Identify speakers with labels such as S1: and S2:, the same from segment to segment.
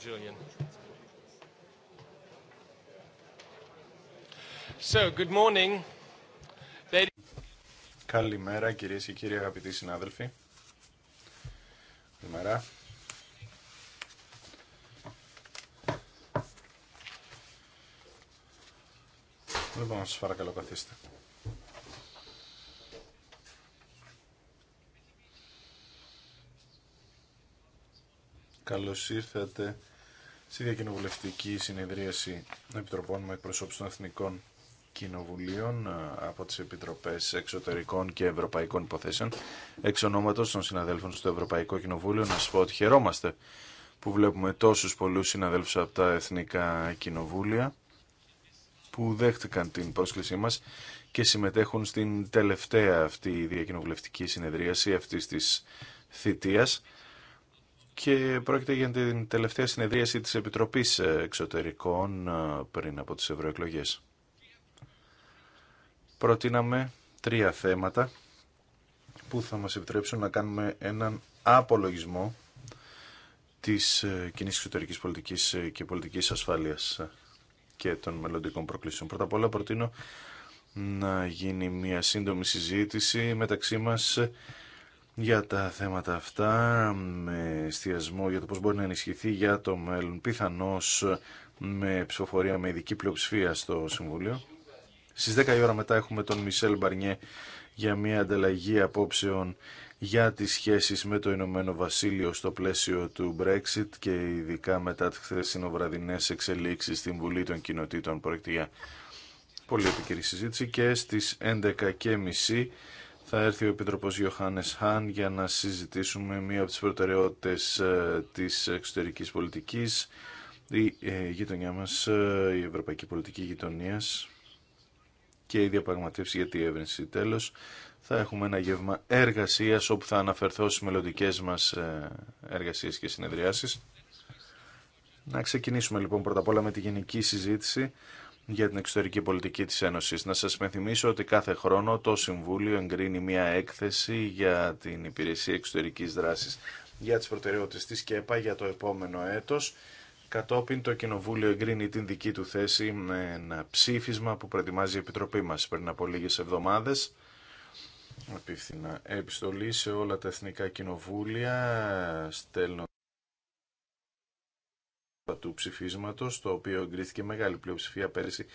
S1: Julian. So, good morning.
S2: Καλημέρα κυρίες και κύριοι αγαπητοί συνάδελφοι. Καλημέρα. Λοιπόν, σας παρακαλώ καθίστε. Καλώς ήρθατε στη διακοινοβουλευτική συνεδρίαση επιτροπών με εκπροσώπους των Εθνικών Κοινοβουλίων από τις Επιτροπές Εξωτερικών και Ευρωπαϊκών Υποθέσεων. Εξ ονόματος των συναδέλφων στο Ευρωπαϊκό Κοινοβούλιο να σας πω ότι χαιρόμαστε που βλέπουμε τόσους πολλούς συναδέλφους από τα Εθνικά Κοινοβούλια που δέχτηκαν την πρόσκλησή μας και συμμετέχουν στην τελευταία αυτή διακοινοβουλευτική συνεδρίαση αυτής της θητείας και πρόκειται για την τελευταία συνεδρίαση της Επιτροπής Εξωτερικών ε, πριν από τις ευρωεκλογέ. Προτείναμε τρία θέματα που θα μας επιτρέψουν να κάνουμε έναν απολογισμό της ε, κοινή εξωτερικής πολιτικής ε, και πολιτικής ασφάλειας και των μελλοντικών προκλήσεων. Πρώτα απ' όλα προτείνω να γίνει μια σύντομη συζήτηση μεταξύ μας για τα θέματα αυτά με εστιασμό για το πώς μπορεί να ενισχυθεί για το μέλλον πιθανώς με ψηφοφορία με ειδική πλειοψηφία στο Συμβούλιο. Στις 10 η ώρα μετά έχουμε τον Μισελ Μπαρνιέ για μια ανταλλαγή απόψεων για τις σχέσεις με το Ηνωμένο Βασίλειο στο πλαίσιο του Brexit και ειδικά μετά τις χθεσινοβραδινές εξελίξεις στην Βουλή των Κοινοτήτων Πρόκειται πολύ επικυρή συζήτηση και στις 11.30 θα έρθει ο Επίτροπος Ιωάννης Χάν για να συζητήσουμε μία από τις προτεραιότητες ε, της εξωτερικής πολιτικής, η ε, γειτονιά μας, ε, η ευρωπαϊκή πολιτική γειτονίας και η διαπραγματεύση για τη Τέλος, θα έχουμε ένα γεύμα εργασίας όπου θα αναφερθώ στις μελλοντικέ μας εργασίες και συνεδριάσεις. Να ξεκινήσουμε λοιπόν πρώτα απ' όλα με τη γενική συζήτηση για την εξωτερική πολιτική της Ένωσης. Να σας μεθυμίσω ότι κάθε χρόνο το Συμβούλιο εγκρίνει μια έκθεση για την Υπηρεσία Εξωτερικής Δράσης για τις προτεραιότητες της ΚΕΠΑ για το επόμενο έτος. Κατόπιν το Κοινοβούλιο εγκρίνει την δική του θέση με ένα ψήφισμα που προετοιμάζει η Επιτροπή μας πριν από λίγες εβδομάδες. Επίθυνα επιστολή σε όλα τα εθνικά κοινοβούλια του ψηφίσματος, το οποίο εγκρίθηκε μεγάλη πλειοψηφία πέρυσι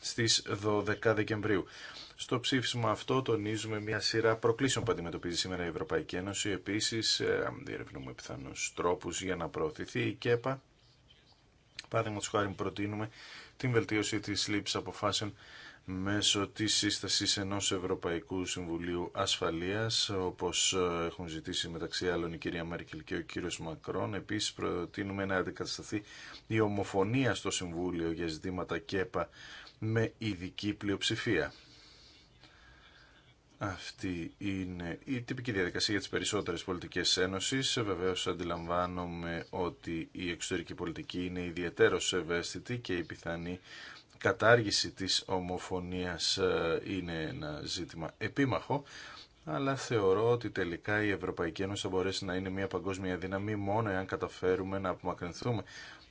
S2: στις 12 Δεκεμβρίου. Στο ψήφισμα αυτό τονίζουμε μια σειρά προκλήσεων που αντιμετωπίζει σήμερα η Ευρωπαϊκή Ένωση. Επίσης, ε, διερευνούμε πιθανού τρόπους για να προωθηθεί η ΚΕΠΑ. Παραδείγματο χάρη προτείνουμε την βελτίωση της λήψη αποφάσεων μέσω της σύστασης ενός Ευρωπαϊκού Συμβουλίου Ασφαλείας, όπως ε, έχουν ζητήσει μεταξύ άλλων η κυρία Μέρκελ και ο κύριος Μακρόν. Επίσης προτείνουμε να αντικατασταθεί η ομοφωνία στο Συμβούλιο για ζητήματα ΚΕΠΑ με ειδική πλειοψηφία. Αυτή είναι η τυπική διαδικασία για τις περισσότερες πολιτικές ένωσεις. Βεβαίως αντιλαμβάνομαι ότι η εξωτερική πολιτική είναι ιδιαίτερος ευαίσθητη και η πιθανή κατάργηση της ομοφωνίας ε, είναι ένα ζήτημα επίμαχο, αλλά θεωρώ ότι τελικά η Ευρωπαϊκή Ένωση θα μπορέσει να είναι μια παγκόσμια δύναμη μόνο εάν καταφέρουμε να απομακρυνθούμε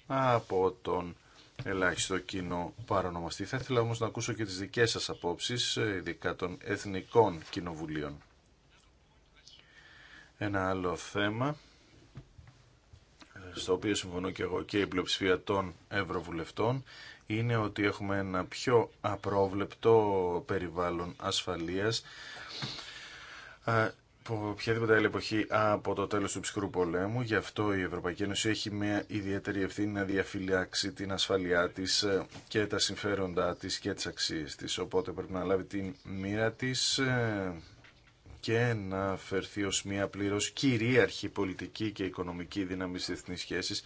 S2: από τον ελάχιστο κοινό παρονομαστή. Θα ήθελα όμως να ακούσω και τις δικές σας απόψεις, ε, ειδικά των εθνικών κοινοβουλίων. Ένα άλλο θέμα, ε, στο οποίο συμφωνώ και εγώ και η πλειοψηφία των Ευρωβουλευτών, είναι ότι έχουμε ένα πιο απρόβλεπτο περιβάλλον ασφαλείας από ε, οποιαδήποτε άλλη εποχή από το τέλος του ψυχρού πολέμου. Γι' αυτό η Ευρωπαϊκή Ένωση έχει μια ιδιαίτερη ευθύνη να διαφυλάξει την ασφαλειά της ε, και τα συμφέροντά της και τις αξίες της. Οπότε πρέπει να λάβει την μοίρα της ε, και να φερθεί ως μια πλήρως κυρίαρχη πολιτική και οικονομική δύναμη στις εθνείς σχέσεις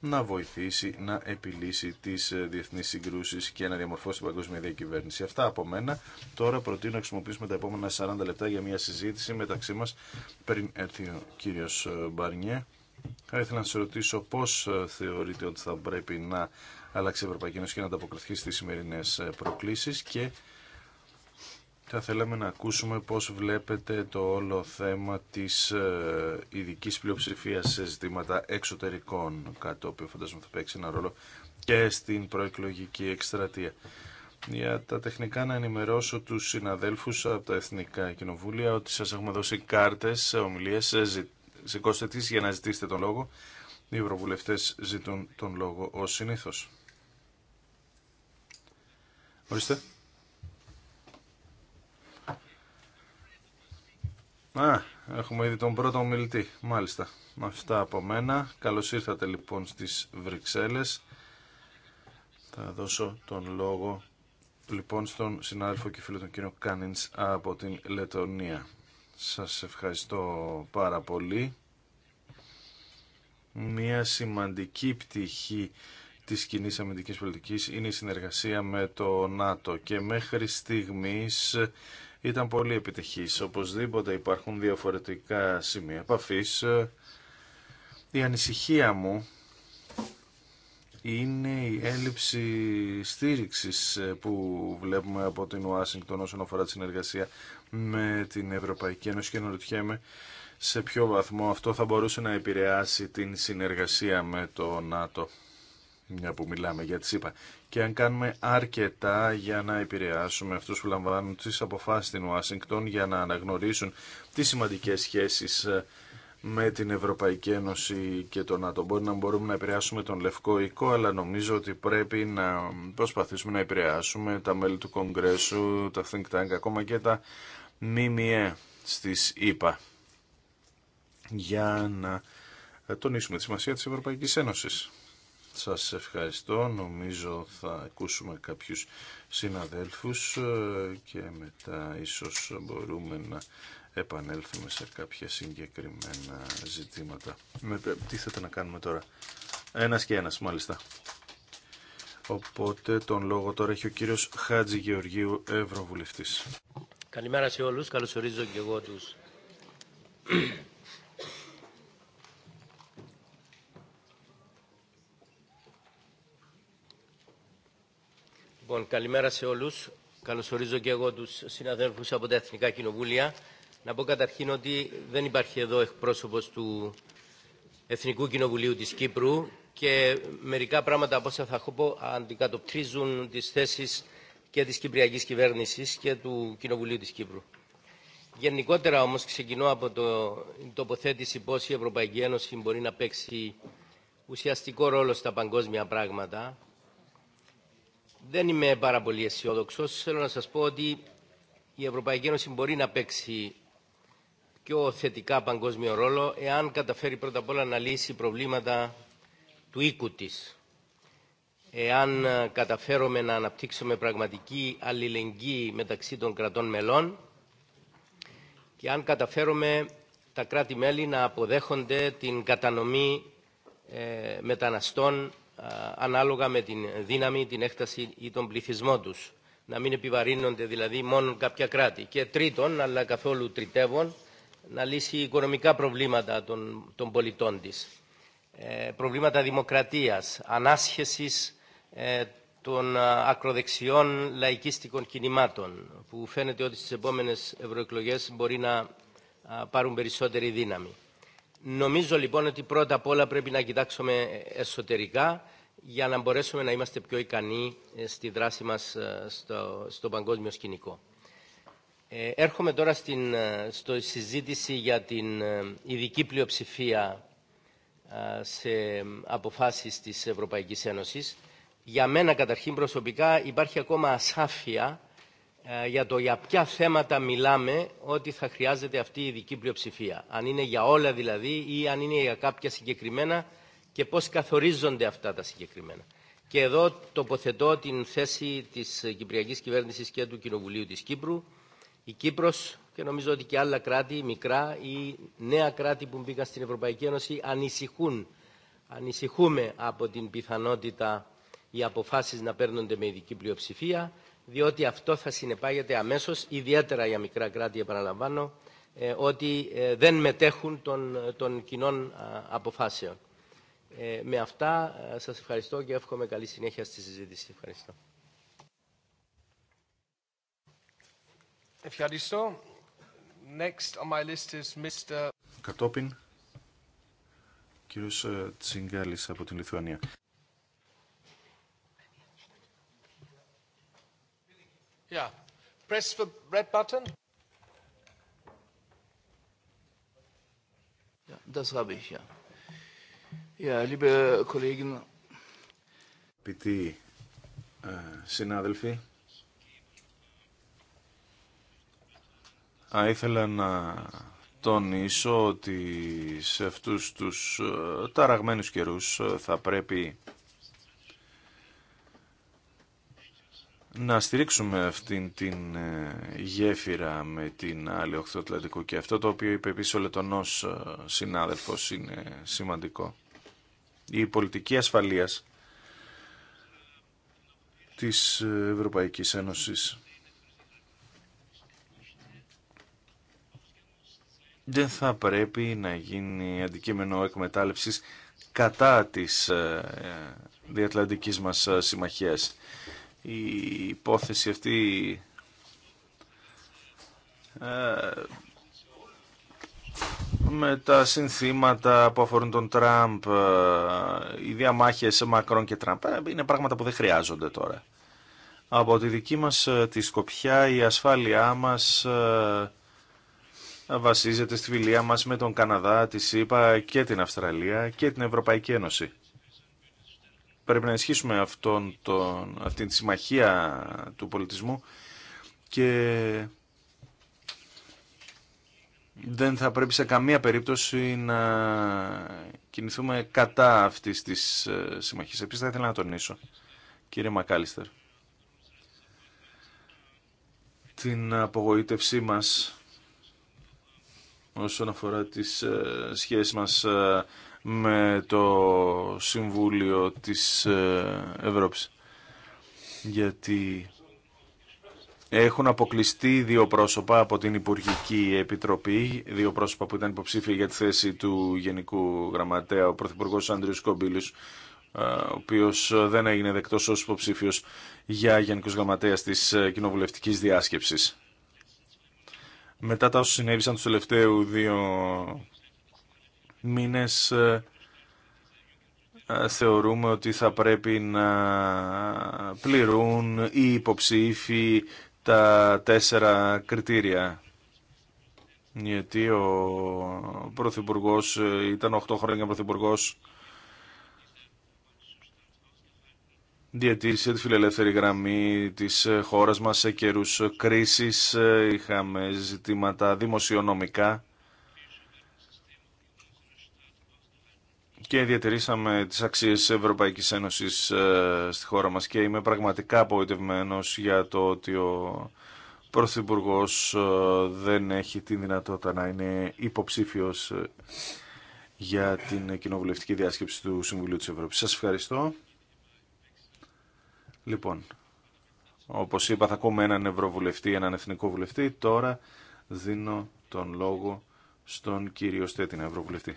S2: να βοηθήσει να επιλύσει τι ε, διεθνείς συγκρούσει και να διαμορφώσει την παγκόσμια διακυβέρνηση. Αυτά από μένα. Τώρα προτείνω να χρησιμοποιήσουμε τα επόμενα 40 λεπτά για μια συζήτηση μεταξύ μας πριν έρθει ο κύριος ε, Μπαρνιέ. Θα ήθελα να σα ρωτήσω πώς ε, θεωρείτε ότι θα πρέπει να αλλάξει η Ευρωπαϊκή Ένωση και να ανταποκριθεί στι σημερινέ προκλήσει και θα θέλαμε να ακούσουμε πώς βλέπετε το όλο θέμα της ε, ειδική πλειοψηφία σε ζητήματα εξωτερικών, κάτι το οποίο φαντάζομαι θα παίξει ένα ρόλο και στην προεκλογική εκστρατεία. Για τα τεχνικά να ενημερώσω τους συναδέλφους από τα Εθνικά Κοινοβούλια ότι σας έχουμε δώσει κάρτες, ομιλίες, ε, σηκώστε τις για να ζητήσετε τον λόγο. Οι ευρωβουλευτές ζητούν τον λόγο ως συνήθως. Ορίστε. Α, έχουμε ήδη τον πρώτο μιλητή. Μάλιστα. Αυτά από μένα. Καλώς ήρθατε λοιπόν στις Βρυξέλλες. Θα δώσω τον λόγο λοιπόν στον συνάδελφο και φίλο τον κύριο Κάνινς από την Λετωνία. Σας ευχαριστώ πάρα πολύ. Μια σημαντική πτυχή της κοινή αμυντικής πολιτικής είναι η συνεργασία με το ΝΑΤΟ και μέχρι στιγμής ήταν πολύ επιτυχής. Οπωσδήποτε υπάρχουν διαφορετικά σημεία επαφής. Η ανησυχία μου είναι η έλλειψη στήριξης ε, που βλέπουμε από την Ουάσιγκτον όσον αφορά τη συνεργασία με την Ευρωπαϊκή Ένωση και αναρωτιέμαι σε ποιο βαθμό αυτό θα μπορούσε να επηρεάσει την συνεργασία με το ΝΑΤΟ μια που μιλάμε για τη ΣΥΠΑ. Και αν κάνουμε αρκετά για να επηρεάσουμε αυτούς που λαμβάνουν τις αποφάσεις στην Ουάσιγκτον για να αναγνωρίσουν τις σημαντικές σχέσεις ε, με την Ευρωπαϊκή Ένωση και τον ΝΑΤΟ. Μπορεί να μπορούμε να επηρεάσουμε τον Λευκό Οίκο, αλλά νομίζω ότι πρέπει να προσπαθήσουμε να επηρεάσουμε τα μέλη του Κογκρέσου, τα Think Tank, ακόμα και τα ΜΜΕ στις ΗΠΑ για να τονίσουμε τη σημασία της Ευρωπαϊκής Ένωσης. Σας ευχαριστώ. Νομίζω θα ακούσουμε κάποιους συναδέλφους ε, και μετά ίσως μπορούμε να επανέλθουμε σε κάποια συγκεκριμένα ζητήματα. Με, τι θέτε να κάνουμε τώρα. Ένας και ένας μάλιστα. Οπότε τον λόγο τώρα έχει ο κύριος Χάτζη Γεωργίου, Ευρωβουλευτής.
S1: Καλημέρα σε όλους. Καλωσορίζω και εγώ τους Λοιπόν, καλημέρα σε όλους. Καλωσορίζω και εγώ τους συναδέλφους από τα Εθνικά Κοινοβούλια. Να πω καταρχήν ότι δεν υπάρχει εδώ εκπρόσωπο του Εθνικού Κοινοβουλίου της Κύπρου και μερικά πράγματα από όσα θα πω αντικατοπτρίζουν τις θεσει και της Κυπριακής Κυβέρνησης και του Κοινοβουλίου της Κύπρου. Γενικότερα ομω ξεκινώ από το, την τοποθέτηση πω η Ευρωπαϊκή Ένωση μπορεί να παίξει ουσιαστικό ρόλο στα παγκόσμια πράγματα δεν είμαι πάρα πολύ αισιόδοξο. Θέλω να σας πω ότι η Ευρωπαϊκή Ένωση μπορεί να παίξει πιο θετικά παγκόσμιο ρόλο εάν καταφέρει πρώτα απ' όλα να λύσει προβλήματα του οίκου τη, Εάν ε, καταφέρουμε να αναπτύξουμε πραγματική αλληλεγγύη μεταξύ των κρατών μελών και αν καταφέρουμε τα κράτη-μέλη να αποδέχονται την κατανομή ε, μεταναστών ανάλογα με την δύναμη, την έκταση ή τον πληθυσμό τους. Να μην επιβαρύνονται δηλαδή μόνο κάποια κράτη. Και τρίτον, αλλά καθόλου τριτεύον, να λύσει οικονομικά προβλήματα των, πολιτών της. Ε, προβλήματα δημοκρατίας, ανάσχεσης ε, των ακροδεξιών λαϊκίστικων κινημάτων που φαίνεται ότι στις επόμενες ευρωεκλογές μπορεί να πάρουν περισσότερη δύναμη. Νομίζω λοιπόν ότι πρώτα απ' όλα πρέπει να κοιτάξουμε εσωτερικά για να μπορέσουμε να είμαστε πιο ικανοί ε, στη δράση μας ε, στο, στο παγκόσμιο σκηνικό. Ε, έρχομαι τώρα στην ε, στο συζήτηση για την ειδική πλειοψηφία σε αποφάσεις της Ευρωπαϊκής Ένωσης. Για μένα καταρχήν προσωπικά υπάρχει ακόμα ασάφεια ε, για το για ποια θέματα μιλάμε ότι θα χρειάζεται αυτή η ειδική πλειοψηφία. Αν είναι για όλα δηλαδή ή αν είναι για κάποια συγκεκριμένα και πώς καθορίζονται αυτά τα συγκεκριμένα. Και εδώ τοποθετώ την θέση της Κυπριακής Κυβέρνησης και του Κοινοβουλίου της Κύπρου. Η Κύπρος και νομίζω ότι και άλλα κράτη, μικρά ή νέα κράτη που μπήκαν στην Ευρωπαϊκή Ένωση ανησυχούν, ανησυχούμε από την πιθανότητα οι αποφάσεις να παίρνονται με ειδική πλειοψηφία διότι αυτό θα συνεπάγεται αμέσως, ιδιαίτερα για μικρά κράτη, επαναλαμβάνω, ε, ότι ε, δεν μετέχουν των, των κοινών αποφάσεων. Ε, με αυτά σας ευχαριστώ και εύχομαι καλή συνέχεια στη συζήτηση. Ευχαριστώ. Ευχαριστώ. Next on my list is Mr. Κατόπιν,
S2: κύριος Τσιγκάλης από την Λιθουανία.
S1: Yeah. Press red button. Ja,
S2: συνάδελφοι. Äh, ήθελα να τονίσω ότι σε αυτούς τους ε, ταραγμένους καιρούς ε, θα πρέπει να στηρίξουμε αυτήν την ε, γέφυρα με την άλλη Ατλαντικού και αυτό το οποίο είπε επίσης ο Λετωνός ε, συνάδελφος είναι σημαντικό. Η πολιτική ασφαλείας της Ευρωπαϊκής Ένωσης δεν θα πρέπει να γίνει αντικείμενο εκμετάλλευσης κατά της ε, διατλαντικής μας συμμαχίας η υπόθεση αυτή ε, με τα συνθήματα που αφορούν τον Τραμπ, ε, οι διαμάχες Μακρόν και Τραμπ, ε, είναι πράγματα που δεν χρειάζονται τώρα. Από τη δική μας τη σκοπιά η ασφάλειά μας βασίζεται στη φιλία μας με τον Καναδά, τη ΣΥΠΑ και την Αυστραλία και την Ευρωπαϊκή Ένωση. Πρέπει να ενισχύσουμε αυτόν τον, αυτή τη συμμαχία του πολιτισμού και δεν θα πρέπει σε καμία περίπτωση να κινηθούμε κατά αυτής της ε, συμμαχίας. Επίσης θα ήθελα να τονίσω, κύριε Μακάλιστερ, την απογοήτευσή μας όσον αφορά τις ε, σχέσεις μας ε, με το Συμβούλιο της ε, Ευρώπης. Γιατί έχουν αποκλειστεί δύο πρόσωπα από την Υπουργική Επιτροπή, δύο πρόσωπα που ήταν υποψήφια για τη θέση του Γενικού Γραμματέα, ο Πρωθυπουργός Ανδρέας Κομπίλης, ε, ο οποίος δεν έγινε δεκτός ως υποψήφιος για Γενικούς Γραμματέας της ε, Κοινοβουλευτικής Διάσκεψης. Μετά τα όσα συνέβησαν του τελευταίους δύο μήνες ε, ε, θεωρούμε ότι θα πρέπει να πληρούν οι υποψήφοι τα τέσσερα κριτήρια. Γιατί ο Πρωθυπουργό ε, ήταν 8 χρόνια Πρωθυπουργό. Διατήρησε τη φιλελεύθερη γραμμή της χώρας μας σε καιρούς κρίσης. Είχαμε ζητήματα δημοσιονομικά και διατηρήσαμε τις αξίες της Ευρωπαϊκής Ένωσης ε, στη χώρα μας και είμαι πραγματικά απογοητευμένος για το ότι ο Πρωθυπουργό ε, δεν έχει τη δυνατότητα να είναι υποψήφιος ε, για την κοινοβουλευτική διάσκεψη του Συμβουλίου της Ευρώπης. Σας ευχαριστώ. Λοιπόν, όπως είπα θα ακούμε έναν Ευρωβουλευτή, έναν Εθνικό Βουλευτή. Τώρα δίνω τον λόγο στον κύριο Στέτινα Ευρωβουλευτή.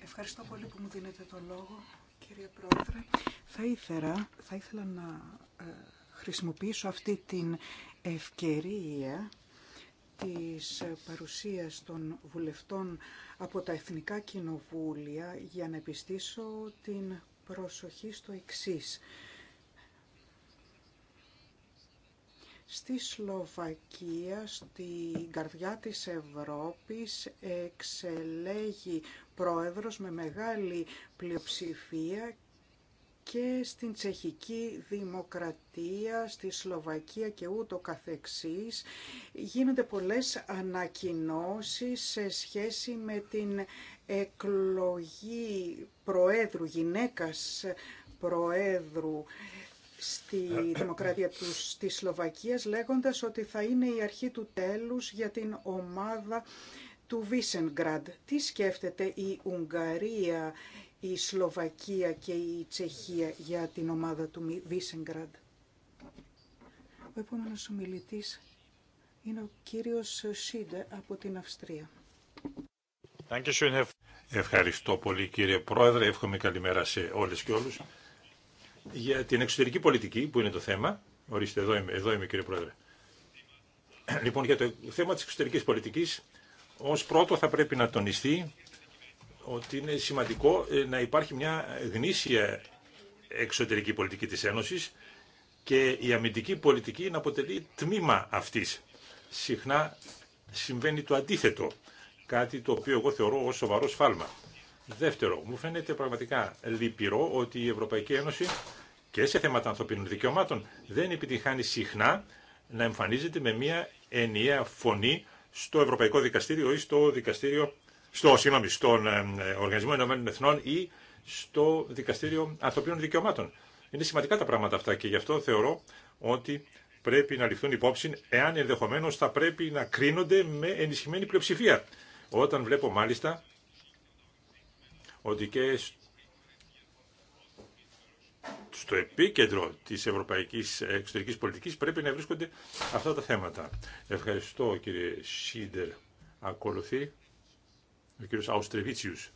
S3: Ευχαριστώ πολύ που μου δίνετε το λόγο, κύριε Πρόεδρε. Θα ήθελα, θα ήθελα να ε, χρησιμοποιήσω αυτή την ευκαιρία της ε, παρουσίας των βουλευτών από τα Εθνικά Κοινοβούλια για να επιστήσω την προσοχή στο εξής. Στη Σλοβακία, στην καρδιά της Ευρώπης, εξελέγει πρόεδρος με μεγάλη πλειοψηφία και στην τσεχική δημοκρατία, στη Σλοβακία και ούτω καθεξής γίνονται πολλές ανακοινώσεις σε σχέση με την εκλογή προέδρου, γυναίκας προέδρου στη δημοκρατία τους, της Σλοβακίας λέγοντας ότι θα είναι η αρχή του τέλους για την ομάδα του Βίσενγκραντ. Τι σκέφτεται η Ουγγαρία, η Σλοβακία και η Τσεχία για την ομάδα του Βίσενγκραντ. Ο επόμενος ομιλητής είναι ο κύριος Σίντε από την Αυστρία.
S4: Ευχαριστώ πολύ κύριε Πρόεδρε. Εύχομαι καλημέρα σε όλες και όλους για την εξωτερική πολιτική, που είναι το θέμα. Ορίστε, εδώ είμαι, εδώ είμαι κύριε Πρόεδρε. Λοιπόν, για το θέμα της εξωτερικής πολιτικής, ως πρώτο θα πρέπει να τονιστεί ότι είναι σημαντικό ε, να υπάρχει μια γνήσια εξωτερική πολιτική της Ένωσης και η αμυντική πολιτική να αποτελεί τμήμα αυτής. Συχνά συμβαίνει το αντίθετο, κάτι το οποίο εγώ θεωρώ ως σοβαρό σφάλμα. Δεύτερο, μου φαίνεται πραγματικά λυπηρό ότι η Ευρωπαϊκή Ένωση και σε θέματα ανθρωπίνων δικαιωμάτων δεν επιτυχάνει συχνά να εμφανίζεται με μια ενιαία φωνή στο Ευρωπαϊκό Δικαστήριο ή στο Δικαστήριο, στο, στον Οργανισμό Ενωμένων Εθνών ή στο Δικαστήριο Ανθρωπίνων Δικαιωμάτων. Είναι σημαντικά τα πράγματα αυτά και γι' αυτό θεωρώ ότι πρέπει να ληφθούν υπόψη εάν ενδεχομένω θα πρέπει να κρίνονται με ενισχυμένη πλειοψηφία. Όταν βλέπω μάλιστα ότι και στο επίκεντρο της ευρωπαϊκής εξωτερικής πολιτικής πρέπει να βρίσκονται αυτά τα θέματα. Ευχαριστώ κύριε Σίντερ. Ακολουθεί ο κύριος Αουστρεβίτσιους.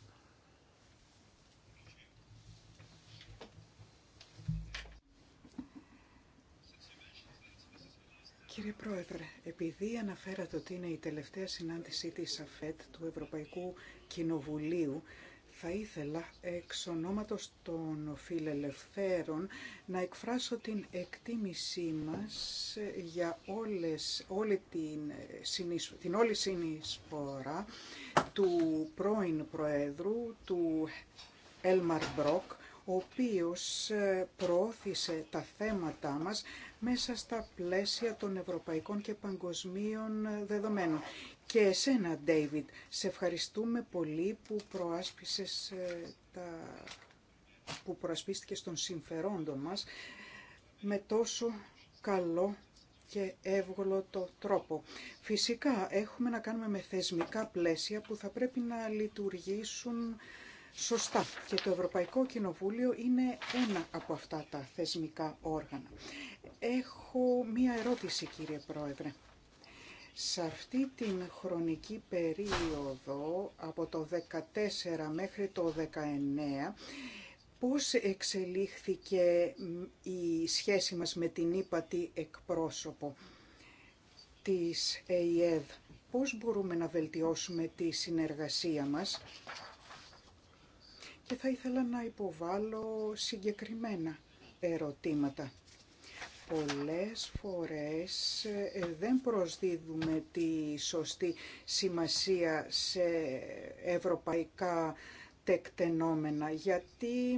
S3: Κύριε Πρόεδρε, επειδή αναφέρατε ότι είναι η τελευταία συνάντησή της ΑΦΕΤ του Ευρωπαϊκού Κοινοβουλίου θα ήθελα εξ ονόματος των φιλελευθέρων να εκφράσω την εκτίμησή μας για όλες, όλη την, την όλη συνεισφορά του πρώην Προέδρου, του Έλμαρ Μπρόκ, ο οποίος ε, προώθησε τα θέματα μας μέσα στα πλαίσια των ευρωπαϊκών και παγκοσμίων ε, δεδομένων και εσένα, David. Σε ευχαριστούμε πολύ που προάσπισες ε, τα... που προασπίστηκες των συμφερόντων μας με τόσο καλό και εύγολο το τρόπο. Φυσικά έχουμε να κάνουμε με θεσμικά πλαίσια που θα πρέπει να λειτουργήσουν σωστά και το Ευρωπαϊκό Κοινοβούλιο είναι ένα από αυτά τα θεσμικά όργανα. Έχω μία ερώτηση κύριε Πρόεδρε. Σε αυτή την χρονική περίοδο, από το 14 μέχρι το 19, πώς εξελίχθηκε η σχέση μας με την ύπατη εκπρόσωπο της ΕΙΕΔ. Πώς μπορούμε να βελτιώσουμε τη συνεργασία μας. Και θα ήθελα να υποβάλω συγκεκριμένα ερωτήματα πολλές φορές ε, δεν προσδίδουμε τη σωστή σημασία σε ευρωπαϊκά τεκτενόμενα γιατί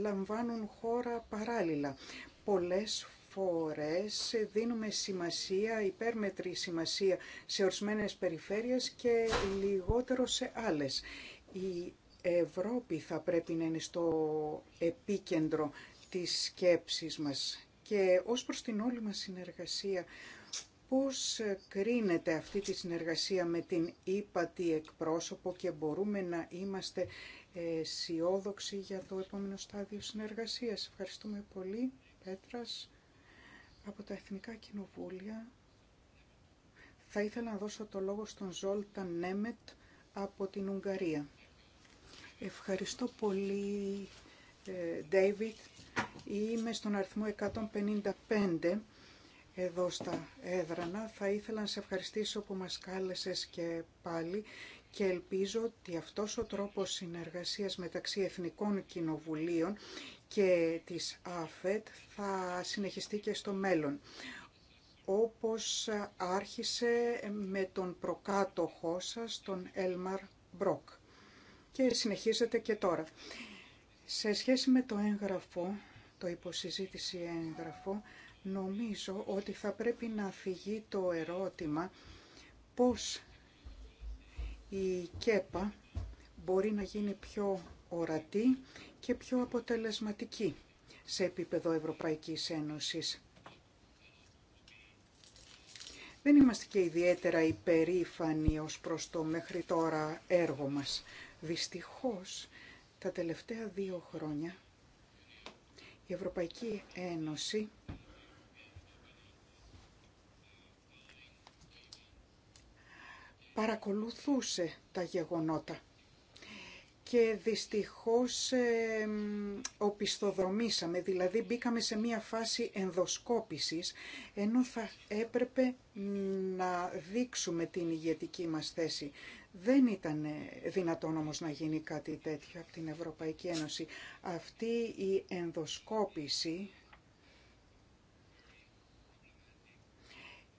S3: λαμβάνουν χώρα παράλληλα. Πολλές φορές δίνουμε σημασία, υπέρμετρη σημασία σε ορισμένες περιφέρειες και λιγότερο σε άλλες. Η Ευρώπη θα πρέπει να είναι στο επίκεντρο της σκέψης μας και ως προς την όλη μας συνεργασία, πώς κρίνεται αυτή τη συνεργασία με την ύπατη εκπρόσωπο και μπορούμε να είμαστε αισιόδοξοι για το επόμενο στάδιο συνεργασίας. Ευχαριστούμε πολύ, Πέτρας, από τα Εθνικά Κοινοβούλια. Θα ήθελα να δώσω το λόγο στον Ζόλτα Νέμετ από την Ουγγαρία. Ευχαριστώ πολύ, ε, David. Είμαι στον αριθμό 155 εδώ στα έδρανα. Θα ήθελα να σε ευχαριστήσω που μας κάλεσες και πάλι και ελπίζω ότι αυτός ο τρόπος συνεργασίας μεταξύ Εθνικών Κοινοβουλίων και της ΑΦΕΤ θα συνεχιστεί και στο μέλλον. Όπως άρχισε με τον προκάτοχό σας, τον Έλμαρ Μπροκ και συνεχίζεται και τώρα. Σε σχέση με το έγγραφο, το υποσυζήτηση έγγραφο, νομίζω ότι θα πρέπει να φυγεί το ερώτημα πώς η ΚΕΠΑ μπορεί να γίνει πιο ορατή και πιο αποτελεσματική σε επίπεδο Ευρωπαϊκής Ένωσης. Δεν είμαστε και ιδιαίτερα υπερήφανοι ως προς το μέχρι τώρα έργο μας. Δυστυχώς τα τελευταία δύο χρόνια η Ευρωπαϊκή Ένωση παρακολουθούσε τα γεγονότα και δυστυχώς ε, οπισθοδρομήσαμε, δηλαδή μπήκαμε σε μία φάση ενδοσκόπησης, ενώ θα έπρεπε να δείξουμε την ηγετική μας θέση. Δεν ήταν δυνατόν όμως να γίνει κάτι τέτοιο από την Ευρωπαϊκή Ένωση. Αυτή η ενδοσκόπηση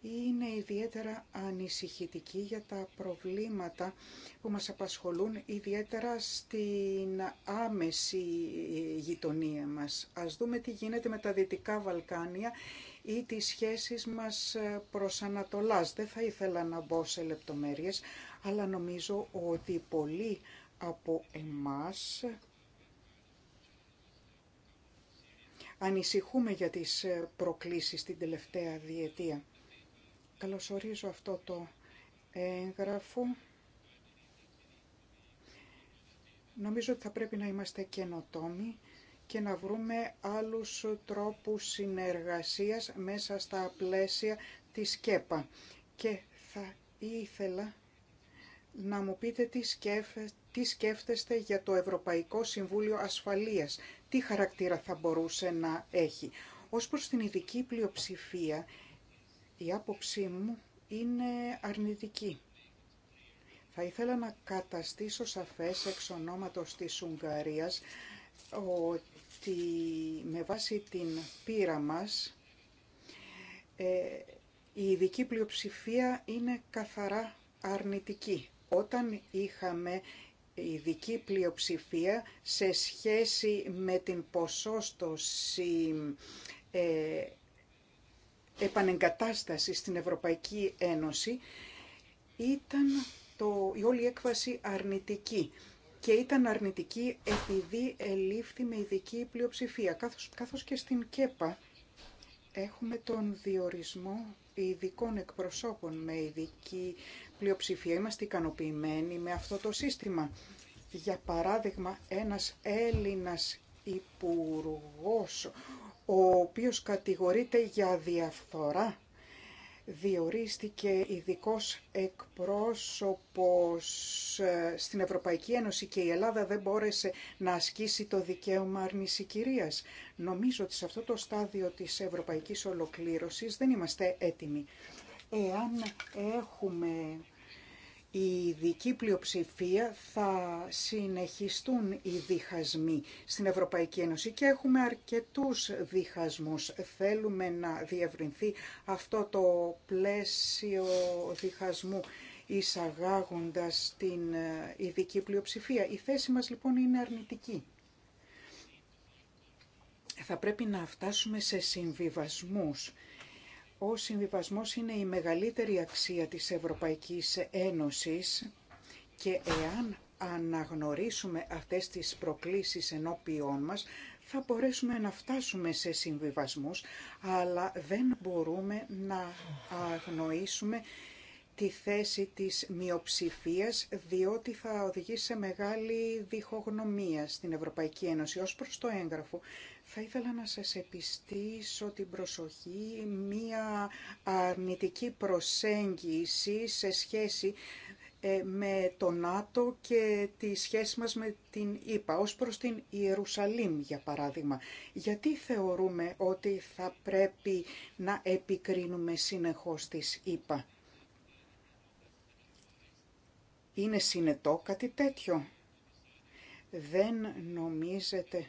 S3: είναι ιδιαίτερα ανησυχητική για τα προβλήματα που μας απασχολούν ιδιαίτερα στην άμεση γειτονία μας. Ας δούμε τι γίνεται με τα Δυτικά Βαλκάνια ή τις σχέσεις μας προς Ανατολάς. Δεν θα ήθελα να μπω σε λεπτομέρειες, αλλά νομίζω ότι πολλοί από εμάς ανησυχούμε για τις προκλήσεις την τελευταία διετία. Καλωσορίζω αυτό το έγγραφο. Νομίζω ότι θα πρέπει να είμαστε καινοτόμοι και να βρούμε άλλους τρόπους συνεργασίας μέσα στα πλαίσια της ΚΕΠΑ. Και θα ήθελα να μου πείτε τι, σκέφτεστε για το Ευρωπαϊκό Συμβούλιο Ασφαλείας. Τι χαρακτήρα θα μπορούσε να έχει. Ως προς την ειδική πλειοψηφία, η άποψή μου είναι αρνητική. Θα ήθελα να καταστήσω σαφές εξ ονόματος της Ουγγαρίας ότι με βάση την πείρα μας ε, η ειδική πλειοψηφία είναι καθαρά αρνητική όταν είχαμε ειδική πλειοψηφία σε σχέση με την ποσόστοση ε, επανεγκατάσταση στην Ευρωπαϊκή Ένωση ήταν το, η όλη έκβαση αρνητική και ήταν αρνητική επειδή ελήφθη με ειδική πλειοψηφία. Καθώς, και στην ΚΕΠΑ έχουμε τον διορισμό ειδικών εκπροσώπων με ειδική πλειοψηφία είμαστε ικανοποιημένοι με αυτό το σύστημα. Για παράδειγμα, ένας Έλληνας υπουργός, ο οποίος κατηγορείται για διαφθορά, διορίστηκε ειδικό εκπρόσωπος ε, στην Ευρωπαϊκή Ένωση και η Ελλάδα δεν μπόρεσε να ασκήσει το δικαίωμα κυρίας. Νομίζω ότι σε αυτό το στάδιο της ευρωπαϊκής ολοκλήρωσης δεν είμαστε έτοιμοι. Εάν έχουμε η ειδική πλειοψηφία θα συνεχιστούν οι διχασμοί στην Ευρωπαϊκή Ένωση και έχουμε αρκετούς διχασμούς. Θέλουμε να διευρυνθεί αυτό το πλαίσιο διχασμού εισαγάγοντας την ειδική πλειοψηφία. Η θέση μας λοιπόν είναι αρνητική. Θα πρέπει να φτάσουμε σε συμβιβασμούς ο συμβιβασμός είναι η μεγαλύτερη αξία της Ευρωπαϊκής Ένωσης και εάν αναγνωρίσουμε αυτές τις προκλήσεις ενώπιόν μας, θα μπορέσουμε να φτάσουμε σε συμβιβασμούς, αλλά δεν μπορούμε να αγνοήσουμε τη θέση της μειοψηφίας, διότι θα οδηγήσει σε μεγάλη διχογνωμία στην Ευρωπαϊκή Ένωση. Ως προς το έγγραφο, θα ήθελα να σας επιστήσω την προσοχή μία αρνητική προσέγγιση σε σχέση ε, με το ΝΑΤΟ και τη σχέση μας με την ΙΠΑ, ως προς την Ιερουσαλήμ για παράδειγμα. Γιατί θεωρούμε ότι θα πρέπει να επικρίνουμε συνεχώς της ΙΠΑ. Είναι συνετό κάτι τέτοιο. Δεν νομίζετε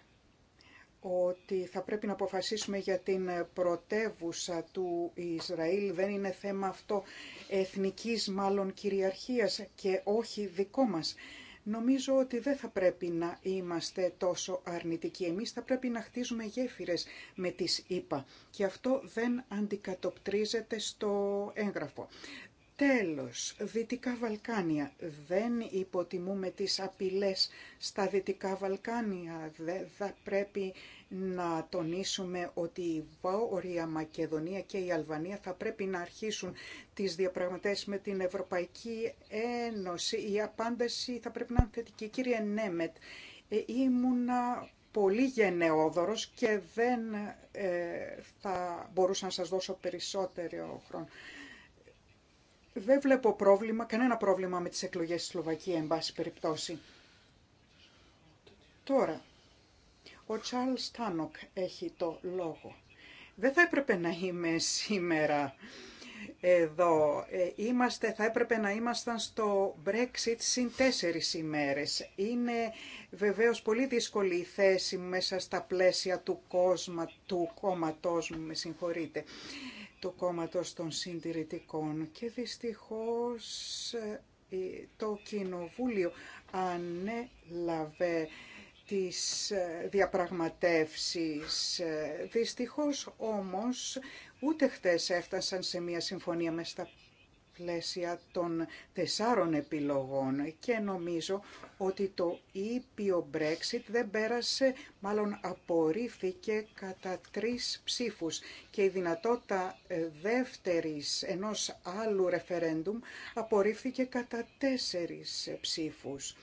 S3: ότι θα πρέπει να αποφασίσουμε για την πρωτεύουσα του Ισραήλ. Δεν είναι θέμα αυτό εθνικής μάλλον κυριαρχίας και όχι δικό μας. Νομίζω ότι δεν θα πρέπει να είμαστε τόσο αρνητικοί. Εμείς θα πρέπει να χτίζουμε γέφυρες με τις ΙΠΑ και αυτό δεν αντικατοπτρίζεται στο έγγραφο. Τέλος, Δυτικά Βαλκάνια. Δεν υποτιμούμε τις απειλές στα Δυτικά Βαλκάνια. Δεν θα πρέπει να τονίσουμε ότι η Βόρεια Μακεδονία και η Αλβανία θα πρέπει να αρχίσουν τις διαπραγματεύσεις με την Ευρωπαϊκή Ένωση. Η απάντηση θα πρέπει να είναι θετική. Κύριε Νέμετ, ε, ήμουνα πολύ γενναιόδωρος και δεν ε, θα μπορούσα να σας δώσω περισσότερο χρόνο δεν βλέπω πρόβλημα, κανένα πρόβλημα με τις εκλογές στη Σλοβακία, εν πάση περιπτώσει. Τώρα, ο Τσάρλς Τάνοκ έχει το λόγο. Δεν θα έπρεπε να είμαι σήμερα εδώ. Ε, είμαστε, θα έπρεπε να ήμασταν στο Brexit συν τέσσερις ημέρες. Είναι βεβαίως πολύ δύσκολη η θέση μέσα στα πλαίσια του κόσμα, του κόμματός μου, με συγχωρείτε του κόμματος των συντηρητικών και δυστυχώς ε, το Κοινοβούλιο ανέλαβε τις ε, διαπραγματεύσεις. Ε, δυστυχώς όμως ούτε χτες έφτασαν σε μια συμφωνία με στα πλαίσια των τεσσάρων επιλογών και νομίζω ότι το ήπιο Brexit δεν πέρασε, μάλλον απορρίφθηκε κατά τρεις ψήφους και η δυνατότητα ε, δεύτερης ενός άλλου ρεφερέντουμ απορρίφθηκε κατά τέσσερις ψήφους.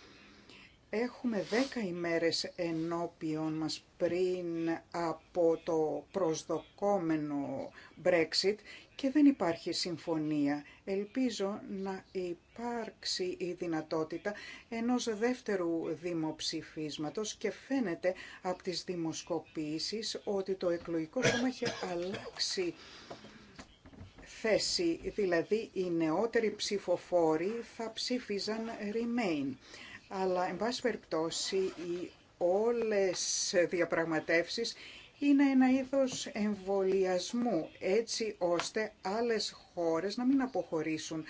S3: Έχουμε δέκα ημέρες ενώπιον μας πριν από το προσδοκόμενο Brexit και δεν υπάρχει συμφωνία. Ελπίζω να υπάρξει η δυνατότητα ενός δεύτερου δημοψηφίσματος και φαίνεται από τις δημοσκοπήσεις ότι το εκλογικό σώμα έχει αλλάξει θέση, δηλαδή οι νεότεροι ψηφοφόροι θα ψήφιζαν Remain αλλά εν πάση περιπτώσει οι όλες διαπραγματεύσεις είναι ένα είδος εμβολιασμού έτσι ώστε άλλες χώρες να μην αποχωρήσουν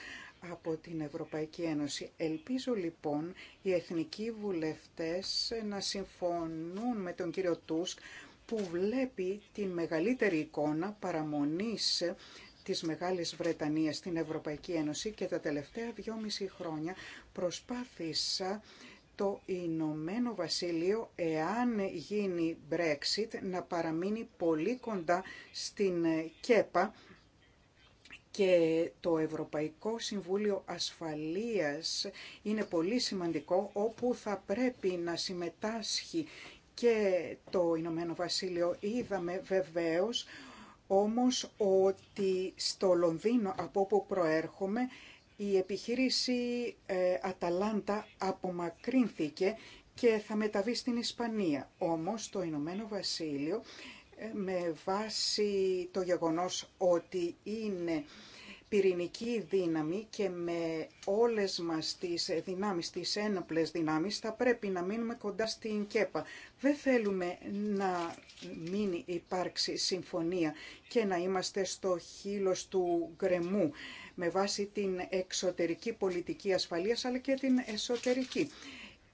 S3: από την Ευρωπαϊκή Ένωση. Ελπίζω λοιπόν οι εθνικοί βουλευτές να συμφωνούν με τον κύριο Τούσκ που βλέπει την μεγαλύτερη εικόνα παραμονής της Μεγάλης Βρετανίας στην Ευρωπαϊκή Ένωση και τα τελευταία δυόμιση χρόνια προσπάθησα το Ηνωμένο Βασίλειο, εάν γίνει Brexit, να παραμείνει πολύ κοντά στην ΚΕΠΑ και το Ευρωπαϊκό Συμβούλιο Ασφαλείας είναι πολύ σημαντικό όπου θα πρέπει να συμμετάσχει και το Ηνωμένο Βασίλειο. Είδαμε βεβαίως όμως ότι στο Λονδίνο από όπου προέρχομαι η επιχείρηση ε, Αταλάντα απομακρύνθηκε και θα μεταβεί στην Ισπανία. Όμως το Ηνωμένο Βασίλειο ε, με βάση το γεγονός ότι είναι πυρηνική δύναμη και με όλες μας τις δυνάμεις, τις ένοπλες δυνάμεις, θα πρέπει να μείνουμε κοντά στην ΚΕΠΑ. Δεν θέλουμε να μην υπάρξει συμφωνία και να είμαστε στο χείλος του γκρεμού με βάση την εξωτερική πολιτική ασφαλείας αλλά και την εσωτερική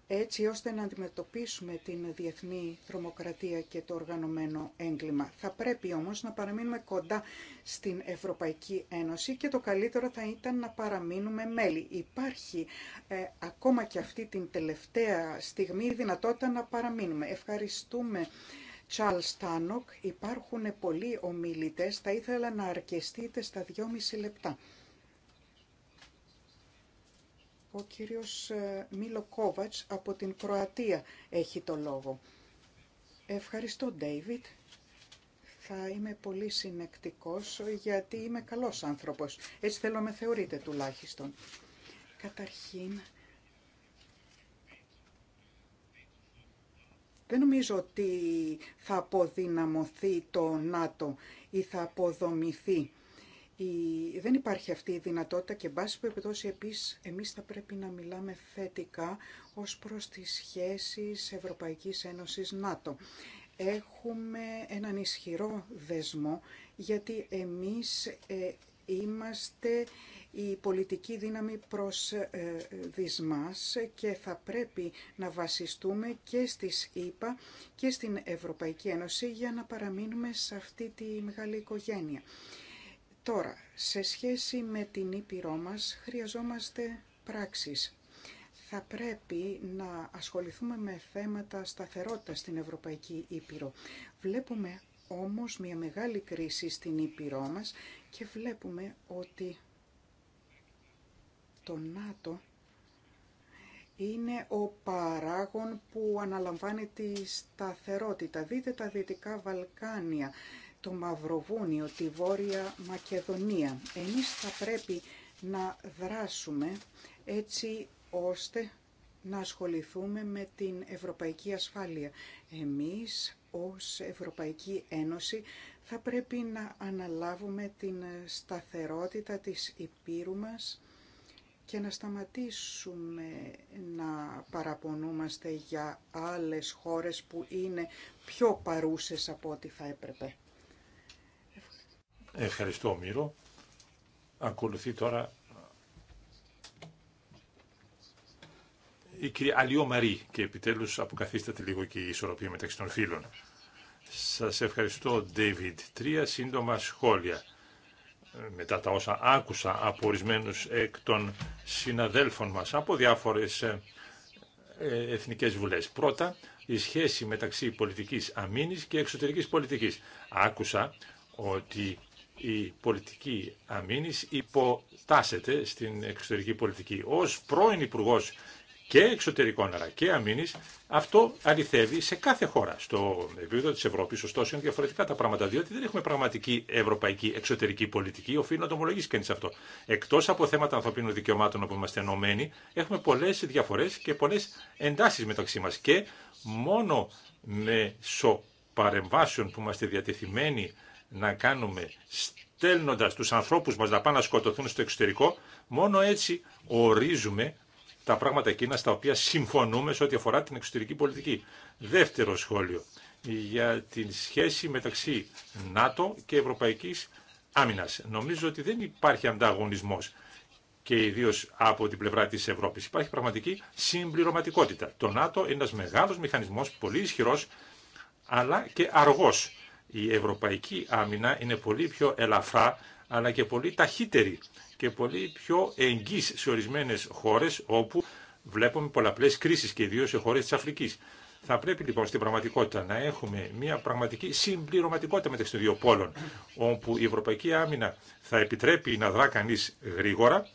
S3: έτσι ώστε να αντιμετωπίσουμε την διεθνή τρομοκρατία και το οργανωμένο έγκλημα. Θα πρέπει όμως να παραμείνουμε κοντά στην Ευρωπαϊκή Ένωση και το καλύτερο θα ήταν να παραμείνουμε μέλη. Υπάρχει ε, ακόμα και αυτή την τελευταία στιγμή η δυνατότητα να παραμείνουμε. Ευχαριστούμε. Charles Τάνοκ, υπάρχουν πολλοί ομιλητές, θα ήθελα να αρκεστείτε στα δυόμιση λεπτά. Ο κύριος ε, Μίλο Κόβατς από την Κροατία έχει το λόγο. Ευχαριστώ, Ντέιβιτ. Θα είμαι πολύ συνεκτικός γιατί είμαι καλός άνθρωπος. Έτσι θέλω να με θεωρείτε τουλάχιστον. Καταρχήν, δεν νομίζω ότι θα αποδυναμωθεί το ΝΑΤΟ ή θα αποδομηθεί δεν υπάρχει αυτή η δυνατότητα και μπάση περιπτώσει επίσης εμείς θα πρέπει να μιλάμε θετικά ως προς τις σχέσεις Ευρωπαϊκής Ένωσης ΝΑΤΟ. Έχουμε έναν ισχυρό δεσμό γιατί εμείς ε, είμαστε η πολιτική δύναμη προς ε, και θα πρέπει να βασιστούμε και στις ΗΠΑ και στην Ευρωπαϊκή Ένωση για να παραμείνουμε σε αυτή τη μεγάλη οικογένεια. Τώρα, σε σχέση με την Ήπειρό μας χρειαζόμαστε πράξεις. Θα πρέπει να ασχοληθούμε με θέματα σταθερότητας στην Ευρωπαϊκή Ήπειρο. Βλέπουμε όμως μια μεγάλη κρίση στην Ήπειρό μας και βλέπουμε ότι το ΝΑΤΟ είναι ο παράγων που αναλαμβάνει τη σταθερότητα. Δείτε τα Δυτικά Βαλκάνια, το Μαυροβούνιο, τη Βόρεια Μακεδονία. Εμείς θα πρέπει να δράσουμε έτσι ώστε να ασχοληθούμε με την ευρωπαϊκή ασφάλεια. Εμείς ως Ευρωπαϊκή Ένωση θα πρέπει να αναλάβουμε την σταθερότητα της υπήρου μας και να σταματήσουμε να παραπονούμαστε για άλλες χώρες που είναι πιο παρούσες από ό,τι θα έπρεπε.
S4: Ευχαριστώ, Μύρο. Ακολουθεί τώρα η κυρία Αλιό Μαρή και επιτέλους αποκαθίσταται λίγο και η ισορροπία μεταξύ των φίλων. Σας ευχαριστώ, David. Τρία σύντομα σχόλια μετά τα όσα άκουσα από ορισμένου εκ των συναδέλφων μας από διάφορες ε, εθνικές βουλές. Πρώτα, η σχέση μεταξύ πολιτικής αμήνης και εξωτερικής πολιτικής. Άκουσα ότι η πολιτική αμήνης υποτάσσεται στην εξωτερική πολιτική. Ως πρώην υπουργό και εξωτερικών αλλά και αμήνης, αυτό αληθεύει σε κάθε χώρα. Στο επίπεδο της Ευρώπης, ωστόσο, είναι διαφορετικά τα πράγματα, διότι δεν έχουμε πραγματική ευρωπαϊκή εξωτερική πολιτική, οφείλει να το ομολογήσει κανείς αυτό. Εκτός από θέματα ανθρωπίνων δικαιωμάτων όπου είμαστε ενωμένοι, έχουμε πολλές διαφορές και πολλές εντάσεις μεταξύ μας και μόνο με παρεμβάσεων που είμαστε διατεθειμένοι να κάνουμε στέλνοντας τους ανθρώπους μας να πάνε να σκοτωθούν στο εξωτερικό, μόνο έτσι ορίζουμε τα πράγματα εκείνα στα οποία συμφωνούμε σε ό,τι αφορά την εξωτερική πολιτική. Δεύτερο σχόλιο για την σχέση μεταξύ ΝΑΤΟ και Ευρωπαϊκής Άμυνας. Νομίζω ότι δεν υπάρχει ανταγωνισμός και ιδίω από την πλευρά τη Ευρώπη. Υπάρχει πραγματική συμπληρωματικότητα. Το ΝΑΤΟ είναι ένα μεγάλο μηχανισμό, πολύ ισχυρό, αλλά και αργό η ευρωπαϊκή άμυνα είναι πολύ πιο ελαφρά αλλά και πολύ ταχύτερη και πολύ πιο εγγύς σε ορισμένες χώρες όπου βλέπουμε πολλαπλές κρίσεις και ιδίως σε χώρες της Αφρικής. Θα πρέπει λοιπόν στην πραγματικότητα να έχουμε μια πραγματική συμπληρωματικότητα μεταξύ των δύο πόλων, όπου η ευρωπαϊκή άμυνα θα επιτρέπει να δρά κανείς γρήγορα,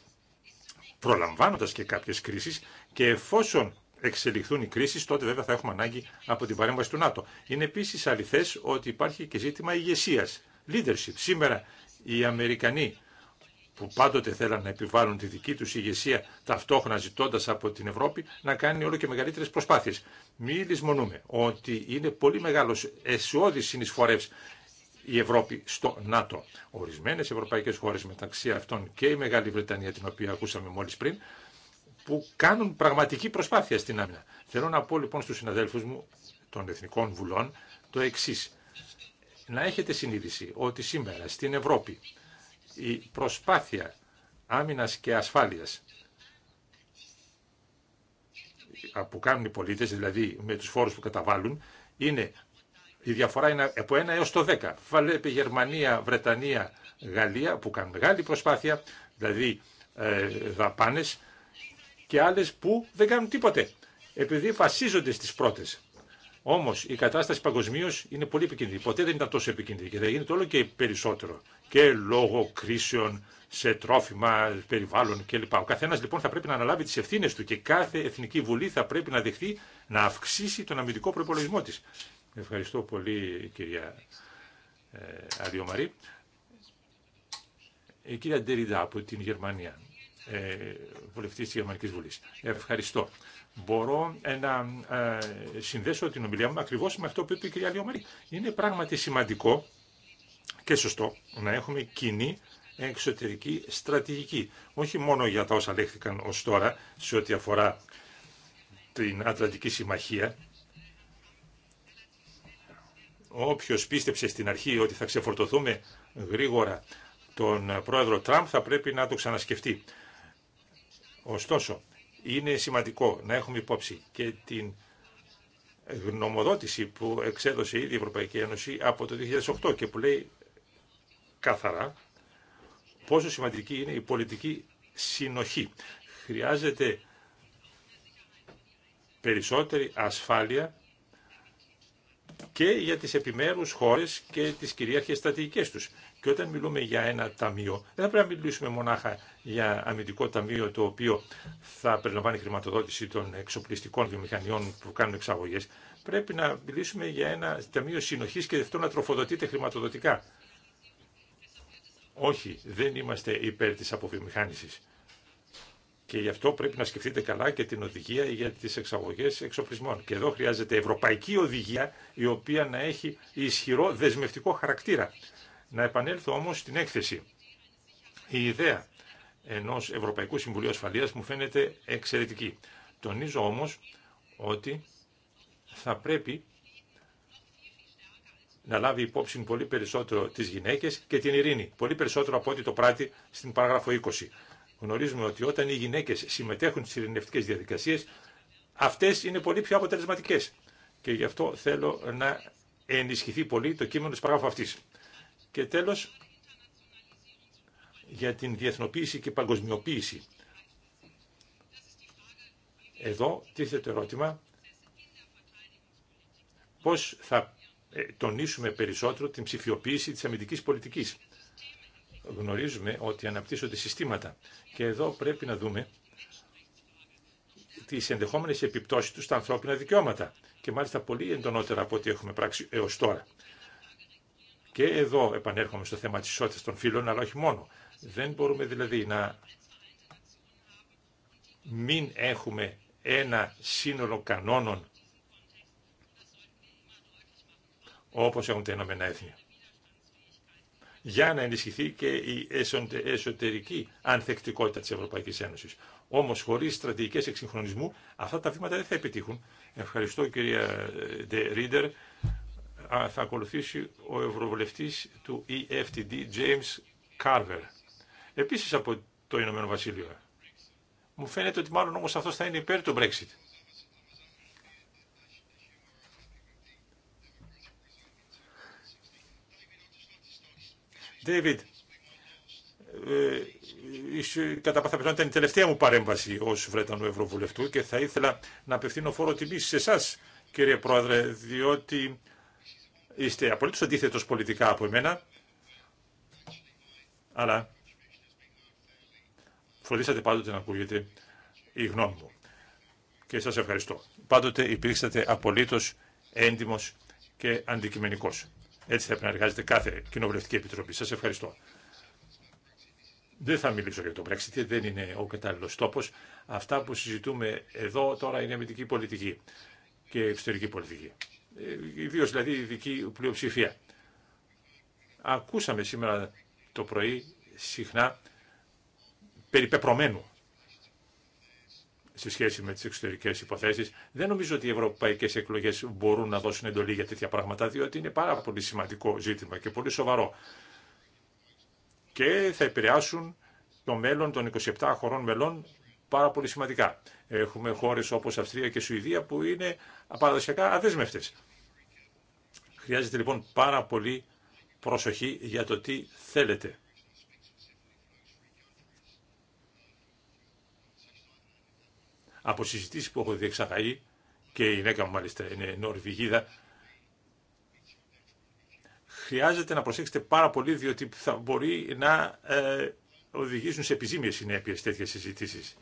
S4: προλαμβάνοντας και κάποιες κρίσεις και εφόσον εξελιχθούν οι κρίσει, τότε βέβαια θα έχουμε ανάγκη από την παρέμβαση του ΝΑΤΟ. Είναι επίση αληθέ ότι υπάρχει και ζήτημα ηγεσία, leadership. Σήμερα οι Αμερικανοί που πάντοτε θέλαν να επιβάλλουν τη δική του ηγεσία, ταυτόχρονα ζητώντα από την Ευρώπη να κάνει όλο και μεγαλύτερε προσπάθειε. Μη λησμονούμε ότι είναι πολύ μεγάλο αισιόδη συνεισφορεύς η Ευρώπη στο ΝΑΤΟ. Ορισμένε ευρωπαϊκέ χώρε, μεταξύ αυτών και η Μεγάλη Βρετανία, την οποία ακούσαμε μόλι πριν, που κάνουν πραγματική προσπάθεια στην άμυνα. Θέλω να πω λοιπόν στους συναδέλφους μου των Εθνικών Βουλών το εξή. Να έχετε συνείδηση ότι σήμερα στην Ευρώπη η προσπάθεια άμυνας και ασφάλειας που κάνουν οι πολίτες, δηλαδή με τους φόρους που καταβάλουν, είναι, η διαφορά είναι από 1 έως το 10. Βλέπει Γερμανία, Βρετανία, Γαλλία που κάνουν μεγάλη προσπάθεια, δηλαδή ε, δαπάνες και άλλε που δεν κάνουν τίποτε, επειδή βασίζονται στις πρώτες. Όμω η κατάσταση παγκοσμίω είναι πολύ επικίνδυνη. Ποτέ δεν ήταν τόσο επικίνδυνη και θα γίνεται όλο και περισσότερο. Και λόγω κρίσεων σε τρόφιμα, περιβάλλον κλπ. Ο καθένα λοιπόν θα πρέπει να αναλάβει τι ευθύνε του και κάθε Εθνική Βουλή θα πρέπει να δεχθεί να αυξήσει τον αμυντικό προπολογισμό τη. Ευχαριστώ πολύ κυρία ε, Αριομαρή. Η ε, κυρία Ντεριδά από την Γερμανία ε, βουλευτή τη Γερμανική Βουλή. Ευχαριστώ. Μπορώ να ε, συνδέσω την ομιλία μου ακριβώ με αυτό που είπε η κυρία Λιωμαρή. Είναι πράγματι σημαντικό και σωστό να έχουμε κοινή εξωτερική στρατηγική. Όχι μόνο για τα όσα λέχθηκαν ω τώρα σε ό,τι αφορά την Ατλαντική Συμμαχία. Όποιος πίστεψε στην αρχή ότι θα ξεφορτωθούμε γρήγορα τον πρόεδρο Τραμπ θα πρέπει να το ξανασκεφτεί. Ωστόσο, είναι σημαντικό να έχουμε υπόψη και την γνωμοδότηση που εξέδωσε ήδη η Ευρωπαϊκή Ένωση από το 2008 και που λέει καθαρά πόσο σημαντική είναι η πολιτική συνοχή. Χρειάζεται περισσότερη ασφάλεια και για τις επιμέρους χώρες και τις κυρίαρχες στρατηγικές τους. Και όταν μιλούμε για ένα ταμείο, δεν θα πρέπει να μιλήσουμε μονάχα για αμυντικό ταμείο το οποίο θα περιλαμβάνει χρηματοδότηση των εξοπλιστικών βιομηχανιών που κάνουν εξαγωγέ. Πρέπει να μιλήσουμε για ένα ταμείο συνοχή και αυτό να τροφοδοτείται χρηματοδοτικά. Όχι, δεν είμαστε υπέρ τη αποβιομηχάνηση. Και γι' αυτό πρέπει να σκεφτείτε καλά και την οδηγία για τι εξαγωγέ εξοπλισμών. Και εδώ χρειάζεται ευρωπαϊκή οδηγία η οποία να έχει ισχυρό δεσμευτικό χαρακτήρα. Να επανέλθω όμως στην έκθεση. Η ιδέα ενός Ευρωπαϊκού Συμβουλίου Ασφαλείας μου φαίνεται εξαιρετική. Τονίζω όμως ότι θα πρέπει να λάβει υπόψη πολύ περισσότερο τις γυναίκες και την ειρήνη. Πολύ περισσότερο από ό,τι το πράττει στην παράγραφο 20. Γνωρίζουμε ότι όταν οι γυναίκες συμμετέχουν στις ειρηνευτικές διαδικασίες, αυτές είναι πολύ πιο αποτελεσματικές. Και γι' αυτό θέλω να ενισχυθεί πολύ το κείμενο της παράγραφου αυτής. Και τέλος, για την διεθνοποίηση και παγκοσμιοποίηση. Εδώ τίθεται το ερώτημα πώς θα ε, τονίσουμε περισσότερο την ψηφιοποίηση της αμυντικής πολιτικής. Γνωρίζουμε ότι αναπτύσσονται συστήματα και εδώ πρέπει να δούμε τις ενδεχόμενες επιπτώσεις του στα ανθρώπινα δικαιώματα και μάλιστα πολύ εντονότερα από ό,τι έχουμε πράξει έως τώρα. Και εδώ επανέρχομαι στο θέμα της ισότητας των φύλων, αλλά όχι μόνο. Δεν μπορούμε δηλαδή να μην έχουμε ένα σύνολο κανόνων όπως έχουν τα Ηνωμένα Έθνη. Για να ενισχυθεί και η εσωτερική ανθεκτικότητα της Ευρωπαϊκής Ένωσης. Όμως χωρίς στρατηγικές εξυγχρονισμού αυτά τα βήματα δεν θα επιτύχουν. Ευχαριστώ κυρία ε, Ρίντερ θα ακολουθήσει ο ευρωβουλευτής του EFTD, James Carver, επίσης από το Ηνωμένο Βασίλειο. Μου φαίνεται ότι μάλλον όμως αυτός θα είναι υπέρ του Brexit. David, ε, ε κατά πάθα η τελευταία μου παρέμβαση ως Βρετανού Ευρωβουλευτού και θα ήθελα να απευθύνω φόρο τιμής σε εσά, κύριε Πρόεδρε, διότι Είστε απολύτως αντίθετος πολιτικά από εμένα, αλλά φροντίσατε πάντοτε να ακούγεται η γνώμη μου. Και σας ευχαριστώ. Πάντοτε υπήρξατε απολύτως έντιμος και αντικειμενικός. Έτσι θα πρέπει να εργάζεται κάθε κοινοβουλευτική επιτροπή. Σας ευχαριστώ. Δεν θα μιλήσω για το Brexit, δεν είναι ο κατάλληλος τόπος. Αυτά που συζητούμε εδώ τώρα είναι αμυντική πολιτική και εξωτερική πολιτική. Ε, Ιδίω δηλαδή η δική πλειοψηφία. Ακούσαμε σήμερα το πρωί συχνά περιπεπρωμένου σε σχέση με τις εξωτερικές υποθέσεις. Δεν νομίζω ότι οι ευρωπαϊκές εκλογές μπορούν να δώσουν εντολή για τέτοια πράγματα, διότι είναι πάρα πολύ σημαντικό ζήτημα και πολύ σοβαρό. Και θα επηρεάσουν το μέλλον των 27 χωρών μελών πάρα πολύ σημαντικά. Έχουμε χώρες όπως Αυστρία και Σουηδία που είναι παραδοσιακά αδέσμευτες. Χρειάζεται λοιπόν πάρα πολύ προσοχή για το τι θέλετε. Από συζητήσεις που έχω διεξαγαγεί και η γυναίκα μου μάλιστα είναι Νορβηγίδα, χρειάζεται να προσέξετε πάρα πολύ διότι θα μπορεί να ε, οδηγήσουν σε επιζήμιες συνέπειες τέτοιες συζητήσεις.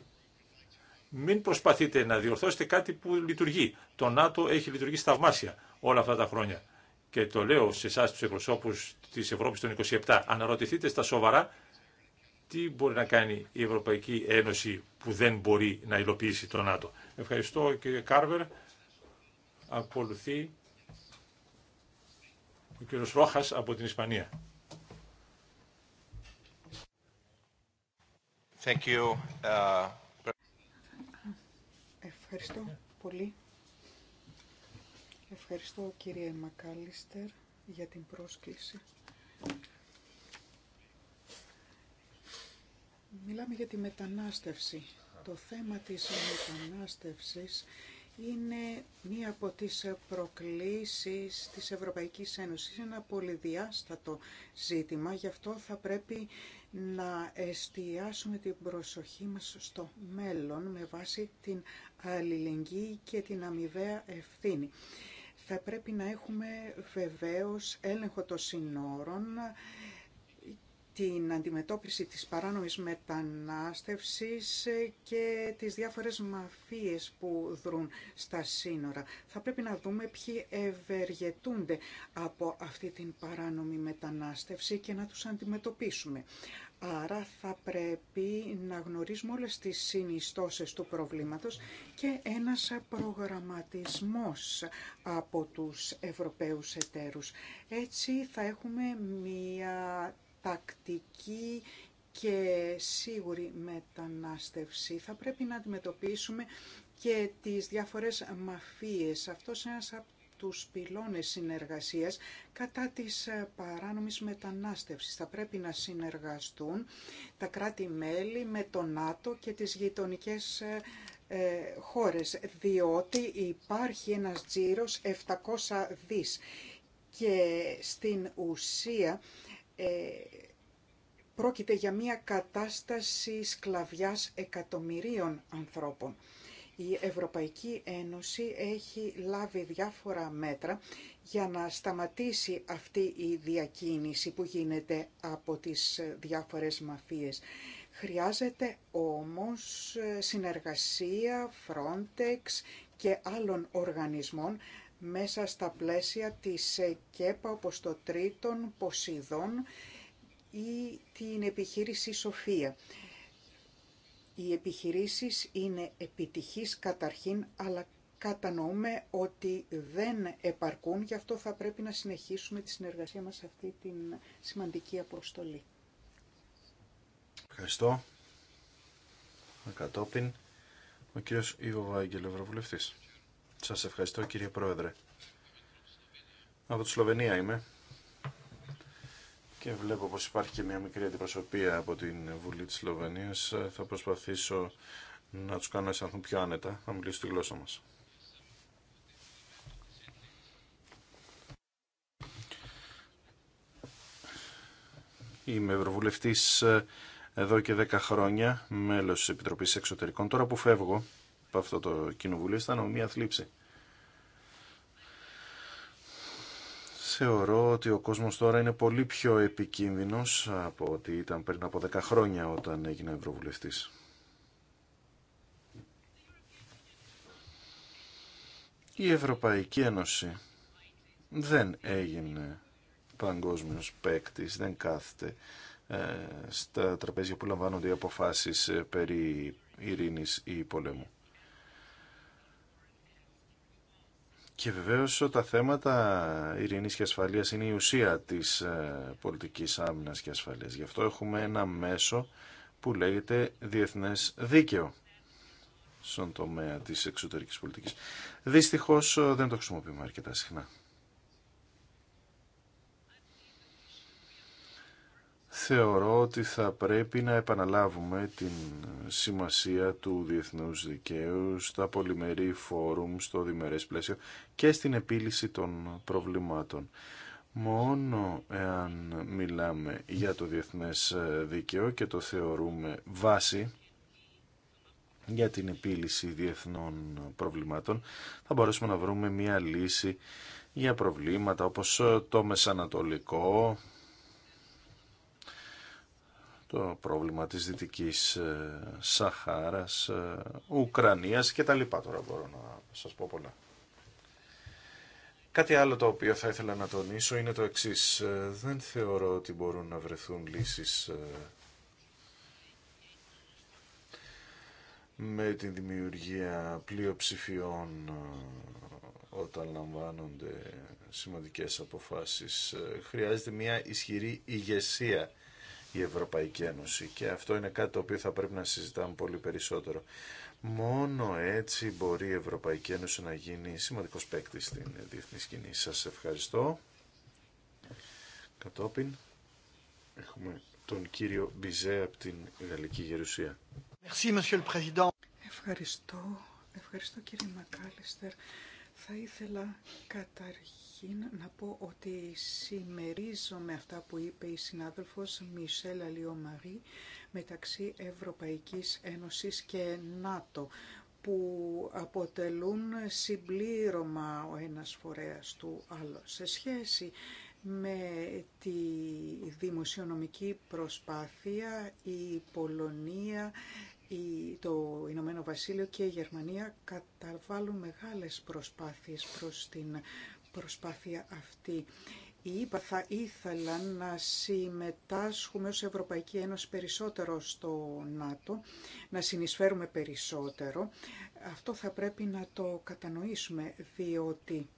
S4: Μην προσπαθείτε να διορθώσετε κάτι που λειτουργεί. Το ΝΑΤΟ έχει λειτουργήσει θαυμάσια όλα αυτά τα χρόνια και το λέω σε εσά του εκπροσώπου τη Ευρώπη των 27, αναρωτηθείτε στα σοβαρά τι μπορεί να κάνει η Ευρωπαϊκή Ένωση που δεν μπορεί να υλοποιήσει το ΝΑΤΟ. Ευχαριστώ κύριε Κάρβερ. Ακολουθεί ο κύριος Ρόχας από την Ισπανία. Uh,
S3: Ευχαριστώ πολύ. Ευχαριστώ κύριε Μακάλιστερ για την πρόσκληση. Μιλάμε για τη μετανάστευση. Το θέμα της μετανάστευσης είναι μία από τις προκλήσεις της Ευρωπαϊκής Ένωσης. Είναι ένα πολυδιάστατο ζήτημα, γι' αυτό θα πρέπει να εστιάσουμε την προσοχή μας στο μέλλον με βάση την αλληλεγγύη και την αμοιβαία ευθύνη θα πρέπει να έχουμε βεβαίως έλεγχο των συνόρων, την αντιμετώπιση της παράνομης μετανάστευσης και τις διάφορες μαφίες που δρούν στα σύνορα. Θα πρέπει να δούμε ποιοι ευεργετούνται από αυτή την παράνομη μετανάστευση και να τους αντιμετωπίσουμε. Άρα θα πρέπει να γνωρίζουμε όλες τις συνιστώσεις του προβλήματος και ένας προγραμματισμός από τους Ευρωπαίους εταίρους. Έτσι θα έχουμε μια τακτική και σίγουρη μετανάστευση. Θα πρέπει να αντιμετωπίσουμε και τις διάφορες μαφίες. Αυτός είναι ένας τους πυλώνες συνεργασίας κατά της ε, παράνομης μετανάστευσης. Θα πρέπει να συνεργαστούν τα κράτη-μέλη με το ΝΑΤΟ και τις γειτονικές ε, ε, χώρες, διότι υπάρχει ένας τζίρος 700 δις και στην ουσία πρόκειται για μια κατάσταση σκλαβιάς εκατομμυρίων ανθρώπων. Η Ευρωπαϊκή Ένωση έχει λάβει διάφορα μέτρα για να σταματήσει αυτή η διακίνηση που γίνεται από τις διάφορες μαφίες. Χρειάζεται όμως συνεργασία Frontex και άλλων οργανισμών μέσα στα πλαίσια της ΚΕΠΑ όπως το Τρίτον Ποσειδών ή την επιχείρηση Σοφία οι επιχειρήσεις είναι επιτυχείς καταρχήν, αλλά κατανοούμε ότι δεν επαρκούν, γι' αυτό θα πρέπει να συνεχίσουμε τη συνεργασία μας σε αυτή την σημαντική αποστολή.
S2: Ευχαριστώ. Ακατόπιν, ο κύριος Ιβο Βάγγελ, Ευρωβουλευτής. Σας ευχαριστώ κύριε Πρόεδρε. Από τη Σλοβενία είμαι και βλέπω πως υπάρχει και μια μικρή αντιπροσωπεία από την Βουλή της Σλοβενίας. Θα προσπαθήσω να τους κάνω αισθανθούν πιο άνετα, να μιλήσω τη γλώσσα μας. Είμαι ευρωβουλευτής ε, εδώ και 10 χρόνια, μέλος της Επιτροπής Εξωτερικών. Τώρα που φεύγω από αυτό το κοινοβουλίο αισθάνομαι μια θλίψη. Θεωρώ ότι ο κόσμος τώρα είναι πολύ πιο επικίνδυνος από ότι ήταν πριν από 10 χρόνια όταν έγινε ευρωβουλευτής. Η Ευρωπαϊκή Ένωση δεν έγινε παγκόσμιος παίκτης, δεν κάθεται ε, στα τραπέζια που λαμβάνονται οι αποφάσεις ε, περί ειρήνης ή πολέμου. Και βεβαίως τα θέματα ειρήνης και ασφαλείας είναι η ουσία της ε, πολιτικής άμυνας και ασφαλείας. Γι' αυτό έχουμε ένα μέσο που λέγεται διεθνές δίκαιο στον τομέα της εξωτερικής πολιτικής. Δυστυχώς ε, δεν το χρησιμοποιούμε αρκετά συχνά. θεωρώ ότι θα πρέπει να επαναλάβουμε την σημασία του διεθνούς δικαίου στα πολυμερή φόρουμ, στο διμερές πλαίσιο και στην επίλυση των προβλημάτων. Μόνο εάν μιλάμε για το διεθνές δίκαιο και το θεωρούμε βάση για την επίλυση διεθνών προβλημάτων, θα μπορέσουμε να βρούμε μια λύση για προβλήματα όπως το μεσανατολικό, το πρόβλημα της Δυτικής ε, Σαχάρας, ε, Ουκρανίας και τα λοιπά τώρα μπορώ να σας πω πολλά. Κάτι άλλο το οποίο θα ήθελα να τονίσω είναι το εξής. Ε, δεν θεωρώ ότι μπορούν να βρεθούν λύσεις με την δημιουργία πλειοψηφιών όταν λαμβάνονται σημαντικές αποφάσεις. Χρειάζεται μια ισχυρή ηγεσία η Ευρωπαϊκή Ένωση και αυτό είναι κάτι το οποίο θα πρέπει να συζητάμε πολύ περισσότερο. Μόνο έτσι μπορεί η Ευρωπαϊκή Ένωση να γίνει σημαντικός παίκτη στην διεθνή σκηνή. Σας ευχαριστώ. Κατόπιν έχουμε τον κύριο Μπιζέ από την Γαλλική Γερουσία.
S3: Ευχαριστώ. Ευχαριστώ κύριε Μακάλιστερ θα ήθελα καταρχήν να πω ότι με αυτά που είπε η συνάδελφος Μισελ Αλιομαρή μεταξύ Ευρωπαϊκής Ένωσης και ΝΑΤΟ που αποτελούν συμπλήρωμα ο ένας φορέας του άλλου. Σε σχέση με τη δημοσιονομική προσπάθεια η Πολωνία το Ηνωμένο Βασίλειο και η Γερμανία καταβάλουν μεγάλες προσπάθειες προς την προσπάθεια αυτή. ή θα ήθελα να συμμετάσχουμε ως Ευρωπαϊκή Ένωση περισσότερο στο ΝΑΤΟ, να συνεισφέρουμε περισσότερο. Αυτό θα πρέπει να το κατανοήσουμε, διότι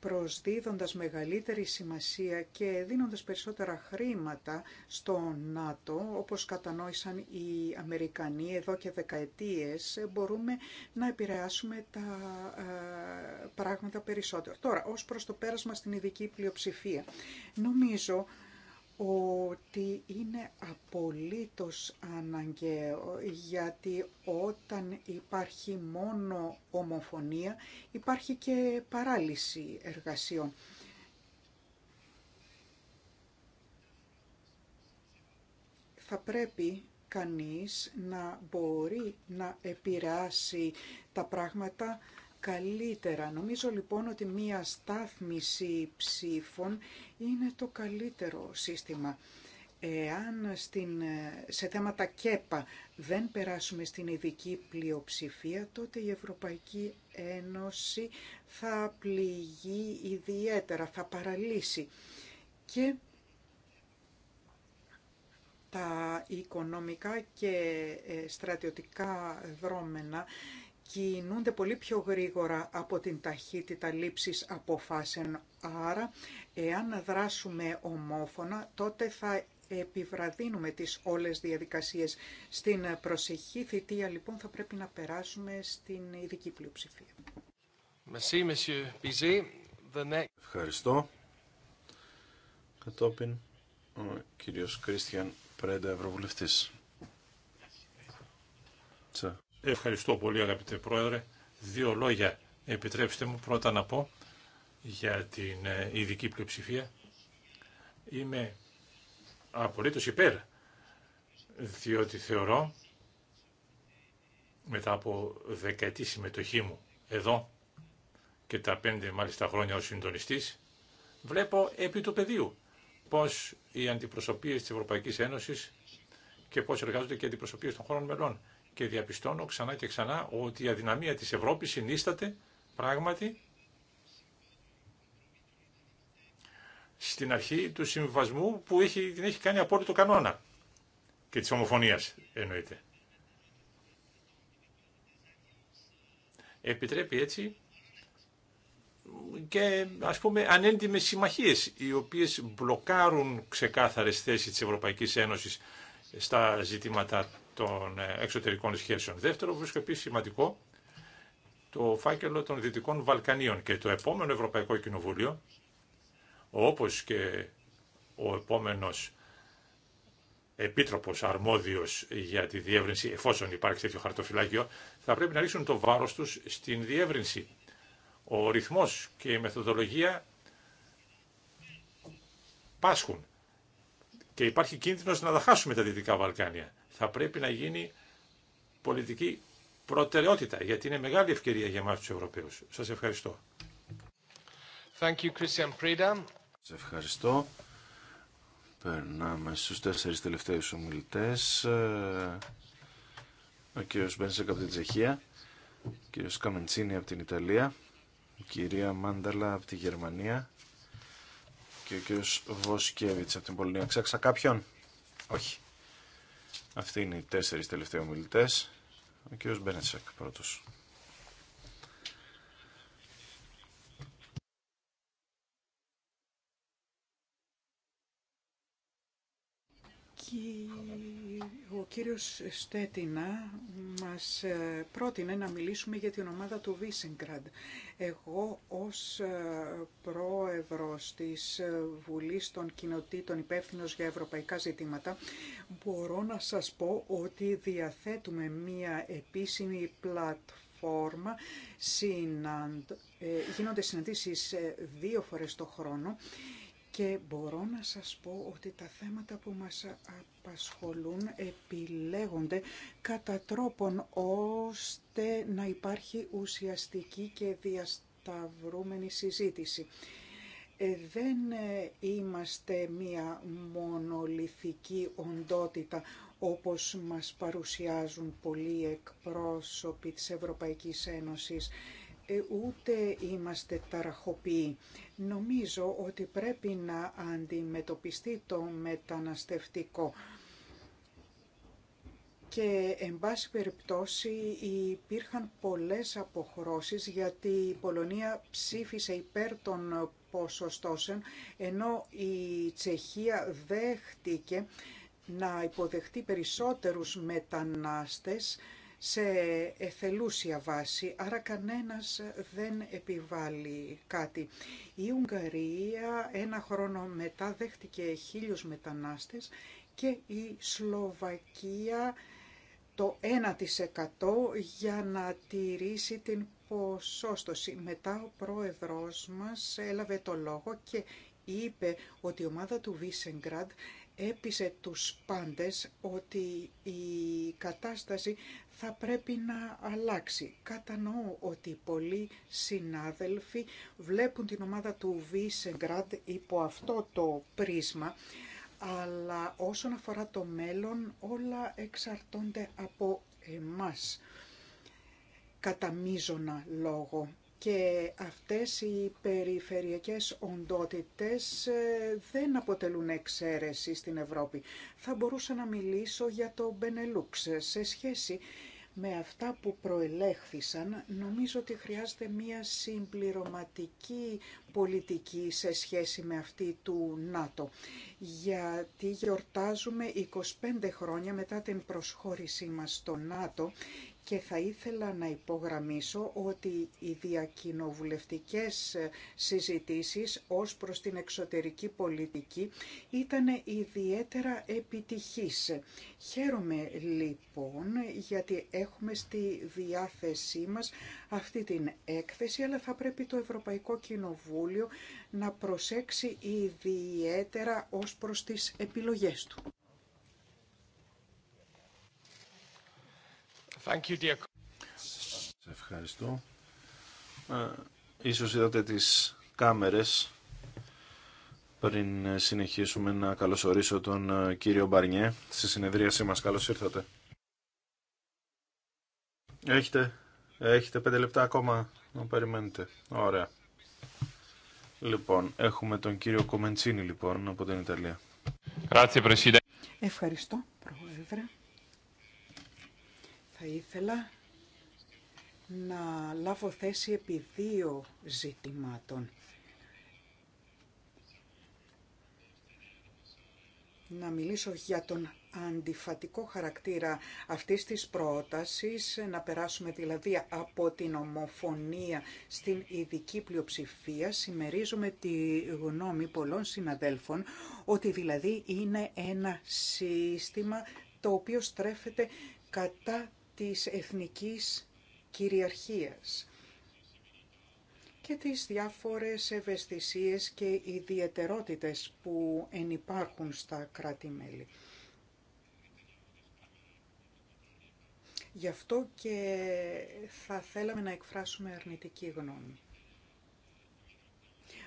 S3: προσδίδοντας μεγαλύτερη σημασία και δίνοντας περισσότερα χρήματα στο ΝΑΤΟ, όπως κατανόησαν οι Αμερικανοί εδώ και δεκαετίες, μπορούμε να επηρεάσουμε τα ε, πράγματα περισσότερο. Τώρα, ως προς το πέρασμα στην ειδική πλειοψηφία, νομίζω ότι είναι απολύτως αναγκαίο, γιατί όταν υπάρχει μόνο ομοφωνία υπάρχει και παράλυση εργασιών. Θα πρέπει κανείς να μπορεί να επηρεάσει τα πράγματα καλύτερα. Νομίζω λοιπόν ότι μία στάθμιση ψήφων είναι το καλύτερο σύστημα. Εάν στην, σε θέματα ΚΕΠΑ δεν περάσουμε στην ειδική πλειοψηφία, τότε η Ευρωπαϊκή Ένωση θα πληγεί ιδιαίτερα, θα παραλύσει. Και τα οικονομικά και ε, στρατιωτικά δρόμενα κινούνται πολύ πιο γρήγορα από την ταχύτητα λήψης αποφάσεων. Άρα, εάν δράσουμε ομόφωνα, τότε θα επιβραδύνουμε τις όλες διαδικασίες. Στην προσεχή θητεία, λοιπόν, θα πρέπει να περάσουμε στην ειδική πλειοψηφία.
S2: Ευχαριστώ. Κατόπιν, ο κύριος Κρίστιαν Πρέντα, Ευρωβουλευτής.
S4: Ευχαριστώ πολύ αγαπητέ Πρόεδρε. Δύο λόγια επιτρέψτε μου πρώτα να πω για την ε, ειδική πλειοψηφία. Είμαι απολύτως υπέρ, διότι θεωρώ μετά από δεκαετή συμμετοχή μου εδώ και τα πέντε μάλιστα χρόνια ως συντονιστής, βλέπω επί του πεδίου πώς οι αντιπροσωπείες της Ευρωπαϊκής Ένωσης και πώς εργάζονται και οι αντιπροσωπείες των χώρων μελών και διαπιστώνω ξανά και ξανά ότι η αδυναμία της Ευρώπης συνίσταται πράγματι στην αρχή του συμβασμού που έχει, την έχει κάνει απόλυτο κανόνα και της ομοφωνίας εννοείται. Επιτρέπει έτσι και ας πούμε ανέντιμες συμμαχίες οι οποίες μπλοκάρουν ξεκάθαρες θέσεις της Ευρωπαϊκής Ένωσης στα ζητήματα των ε, εξωτερικών σχέσεων. Δεύτερο, βρίσκω επίση σημαντικό το φάκελο των Δυτικών Βαλκανίων και το επόμενο Ευρωπαϊκό Κοινοβούλιο, όπως και ο επόμενος επίτροπος αρμόδιος για τη διεύρυνση, εφόσον υπάρχει τέτοιο χαρτοφυλάκιο, θα πρέπει να ρίξουν το βάρος τους στην διεύρυνση. Ο ρυθμός και η μεθοδολογία πάσχουν και υπάρχει κίνδυνος να τα χάσουμε τα Δυτικά Βαλκάνια θα πρέπει να γίνει πολιτική προτεραιότητα, γιατί είναι μεγάλη ευκαιρία για εμάς τους Ευρωπαίους. Σας ευχαριστώ. Thank you, Christian Σας ευχαριστώ.
S2: Περνάμε στους τέσσερις τελευταίους ομιλητές. Ε, ο κύριος Μπένσεκ από την Τσεχία, ο κύριος Καμεντσίνη από την Ιταλία, η κυρία Μάνταλα από τη Γερμανία και ο κύριος Βοσκεβιτς από την Πολωνία. Ξέχασα κάποιον? Όχι. Αυτοί είναι οι τέσσερις τελευταίοι ομιλητές. Ο κύριος Μπένετσακ πρώτος.
S3: Ο κύριος Στέτινα μας ε, πρότεινε να μιλήσουμε για την ομάδα του Βίσεγκραντ. Εγώ ως ε, πρόεδρος της ε, Βουλής των Κοινοτήτων υπεύθυνο για ευρωπαϊκά ζητήματα μπορώ να σας πω ότι διαθέτουμε μία επίσημη πλατφόρμα γίνονται συναντήσεις δύο φορές το χρόνο και μπορώ να σας πω ότι τα θέματα που μας απασχολούν επιλέγονται κατά τρόπον ώστε να υπάρχει ουσιαστική και διασταυρούμενη συζήτηση. Ε, δεν ε, είμαστε μία μονολυθική οντότητα όπως μας παρουσιάζουν πολλοί εκπρόσωποι της Ευρωπαϊκής Ένωσης ε, ούτε είμαστε ταραχοποιοί. Νομίζω ότι πρέπει να αντιμετωπιστεί το μεταναστευτικό. Και, εν πάση περιπτώσει, υπήρχαν πολλές αποχρώσεις γιατί η Πολωνία ψήφισε υπέρ των ποσοστώσεων, ενώ η Τσεχία δέχτηκε να υποδεχτεί περισσότερους μετανάστες σε εθελούσια βάση, άρα κανένας δεν επιβάλλει κάτι. Η Ουγγαρία ένα χρόνο μετά δέχτηκε χίλιους μετανάστες και η Σλοβακία το 1% για να τηρήσει την ποσόστοση. Μετά ο πρόεδρος μας έλαβε το λόγο και είπε ότι η ομάδα του Βίσεγκραντ έπεισε τους πάντες ότι η κατάσταση θα πρέπει να αλλάξει. Κατανοώ ότι πολλοί συνάδελφοι βλέπουν την ομάδα του Βίσεγκραντ υπό αυτό το πρίσμα, αλλά όσον αφορά το μέλλον όλα εξαρτώνται από εμάς κατά μείζωνα λόγο και αυτές οι περιφερειακές οντότητες ε, δεν αποτελούν εξαίρεση στην Ευρώπη. Θα μπορούσα να μιλήσω για το Μπενελούξ. Σε σχέση με αυτά που προελέχθησαν, νομίζω ότι χρειάζεται μία συμπληρωματική πολιτική σε σχέση με αυτή του ΝΑΤΟ. Γιατί γιορτάζουμε 25 χρόνια μετά την προσχώρησή μας στο ΝΑΤΟ και θα ήθελα να υπογραμμίσω ότι οι διακοινοβουλευτικές συζητήσεις ως προς την εξωτερική πολιτική ήταν ιδιαίτερα επιτυχής. Χαίρομαι λοιπόν γιατί έχουμε στη διάθεσή μας αυτή την έκθεση, αλλά θα πρέπει το Ευρωπαϊκό Κοινοβούλιο να προσέξει ιδιαίτερα ως προς τις επιλογές του.
S4: Thank
S2: ευχαριστώ. Ε, ίσως είδατε τις κάμερες πριν συνεχίσουμε να καλωσορίσω τον ε, κύριο Μπαρνιέ στη συνεδρίασή μας. Καλώς ήρθατε. Έχετε, έχετε πέντε λεπτά ακόμα να περιμένετε. Ωραία. Λοιπόν, έχουμε τον κύριο Κομεντσίνη λοιπόν από την Ιταλία.
S3: Ευχαριστώ, Πρόεδρε. Θα ήθελα να λάβω θέση επί δύο ζητημάτων. Να μιλήσω για τον αντιφατικό χαρακτήρα αυτής της πρότασης, να περάσουμε δηλαδή από την ομοφωνία στην ειδική πλειοψηφία, Σημερίζουμε τη γνώμη πολλών συναδέλφων ότι δηλαδή είναι ένα σύστημα το οποίο στρέφεται κατά της εθνικής κυριαρχίας και τις διάφορες ευαισθησίες και ιδιαιτερότητες που ενυπάρχουν στα κράτη-μέλη. Γι' αυτό και θα θέλαμε να εκφράσουμε αρνητική γνώμη.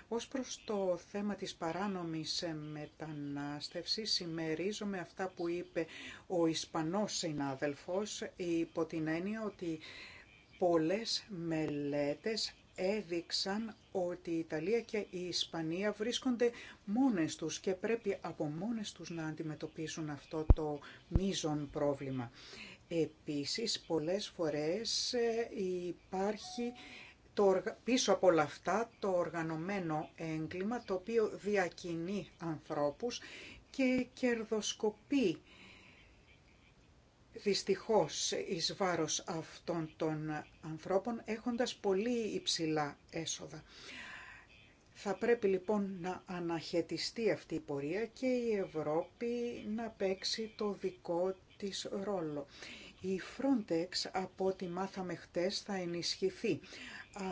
S3: Ως προς το θέμα της παράνομης μετανάστευσης, συμμερίζομαι αυτά που είπε ο Ισπανός συνάδελφος υπό την έννοια ότι πολλές μελέτες έδειξαν ότι η Ιταλία και η Ισπανία βρίσκονται μόνες τους και πρέπει από μόνες τους να αντιμετωπίσουν αυτό το μείζον πρόβλημα. Επίσης, πολλές φορές ε, υπάρχει πίσω από όλα αυτά το οργανωμένο έγκλημα το οποίο διακινεί ανθρώπους και κερδοσκοπεί δυστυχώς εις βάρος αυτών των ανθρώπων έχοντας πολύ υψηλά έσοδα. Θα πρέπει λοιπόν να αναχαιτιστεί αυτή η πορεία και η Ευρώπη να παίξει το δικό της ρόλο. Η Frontex από ό,τι μάθαμε χτες θα ενισχυθεί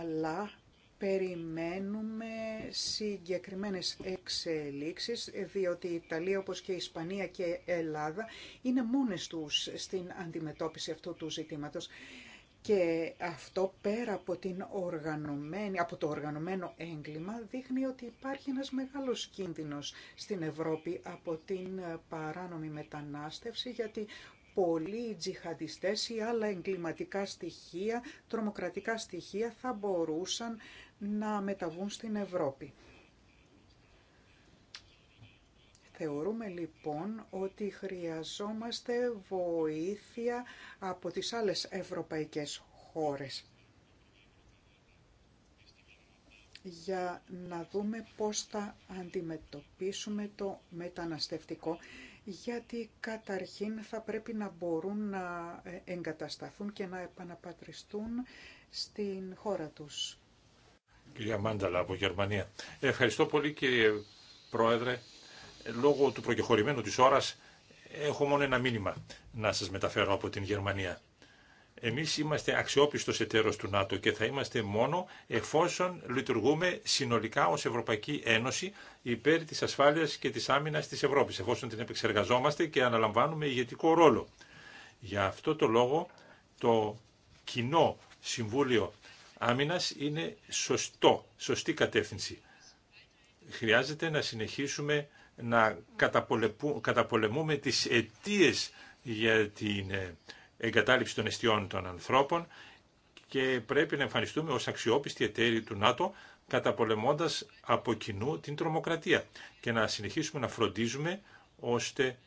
S3: αλλά περιμένουμε συγκεκριμένες εξελίξεις, διότι η Ιταλία όπως και η Ισπανία και η Ελλάδα είναι μόνες τους στην αντιμετώπιση αυτού του ζητήματος. Και αυτό πέρα από, την οργανωμένη, από το οργανωμένο έγκλημα δείχνει ότι υπάρχει ένας μεγάλος κίνδυνος στην Ευρώπη από την παράνομη μετανάστευση γιατί πολλοί τζιχαντιστές ή άλλα εγκληματικά στοιχεία, τρομοκρατικά στοιχεία θα μπορούσαν να μεταβούν στην Ευρώπη. Θεωρούμε λοιπόν ότι χρειαζόμαστε βοήθεια από τις άλλες ευρωπαϊκές χώρες για να δούμε πώς θα αντιμετωπίσουμε το μεταναστευτικό γιατί καταρχήν θα πρέπει να μπορούν να ε, εγκατασταθούν και να επαναπατριστούν στην χώρα τους.
S4: Κυρία Μάνταλα από Γερμανία. Ευχαριστώ πολύ κύριε Πρόεδρε. Λόγω του προκεχωρημένου της ώρας έχω μόνο ένα μήνυμα να σας μεταφέρω από την Γερμανία. Εμείς είμαστε αξιόπιστος εταίρο του ΝΑΤΟ και θα είμαστε μόνο εφόσον λειτουργούμε συνολικά ως Ευρωπαϊκή Ένωση υπέρ τη ασφάλειας και της άμυνας της Ευρώπης, εφόσον την επεξεργαζόμαστε και αναλαμβάνουμε ηγετικό ρόλο. Για αυτό το λόγο το κοινό Συμβούλιο Άμυνα είναι σωστό, σωστή κατεύθυνση. Χρειάζεται να συνεχίσουμε να καταπολεμούμε τις αιτίες για την ε, εγκατάλειψη των αισθειών των ανθρώπων και πρέπει να εμφανιστούμε ως αξιόπιστοι εταίροι του ΝΑΤΟ καταπολεμώντας από κοινού την τρομοκρατία και να συνεχίσουμε να φροντίζουμε ώστε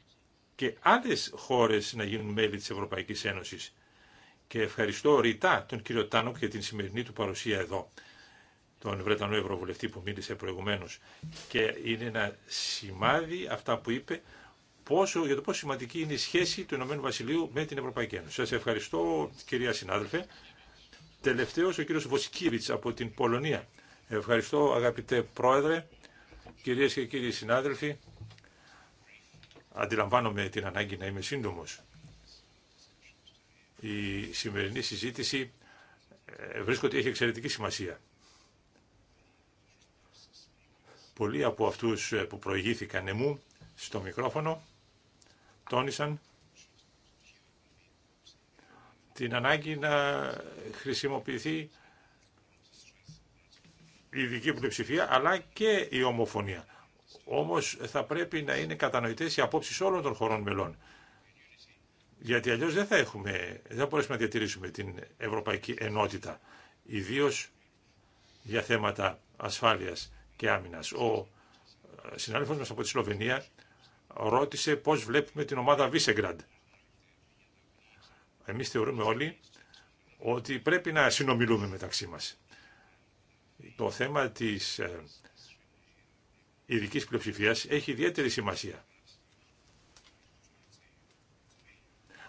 S4: και άλλες χώρες να γίνουν μέλη της Ευρωπαϊκής Ένωσης. Και ευχαριστώ ρητά τον κύριο Τάνοκ για την σημερινή του παρουσία εδώ, τον Βρετανό Ευρωβουλευτή που μίλησε προηγουμένως. Και είναι ένα σημάδι αυτά που είπε πόσο, για το πόσο σημαντική είναι η σχέση του Ηνωμένου Βασιλείου με την Ευρωπαϊκή Ένωση. Σας ευχαριστώ κυρία συνάδελφε. Τελευταίος ο κύριος Βοσικίβιτς από την Πολωνία. Ευχαριστώ αγαπητέ πρόεδρε, κυρίες και κύριοι συνάδελφοι. Αντιλαμβάνομαι την ανάγκη να είμαι σύντομος. Η σημερινή συζήτηση ε, βρίσκω ότι έχει εξαιρετική σημασία. Πολλοί από αυτούς ε, που προηγήθηκαν εμού στο μικρόφωνο τόνισαν την ανάγκη να χρησιμοποιηθεί η ειδική πλειοψηφία αλλά και η ομοφωνία. Όμως θα πρέπει να είναι κατανοητές οι απόψεις όλων των χωρών μελών. Γιατί αλλιώς δεν θα, έχουμε, δεν μπορέσουμε να διατηρήσουμε την ευρωπαϊκή ενότητα, ιδίως για θέματα ασφάλειας και άμυνας. Ο συνάδελφος μας από τη Σλοβενία ρώτησε πώς βλέπουμε την ομάδα Βίσεγκραντ. Εμείς θεωρούμε όλοι ότι πρέπει να συνομιλούμε μεταξύ μας. Το θέμα της ε, ειδικής πλειοψηφία έχει ιδιαίτερη σημασία.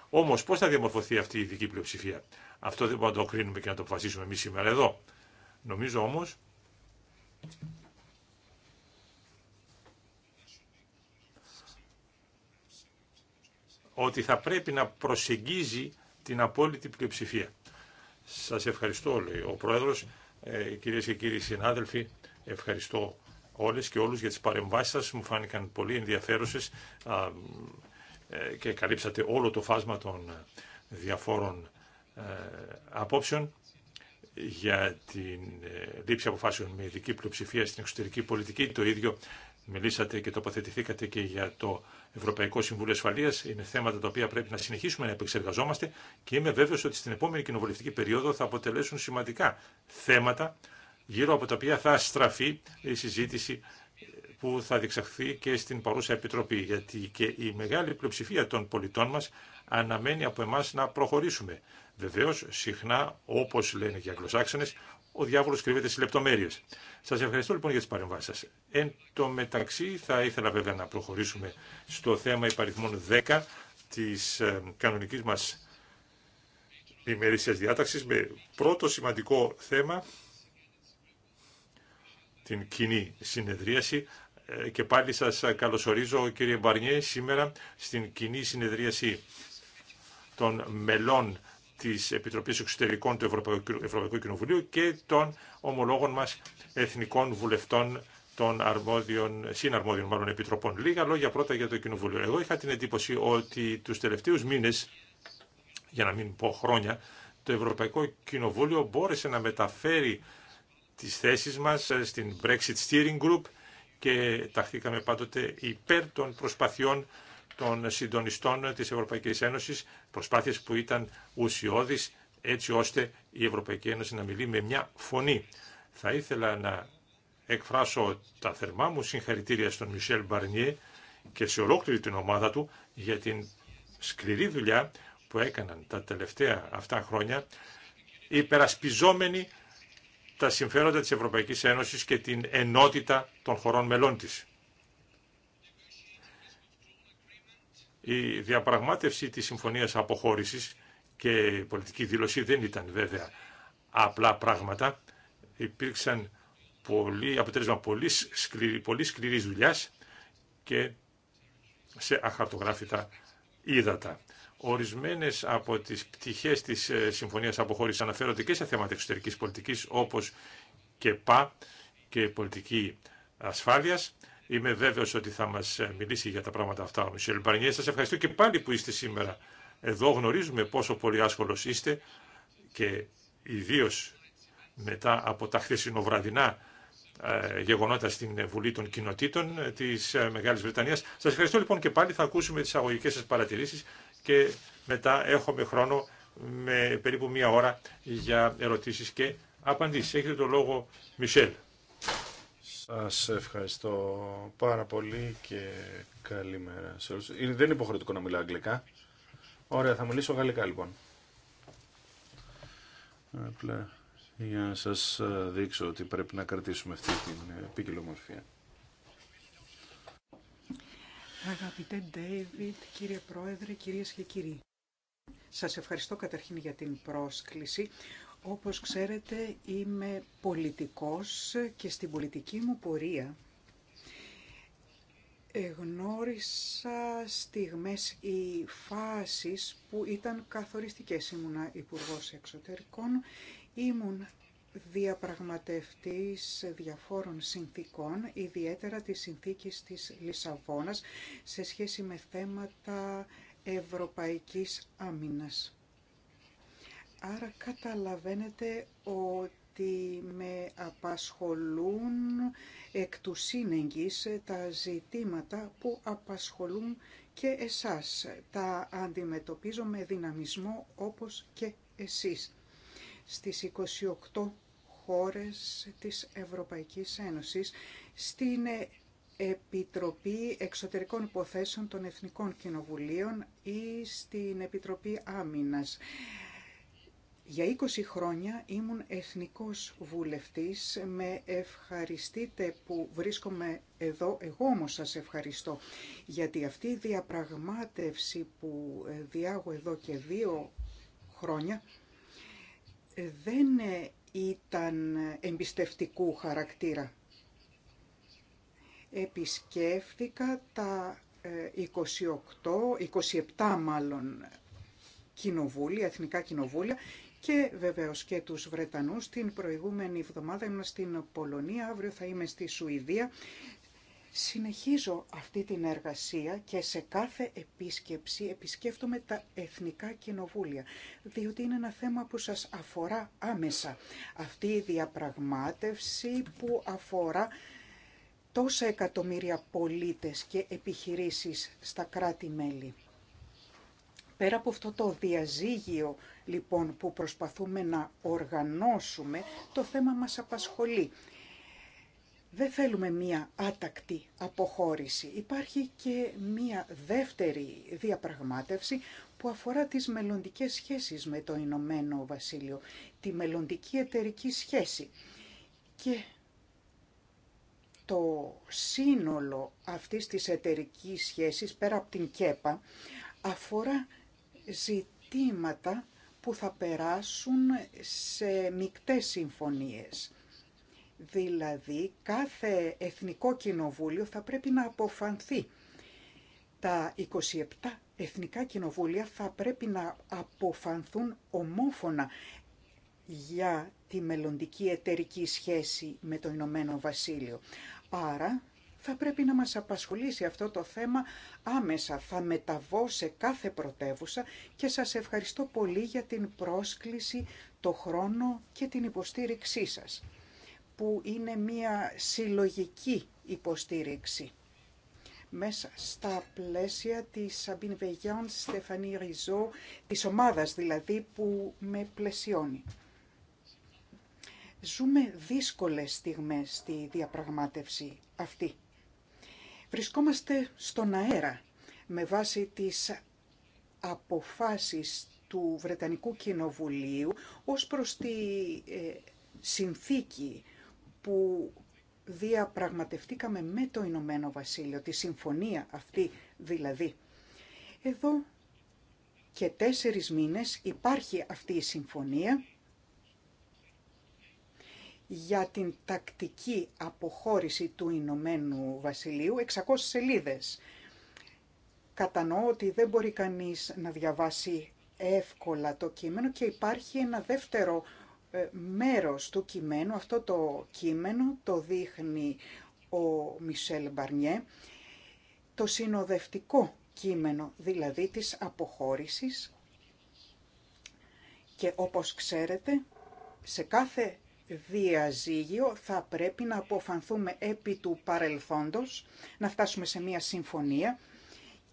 S4: Όμως πώς θα διαμορφωθεί αυτή η ειδική πλειοψηφία. Αυτό δεν μπορούμε να το κρίνουμε και να το αποφασίσουμε εμείς σήμερα εδώ. Νομίζω όμως ότι θα πρέπει να προσεγγίζει την απόλυτη πλειοψηφία. Σας ευχαριστώ, λέει ο Πρόεδρος, ε, κυρίες και κύριοι συνάδελφοι, ευχαριστώ όλες και όλους για τις παρεμβάσεις σας, μου φάνηκαν πολύ ενδιαφέρουσες ε, και καλύψατε όλο το φάσμα των ε, διαφόρων ε, απόψεων για την ε, λήψη αποφάσεων με ειδική πλειοψηφία στην εξωτερική πολιτική. Το ίδιο Μιλήσατε και τοποθετηθήκατε και για το Ευρωπαϊκό Συμβούλιο Ασφαλεία. Είναι θέματα τα οποία πρέπει να συνεχίσουμε να επεξεργαζόμαστε και είμαι βέβαιο ότι στην επόμενη κοινοβουλευτική περίοδο θα αποτελέσουν σημαντικά θέματα γύρω από τα οποία θα στραφεί η συζήτηση που θα διεξαχθεί και στην παρούσα Επιτροπή. Γιατί και η μεγάλη πλειοψηφία των πολιτών μα αναμένει από εμά να προχωρήσουμε. Βεβαίω, συχνά, όπω λένε και οι Αγγλοσάξονε, ο διάβολος κρύβεται στις λεπτομέρειες. Σας ευχαριστώ λοιπόν για τις παρεμβάσεις σας. Εν τω μεταξύ θα ήθελα βέβαια να προχωρήσουμε στο θέμα υπαριθμών 10 της ε, κανονικής μας ημερήσιας διάταξης με πρώτο σημαντικό θέμα την κοινή συνεδρίαση ε, και πάλι σας καλωσορίζω κύριε Μπαρνιέ σήμερα στην κοινή συνεδρίαση των μελών Τη επιτροπή Εξωτερικών του Ευρωπαϊκού, Ευρωπαϊκού Κοινοβουλίου και των ομολόγων μας εθνικών βουλευτών των αρμόδιων, συναρμόδιων μάλλον επιτροπών. Λίγα λόγια πρώτα για το Κοινοβούλιο. Εγώ είχα την εντύπωση ότι τους τελευταίους μήνες, για να μην πω χρόνια, το Ευρωπαϊκό Κοινοβούλιο μπόρεσε να μεταφέρει τις θέσεις μας στην Brexit Steering Group και ταχθήκαμε πάντοτε υπέρ των προσπαθειών των συντονιστών της Ευρωπαϊκής Ένωσης, προσπάθειες που ήταν ουσιώδεις έτσι ώστε η Ευρωπαϊκή Ένωση να μιλεί με μια φωνή. Θα ήθελα να εκφράσω τα θερμά μου συγχαρητήρια στον Μισελ Μπαρνιέ και σε ολόκληρη την ομάδα του για την σκληρή δουλειά που έκαναν τα τελευταία αυτά χρόνια υπερασπιζόμενοι τα συμφέροντα της Ευρωπαϊκής Ένωσης και την ενότητα των χωρών μελών της. Η διαπραγμάτευση της Συμφωνίας Αποχώρησης και η πολιτική δήλωση δεν ήταν βέβαια απλά πράγματα. Υπήρξαν πολύ, αποτέλεσμα πολύ, σκληρή, πολύ σκληρής και σε αχαρτογράφητα ύδατα. Ορισμένες από τις πτυχές της ε, Συμφωνίας Αποχώρησης αναφέρονται και σε θέματα εξωτερικής πολιτικής όπως και ΠΑ και πολιτική ασφάλειας Είμαι βέβαιος ότι θα μα ε, μιλήσει για τα πράγματα αυτά ο Μισελ Μπαρνιέ. Σα ευχαριστώ και πάλι που είστε σήμερα εδώ. Γνωρίζουμε πόσο πολύ άσχολο είστε και ιδίω μετά από τα χθεσινοβραδινά ε, γεγονότα στην Βουλή των Κοινοτήτων ε, τη μεγάλη Βρετανία. Σα ευχαριστώ λοιπόν και πάλι. Θα ακούσουμε τι αγωγικέ σα παρατηρήσει και μετά έχουμε χρόνο με περίπου μία ώρα για ερωτήσει και απαντήσει. Έχετε το λόγο, Μισελ.
S2: Σας ευχαριστώ πάρα πολύ και καλημέρα σε όλους. Δεν είναι υποχρεωτικό να μιλάω αγγλικά. Ωραία, θα μιλήσω γαλλικά λοιπόν. Ε, απλά για να σας ε, δείξω ότι πρέπει να κρατήσουμε αυτή την ε, ποικιλομορφία.
S3: Αγαπητέ Ντέιβιτ, κύριε Πρόεδρε, κυρίες και κύριοι. Σας ευχαριστώ καταρχήν για την πρόσκληση. Όπως ξέρετε είμαι πολιτικός και στην πολιτική μου πορεία γνώρισα στιγμές ή φάσεις που ήταν καθοριστικές. Ήμουνα υπουργό Εξωτερικών, ήμουν διαπραγματευτής διαφόρων συνθήκων, ιδιαίτερα της συνθήκης της Λισαβόνας, σε σχέση με θέματα ευρωπαϊκής άμυνας. Άρα καταλαβαίνετε ότι με απασχολούν εκ του τα ζητήματα που απασχολούν και εσάς. Τα αντιμετωπίζω με δυναμισμό όπως και εσείς. Στις 28 χώρες της Ευρωπαϊκής Ένωσης, στην Επιτροπή Εξωτερικών Υποθέσεων των Εθνικών Κοινοβουλίων ή στην Επιτροπή Άμυνας. Για 20 χρόνια ήμουν εθνικός βουλευτής, με ευχαριστείτε που βρίσκομαι εδώ, εγώ όμως σας ευχαριστώ, γιατί αυτή η διαπραγμάτευση που ε, διάγω εδώ και δύο χρόνια ε, δεν ε, ήταν εμπιστευτικού χαρακτήρα. Επισκέφτηκα τα 28, 27 μάλλον κοινοβούλια, εθνικά κοινοβούλια και βεβαίως και τους Βρετανούς. Την προηγούμενη εβδομάδα ήμουν στην Πολωνία, αύριο θα είμαι στη Σουηδία. Συνεχίζω αυτή την εργασία και σε κάθε επίσκεψη επισκέφτομαι τα εθνικά κοινοβούλια, διότι είναι ένα θέμα που σας αφορά άμεσα. Αυτή η διαπραγμάτευση που αφορά τόσα εκατομμύρια πολίτες και επιχειρήσεις στα κράτη-μέλη. Πέρα από αυτό το διαζύγιο λοιπόν που προσπαθούμε να οργανώσουμε, το θέμα μας απασχολεί. Δεν θέλουμε μία άτακτη αποχώρηση. Υπάρχει και μία δεύτερη διαπραγμάτευση που αφορά τις μελλοντικές σχέσεις με το Ηνωμένο Βασίλειο, τη μελλοντική εταιρική σχέση. Και το σύνολο αυτής της εταιρικής σχέσης, πέρα από την ΚΕΠΑ, αφορά ζητήματα που θα περάσουν σε μικτές συμφωνίες. Δηλαδή, κάθε εθνικό κοινοβούλιο θα πρέπει να αποφανθεί. Τα 27 εθνικά κοινοβούλια θα πρέπει να αποφανθούν ομόφωνα για τη μελλοντική εταιρική σχέση με το Ηνωμένο Βασίλειο. Άρα θα πρέπει να μας απασχολήσει αυτό το θέμα άμεσα. Θα μεταβώ σε κάθε πρωτεύουσα και σας ευχαριστώ πολύ για την πρόσκληση, το χρόνο και την υποστήριξή σας, που είναι μια συλλογική υποστήριξη μέσα στα πλαίσια της Σαμπίν Βεγιάν Στεφανή Ριζό, της ομάδας δηλαδή που με πλαισιώνει. Ζούμε δύσκολες στιγμές στη διαπραγμάτευση αυτή. Βρισκόμαστε στον αέρα με βάση τις αποφάσεις του Βρετανικού Κοινοβουλίου ως προς τη ε, συνθήκη που διαπραγματευτήκαμε με το Ηνωμένο Βασίλειο, τη συμφωνία αυτή δηλαδή. Εδώ και τέσσερις μήνες υπάρχει αυτή η συμφωνία για την τακτική αποχώρηση του Ηνωμένου Βασιλείου, 600 σελίδες. Κατανοώ ότι δεν μπορεί κανείς να διαβάσει εύκολα το κείμενο και υπάρχει ένα δεύτερο ε, μέρος του κειμένου. Αυτό το κείμενο το δείχνει ο Μισελ Μπαρνιέ. Το συνοδευτικό κείμενο, δηλαδή της αποχώρησης και όπως ξέρετε σε κάθε διαζύγιο θα πρέπει να αποφανθούμε επί του παρελθόντος, να φτάσουμε σε μία συμφωνία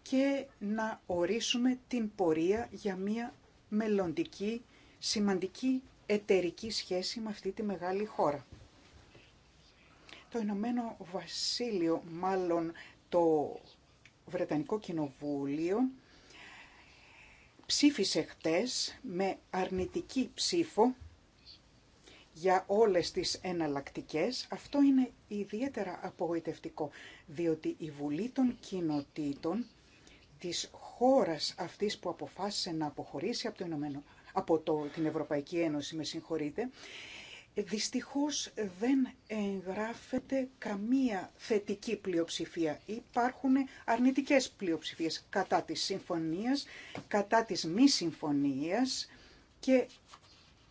S3: και να ορίσουμε την πορεία για μία μελλοντική, σημαντική εταιρική σχέση με αυτή τη μεγάλη χώρα. Το Ηνωμένο Βασίλειο, μάλλον το Βρετανικό Κοινοβούλιο, ψήφισε χτες με αρνητική ψήφο για όλες τις εναλλακτικές, αυτό είναι ιδιαίτερα απογοητευτικό, διότι η Βουλή των Κοινοτήτων της χώρας αυτής που αποφάσισε να αποχωρήσει από, το Ηνωμένο, από την Ευρωπαϊκή Ένωση, με συγχωρείτε, δυστυχώς δεν εγγράφεται καμία θετική πλειοψηφία. Υπάρχουν αρνητικές πλειοψηφίες κατά της συμφωνίας, κατά της μη συμφωνίας και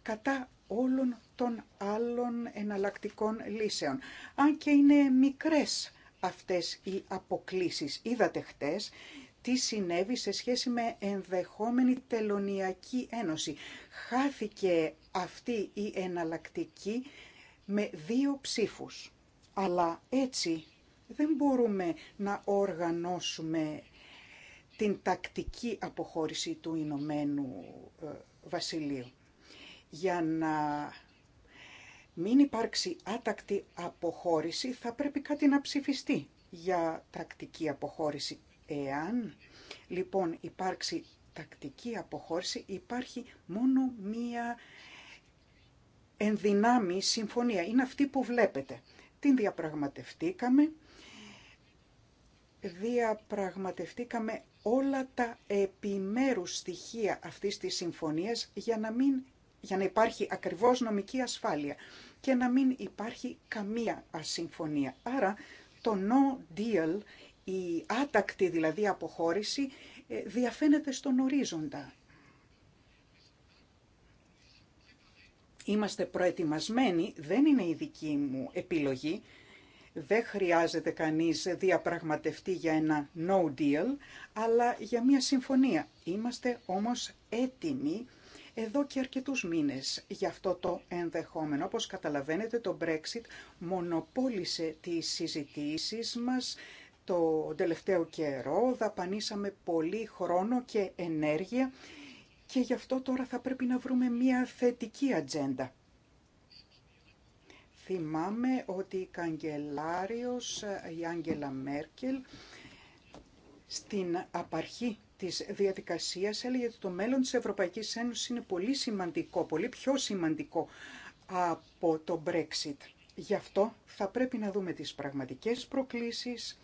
S3: κατά όλων των άλλων εναλλακτικών λύσεων. Αν και είναι μικρές αυτές οι αποκλίσεις. Είδατε χτες τι συνέβη σε σχέση με ενδεχόμενη τελωνιακή ένωση. Χάθηκε αυτή η εναλλακτική με δύο ψήφους. Αλλά έτσι δεν μπορούμε να οργανώσουμε την τακτική αποχώρηση του Ηνωμένου ε, Βασιλείου. Για να μην υπάρξει άτακτη αποχώρηση, θα πρέπει κάτι να ψηφιστεί για τακτική αποχώρηση. Εάν λοιπόν υπάρξει τακτική αποχώρηση, υπάρχει μόνο μία ενδυνάμει συμφωνία. Είναι αυτή που βλέπετε. Την διαπραγματευτήκαμε, διαπραγματευτήκαμε όλα τα επιμέρους στοιχεία αυτής της συμφωνίας για να μην για να υπάρχει ακριβώς νομική ασφάλεια και να μην υπάρχει καμία ασυμφωνία. Άρα το no deal, η άτακτη δηλαδή αποχώρηση, ε, διαφαίνεται στον ορίζοντα. Είμαστε προετοιμασμένοι, δεν είναι η δική μου επιλογή, δεν χρειάζεται κανείς διαπραγματευτεί για ένα no deal, αλλά για μια συμφωνία. Είμαστε όμως έτοιμοι εδώ και αρκετούς μήνες για αυτό το ενδεχόμενο. Όπως καταλαβαίνετε το Brexit μονοπόλησε τις συζητήσεις μας το τελευταίο καιρό, δαπανίσαμε πολύ χρόνο και ενέργεια και γι' αυτό τώρα θα πρέπει να βρούμε μια θετική ατζέντα. Θυμάμαι ότι η καγκελάριος η Άγγελα Μέρκελ στην απαρχή της διαδικασίας έλεγε ότι το μέλλον της Ευρωπαϊκής Ένωσης είναι πολύ σημαντικό, πολύ πιο σημαντικό από το Brexit. Γι' αυτό θα πρέπει να δούμε τις πραγματικές προκλήσεις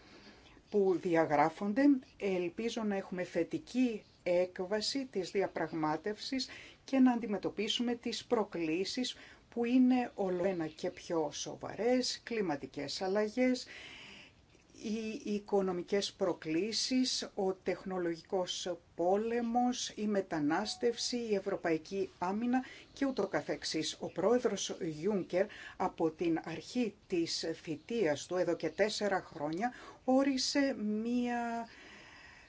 S3: που διαγράφονται. Ελπίζω να έχουμε θετική έκβαση της διαπραγμάτευσης και να αντιμετωπίσουμε τις προκλήσεις που είναι ολοένα και πιο σοβαρές, κλιματικές αλλαγές, οι οικονομικές προκλήσεις, ο τεχνολογικός πόλεμος, η μετανάστευση, η ευρωπαϊκή άμυνα και ούτω καθεξής. Ο πρόεδρος Γιούνκερ από την αρχή της θητείας του, εδώ και τέσσερα χρόνια, όρισε μία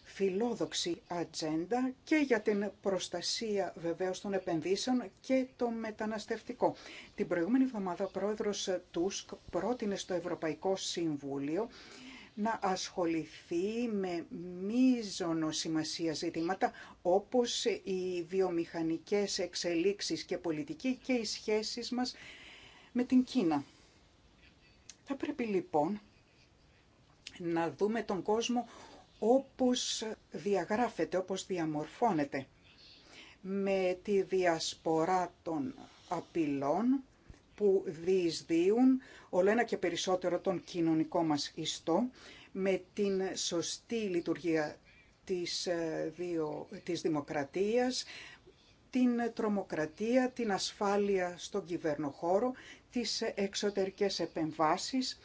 S3: φιλόδοξη ατζέντα και για την προστασία βεβαίως των επενδύσεων και το μεταναστευτικό. Την προηγούμενη εβδομάδα ο πρόεδρος Τούσκ πρότεινε στο Ευρωπαϊκό Συμβούλιο να ασχοληθεί με μείζονο σημασία ζητήματα όπως οι βιομηχανικές εξελίξεις και πολιτική και οι σχέσεις μας με την Κίνα. Θα πρέπει λοιπόν να δούμε τον κόσμο όπως διαγράφεται, όπως διαμορφώνεται με τη διασπορά των απειλών που διεισδύουν όλο ένα και περισσότερο τον κοινωνικό μας ιστό με την σωστή λειτουργία της, ε, δύο, δημοκρατίας, την τρομοκρατία, την ασφάλεια στον κυβερνοχώρο, τις εξωτερικές επεμβάσεις,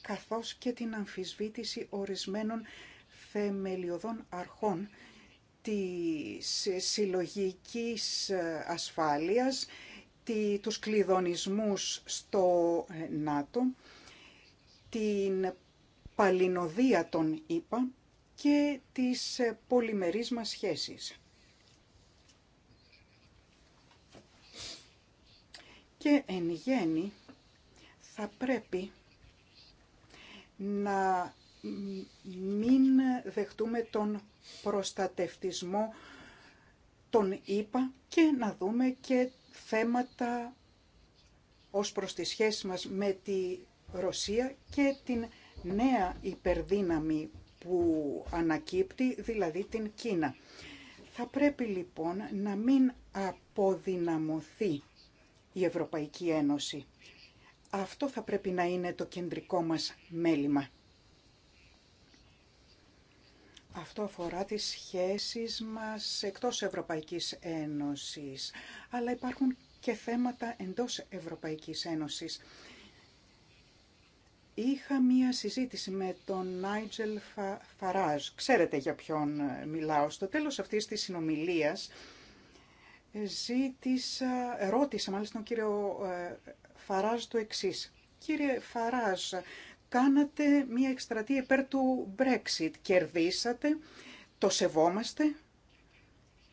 S3: καθώς και την αμφισβήτηση ορισμένων θεμελιωδών αρχών της συλλογικής ε, ασφάλειας, τη, τους κλειδονισμούς στο ε, ΝΑΤΟ, την παλινοδία των ΗΠΑ και τις ε, πολυμερείς μας σχέσεις. Και εν γέννη θα πρέπει να μην δεχτούμε τον προστατευτισμό των ΗΠΑ και να δούμε και θέματα ως προς τις σχέσεις μας με τη Ρωσία και την νέα υπερδύναμη που ανακύπτει, δηλαδή την Κίνα. Θα πρέπει λοιπόν να μην αποδυναμωθεί η Ευρωπαϊκή Ένωση. Αυτό θα πρέπει να είναι το κεντρικό μας μέλημα. Αυτό αφορά τις σχέσεις μας εκτός Ευρωπαϊκής Ένωσης, αλλά υπάρχουν και θέματα εντός Ευρωπαϊκής Ένωσης. Είχα μία συζήτηση με τον Νάιτζελ Φαράζ. Ξέρετε για ποιον ε, μιλάω. Στο τέλος αυτής της συνομιλίας ε, ζήτησα, ρώτησα μάλιστα τον κύριο ε, Φαράζ του εξής. Κύριε Φαράζ, κάνατε μία εκστρατεία υπέρ του Brexit. Κερδίσατε, το σεβόμαστε,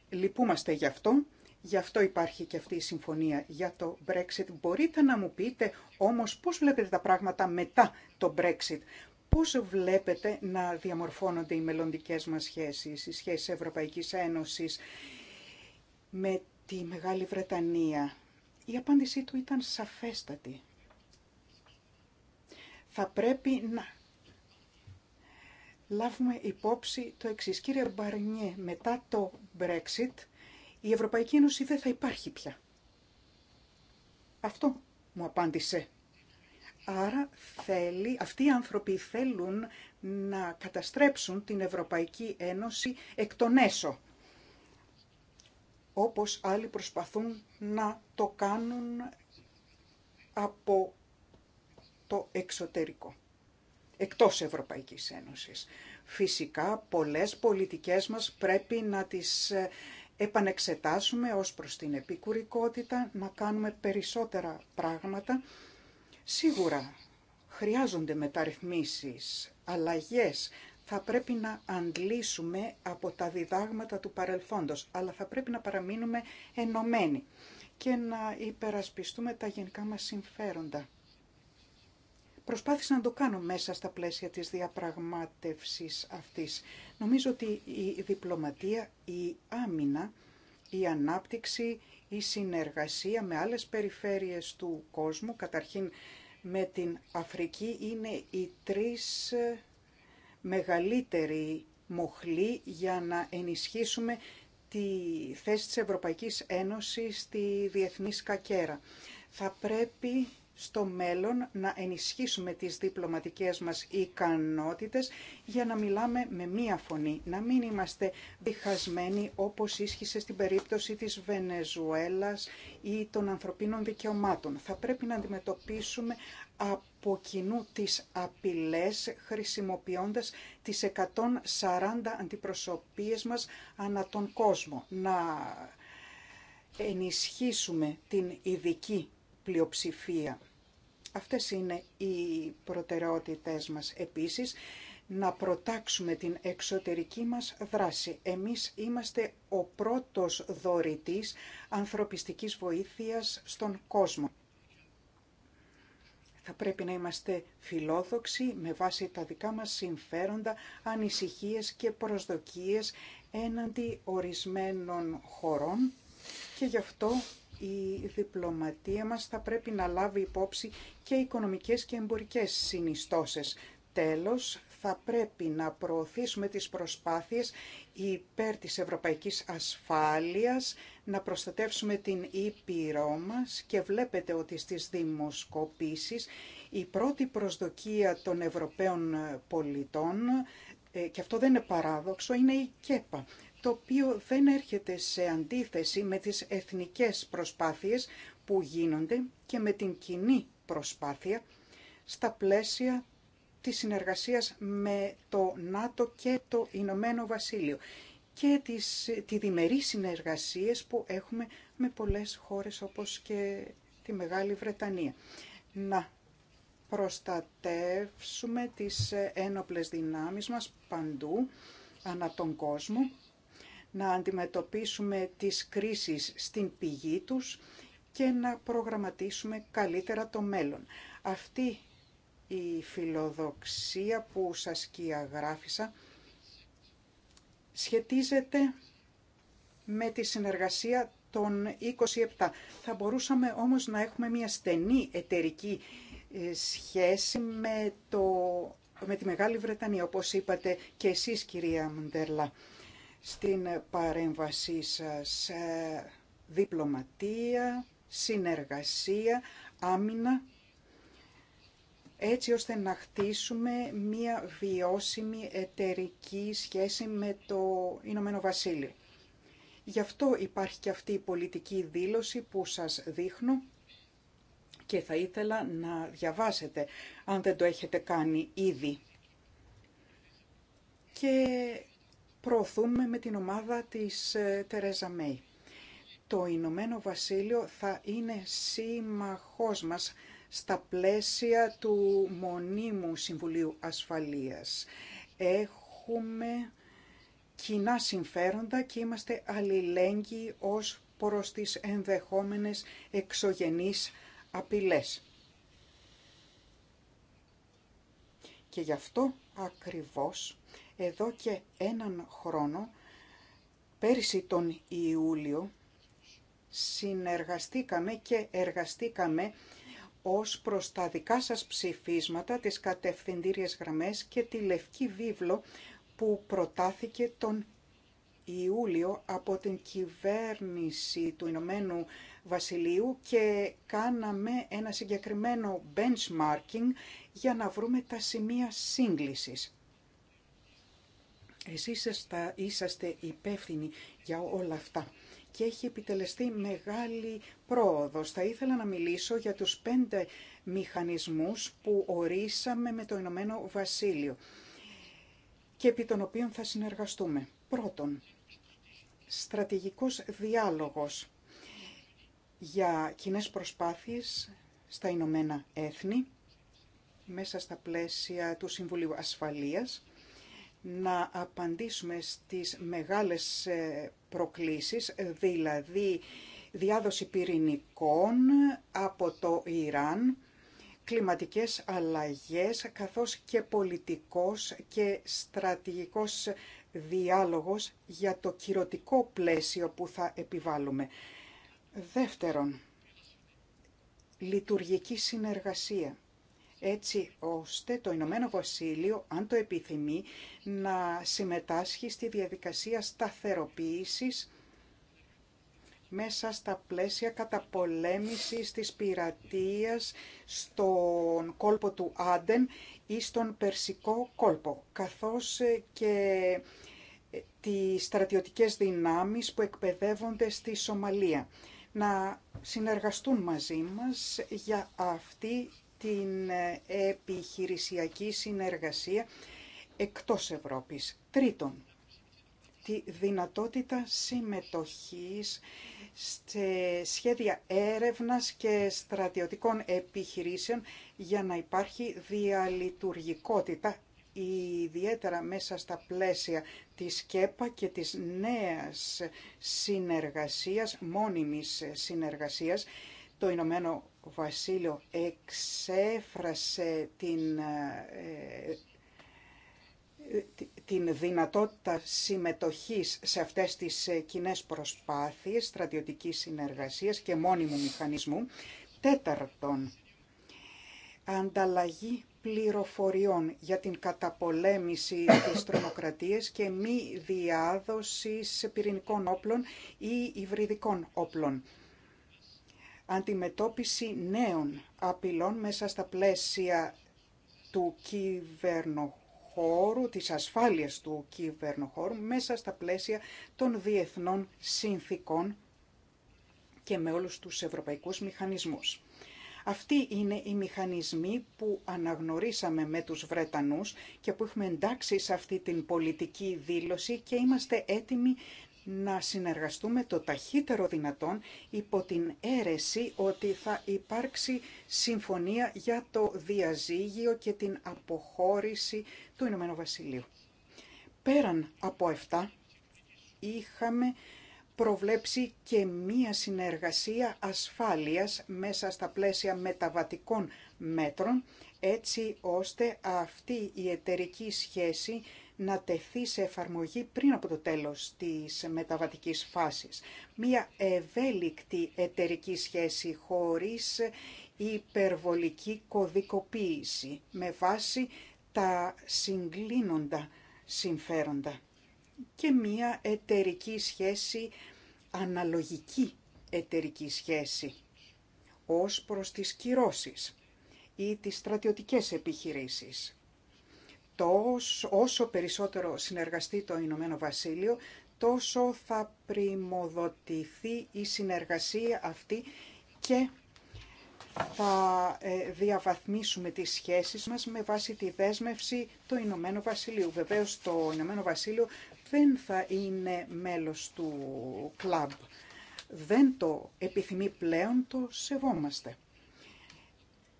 S3: λυπούμαστε γι' αυτό. Γι' αυτό υπάρχει και αυτή η συμφωνία για το Brexit. Μπορείτε να μου πείτε όμως πώς βλέπετε τα πράγματα μετά το Brexit. Πώς βλέπετε να διαμορφώνονται οι μελλοντικές μας σχέσεις, οι σχέσεις Ευρωπαϊκής Ένωσης με τη Μεγάλη Βρετανία. Η απάντησή του ήταν σαφέστατη θα πρέπει να λάβουμε υπόψη το εξής. Κύριε Μπαρνιέ, μετά το Brexit η Ευρωπαϊκή Ένωση δεν θα υπάρχει πια. Αυτό μου απάντησε. Άρα θέλει, αυτοί οι άνθρωποι θέλουν να καταστρέψουν την Ευρωπαϊκή Ένωση εκ των έσω. Όπως άλλοι προσπαθούν να το κάνουν από το εξωτερικό, εκτός Ευρωπαϊκής Ένωσης. Φυσικά, πολλές πολιτικές μας πρέπει να τις ε, επανεξετάσουμε ως προς την επικουρικότητα, να κάνουμε περισσότερα πράγματα. Σίγουρα χρειάζονται μεταρρυθμίσεις, αλλαγές, θα πρέπει να αντλήσουμε από τα διδάγματα του παρελθόντος, αλλά θα πρέπει να παραμείνουμε ενωμένοι και να υπερασπιστούμε τα γενικά μας συμφέροντα. Προσπάθησα να το κάνω μέσα στα πλαίσια της διαπραγμάτευσης αυτής. Νομίζω ότι η διπλωματία, η άμυνα, η ανάπτυξη, η συνεργασία με άλλες περιφέρειες του κόσμου, καταρχήν με την Αφρική, είναι οι τρεις ε, μεγαλύτεροι μοχλοί για να ενισχύσουμε τη θέση της Ευρωπαϊκής Ένωσης στη διεθνή σκακέρα. Θα πρέπει στο μέλλον να ενισχύσουμε τις διπλωματικές μας ικανότητες για να μιλάμε με μία φωνή, να μην είμαστε διχασμένοι όπως ίσχυσε στην περίπτωση της Βενεζουέλας ή των ανθρωπίνων δικαιωμάτων. Θα πρέπει να αντιμετωπίσουμε από κοινού τις απειλές χρησιμοποιώντας τις 140 αντιπροσωπείες μας ανά τον κόσμο. Να ενισχύσουμε την ειδική πλειοψηφία Αυτές είναι οι προτεραιότητές μας. Επίσης, να προτάξουμε την εξωτερική μας δράση. Εμείς είμαστε ο πρώτος δωρητής ανθρωπιστικής βοήθειας στον κόσμο. Θα πρέπει να είμαστε φιλόδοξοι με βάση τα δικά μας συμφέροντα, ανησυχίες και προσδοκίες έναντι ορισμένων χωρών και γι' αυτό η διπλωματία μας θα πρέπει να λάβει υπόψη και οικονομικές και εμπορικές συνιστώσεις. Τέλος, θα πρέπει να προωθήσουμε τις προσπάθειες υπέρ της ευρωπαϊκής ασφάλειας, να προστατεύσουμε την ήπειρό μας και βλέπετε ότι στις δημοσκοπήσεις η πρώτη προσδοκία των Ευρωπαίων πολιτών, ε, και αυτό δεν είναι παράδοξο, είναι η ΚΕΠΑ το οποίο δεν έρχεται σε αντίθεση με τις εθνικές προσπάθειες που γίνονται και με την κοινή προσπάθεια στα πλαίσια της συνεργασίας με το ΝΑΤΟ και το Ηνωμένο Βασίλειο και τις, τη διμερή συνεργασίες που έχουμε με πολλές χώρες όπως και τη Μεγάλη Βρετανία. Να προστατεύσουμε τις ένοπλες δυνάμεις μας παντού ανά τον κόσμο να αντιμετωπίσουμε τις κρίσεις στην πηγή τους και να προγραμματίσουμε καλύτερα το μέλλον. Αυτή η φιλοδοξία που σας κυαγράφησα σχετίζεται με τη συνεργασία των 27. Θα μπορούσαμε όμως να έχουμε μια στενή εταιρική ε, σχέση με, τη Μεγάλη Βρετανία, όπως είπατε και εσείς κυρία Μοντερλά στην παρέμβασή σας. Ε, διπλωματία, συνεργασία, άμυνα, έτσι ώστε να χτίσουμε μία βιώσιμη εταιρική σχέση με το Ηνωμένο Βασίλειο. Γι' αυτό υπάρχει και αυτή η πολιτική δήλωση που σας δείχνω και θα ήθελα να διαβάσετε αν δεν το έχετε κάνει ήδη. Και προωθούμε με την ομάδα της ε, Τερέζα Μέη. Το Ηνωμένο Βασίλειο θα είναι σύμμαχός μας στα πλαίσια του Μονίμου Συμβουλίου Ασφαλείας. Έχουμε κοινά συμφέροντα και είμαστε αλληλέγγυοι ως προς τις ενδεχόμενες εξωγενείς απειλές. Και γι' αυτό ακριβώς εδώ και έναν χρόνο, πέρσι τον Ιούλιο, συνεργαστήκαμε και εργαστήκαμε ως προς τα δικά σας ψηφίσματα, τις κατευθυντήριες γραμμές και τη λευκή βίβλο που προτάθηκε τον Ιούλιο από την κυβέρνηση του Ηνωμένου Βασιλείου και κάναμε ένα συγκεκριμένο benchmarking για να βρούμε τα σημεία σύγκλησης. Εσείς είσαστε υπεύθυνοι για όλα αυτά και έχει επιτελεστεί μεγάλη πρόοδος. Θα ήθελα να μιλήσω για τους πέντε μηχανισμούς που ορίσαμε με το Ηνωμένο Βασίλειο και επί των οποίων θα συνεργαστούμε. Πρώτον, στρατηγικός διάλογος για κοινέ προσπάθειες στα Ηνωμένα Έθνη μέσα στα πλαίσια του Συμβουλίου Ασφαλείας να απαντήσουμε στις μεγάλες ε, προκλήσεις, δηλαδή διάδοση πυρηνικών από το Ιράν, κλιματικές αλλαγές, καθώς και πολιτικός και στρατηγικός διάλογος για το κυρωτικό πλαίσιο που θα επιβάλλουμε. Δεύτερον, λειτουργική συνεργασία έτσι ώστε το Ηνωμένο Βασίλειο, αν το επιθυμεί, να συμμετάσχει στη διαδικασία σταθεροποίησης μέσα στα πλαίσια καταπολέμησης της πειρατείας στον κόλπο του Άντεν ή στον Περσικό κόλπο, καθώς ε, και ε, τις στρατιωτικές δυνάμεις που εκπαιδεύονται στη Σομαλία να συνεργαστούν μαζί μας για αυτή την ε, επιχειρησιακή συνεργασία εκτός Ευρώπης. Τρίτον, τη δυνατότητα συμμετοχής σε σχέδια έρευνας και στρατιωτικών επιχειρήσεων για να υπάρχει διαλειτουργικότητα ιδιαίτερα μέσα στα πλαίσια της ΚΕΠΑ και της νέας συνεργασίας, μόνιμης συνεργασίας το Ηνωμένο Βασίλειο εξέφρασε την, ε, την δυνατότητα συμμετοχής σε αυτές τις ε, κοινέ προσπάθειες στρατιωτικής συνεργασίας και μόνιμου μηχανισμού. Τέταρτον, ανταλλαγή πληροφοριών για την καταπολέμηση της τρομοκρατίας και μη διάδοση πυρηνικών όπλων ή υβριδικών όπλων αντιμετώπιση νέων απειλών μέσα στα πλαίσια του κυβερνοχώρου, της ασφάλειας του κυβερνοχώρου, μέσα στα πλαίσια των διεθνών συνθήκων και με όλους τους ευρωπαϊκούς μηχανισμούς. Αυτοί είναι οι μηχανισμοί που αναγνωρίσαμε με τους Βρετανούς και που έχουμε εντάξει σε αυτή την πολιτική δήλωση και είμαστε έτοιμοι να συνεργαστούμε το ταχύτερο δυνατόν υπό την αίρεση ότι θα υπάρξει συμφωνία για το διαζύγιο και την αποχώρηση του Ηνωμένου Βασιλείου. Πέραν από αυτά, είχαμε προβλέψει και μία συνεργασία ασφάλειας μέσα στα πλαίσια μεταβατικών μέτρων, έτσι ώστε αυτή η εταιρική σχέση να τεθεί σε εφαρμογή πριν από το τέλος της μεταβατικής φάσης. Μία ευέλικτη εταιρική σχέση χωρίς υπερβολική κωδικοποίηση με βάση τα συγκλίνοντα συμφέροντα και μία εταιρική σχέση, αναλογική εταιρική σχέση ως προς τις κυρώσεις ή τις στρατιωτικές επιχειρήσεις όσο περισσότερο συνεργαστεί το Ηνωμένο Βασίλειο, τόσο θα πριμοδοτηθεί η συνεργασία αυτή και θα ε, διαβαθμίσουμε τις σχέσεις μας με βάση τη δέσμευση του Ηνωμένου Βασιλείου. Βεβαίως το Ηνωμένο Βασίλειο δεν θα είναι μέλος του κλαμπ. Δεν το επιθυμεί πλέον, το σεβόμαστε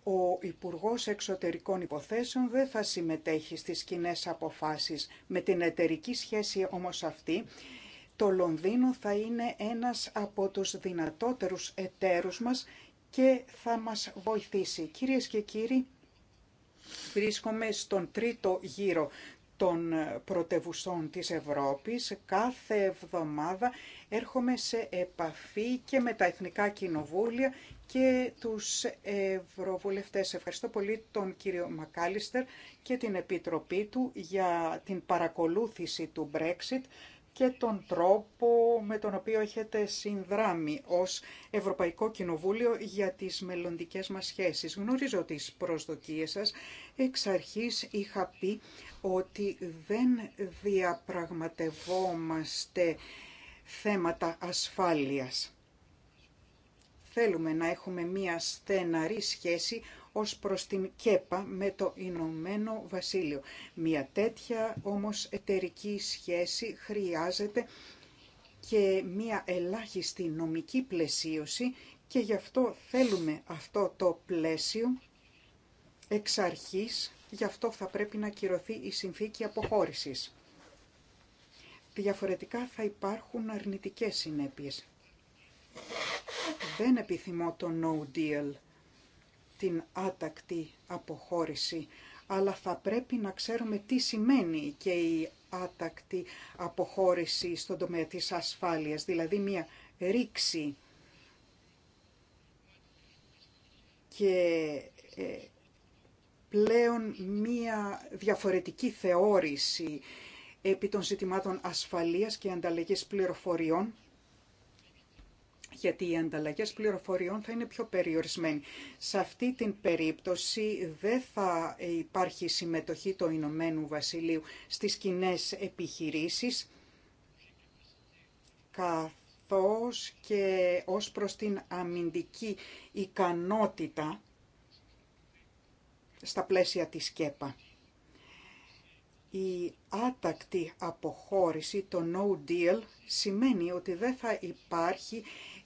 S3: ο Υπουργός Εξωτερικών Υποθέσεων δεν θα συμμετέχει στις κοινέ αποφάσεις. Με την εταιρική σχέση όμως αυτή, το Λονδίνο θα είναι ένας από τους δυνατότερους εταίρους μας και θα μας βοηθήσει. Κυρίες και κύριοι, βρίσκομαι στον τρίτο γύρο των πρωτευουσών της Ευρώπης. Κάθε εβδομάδα έρχομαι σε επαφή και με τα Εθνικά Κοινοβούλια και τους ευρωβουλευτές. Ευχαριστώ πολύ τον κύριο Μακάλιστερ και την Επιτροπή του για την παρακολούθηση του Brexit και τον τρόπο με τον οποίο έχετε συνδράμει ως Ευρωπαϊκό Κοινοβούλιο για τις μελλοντικές μας σχέσεις. Γνωρίζω τις προσδοκίες σας. Εξ αρχής είχα πει ότι δεν διαπραγματευόμαστε θέματα ασφάλειας Θέλουμε να έχουμε μία στεναρή σχέση ως προς την ΚΕΠΑ με το Ηνωμένο Βασίλειο. Μία τέτοια όμως εταιρική σχέση χρειάζεται και μία ελάχιστη νομική πλαισίωση και γι' αυτό θέλουμε αυτό το πλαίσιο εξ αρχής, γι' αυτό θα πρέπει να κυρωθεί η συνθήκη αποχώρησης. Διαφορετικά θα υπάρχουν αρνητικές συνέπειες. Δεν επιθυμώ το no deal, την άτακτη αποχώρηση, αλλά θα πρέπει να ξέρουμε τι σημαίνει και η άτακτη αποχώρηση στον τομέα της ασφάλειας, δηλαδή μια ρήξη και ε, πλέον μία διαφορετική θεώρηση επί των ζητημάτων ασφαλείας και ανταλλαγής πληροφοριών γιατί οι ανταλλαγές πληροφοριών θα είναι πιο περιορισμένοι. Σε αυτή την περίπτωση δεν θα υπάρχει συμμετοχή του Ηνωμένου Βασιλείου στις κοινέ επιχειρήσεις, καθώς και ως προς την αμυντική ικανότητα στα πλαίσια της ΚΕΠΑ. Η άτακτη αποχώρηση, το no deal, σημαίνει ότι δεν θα υπάρχει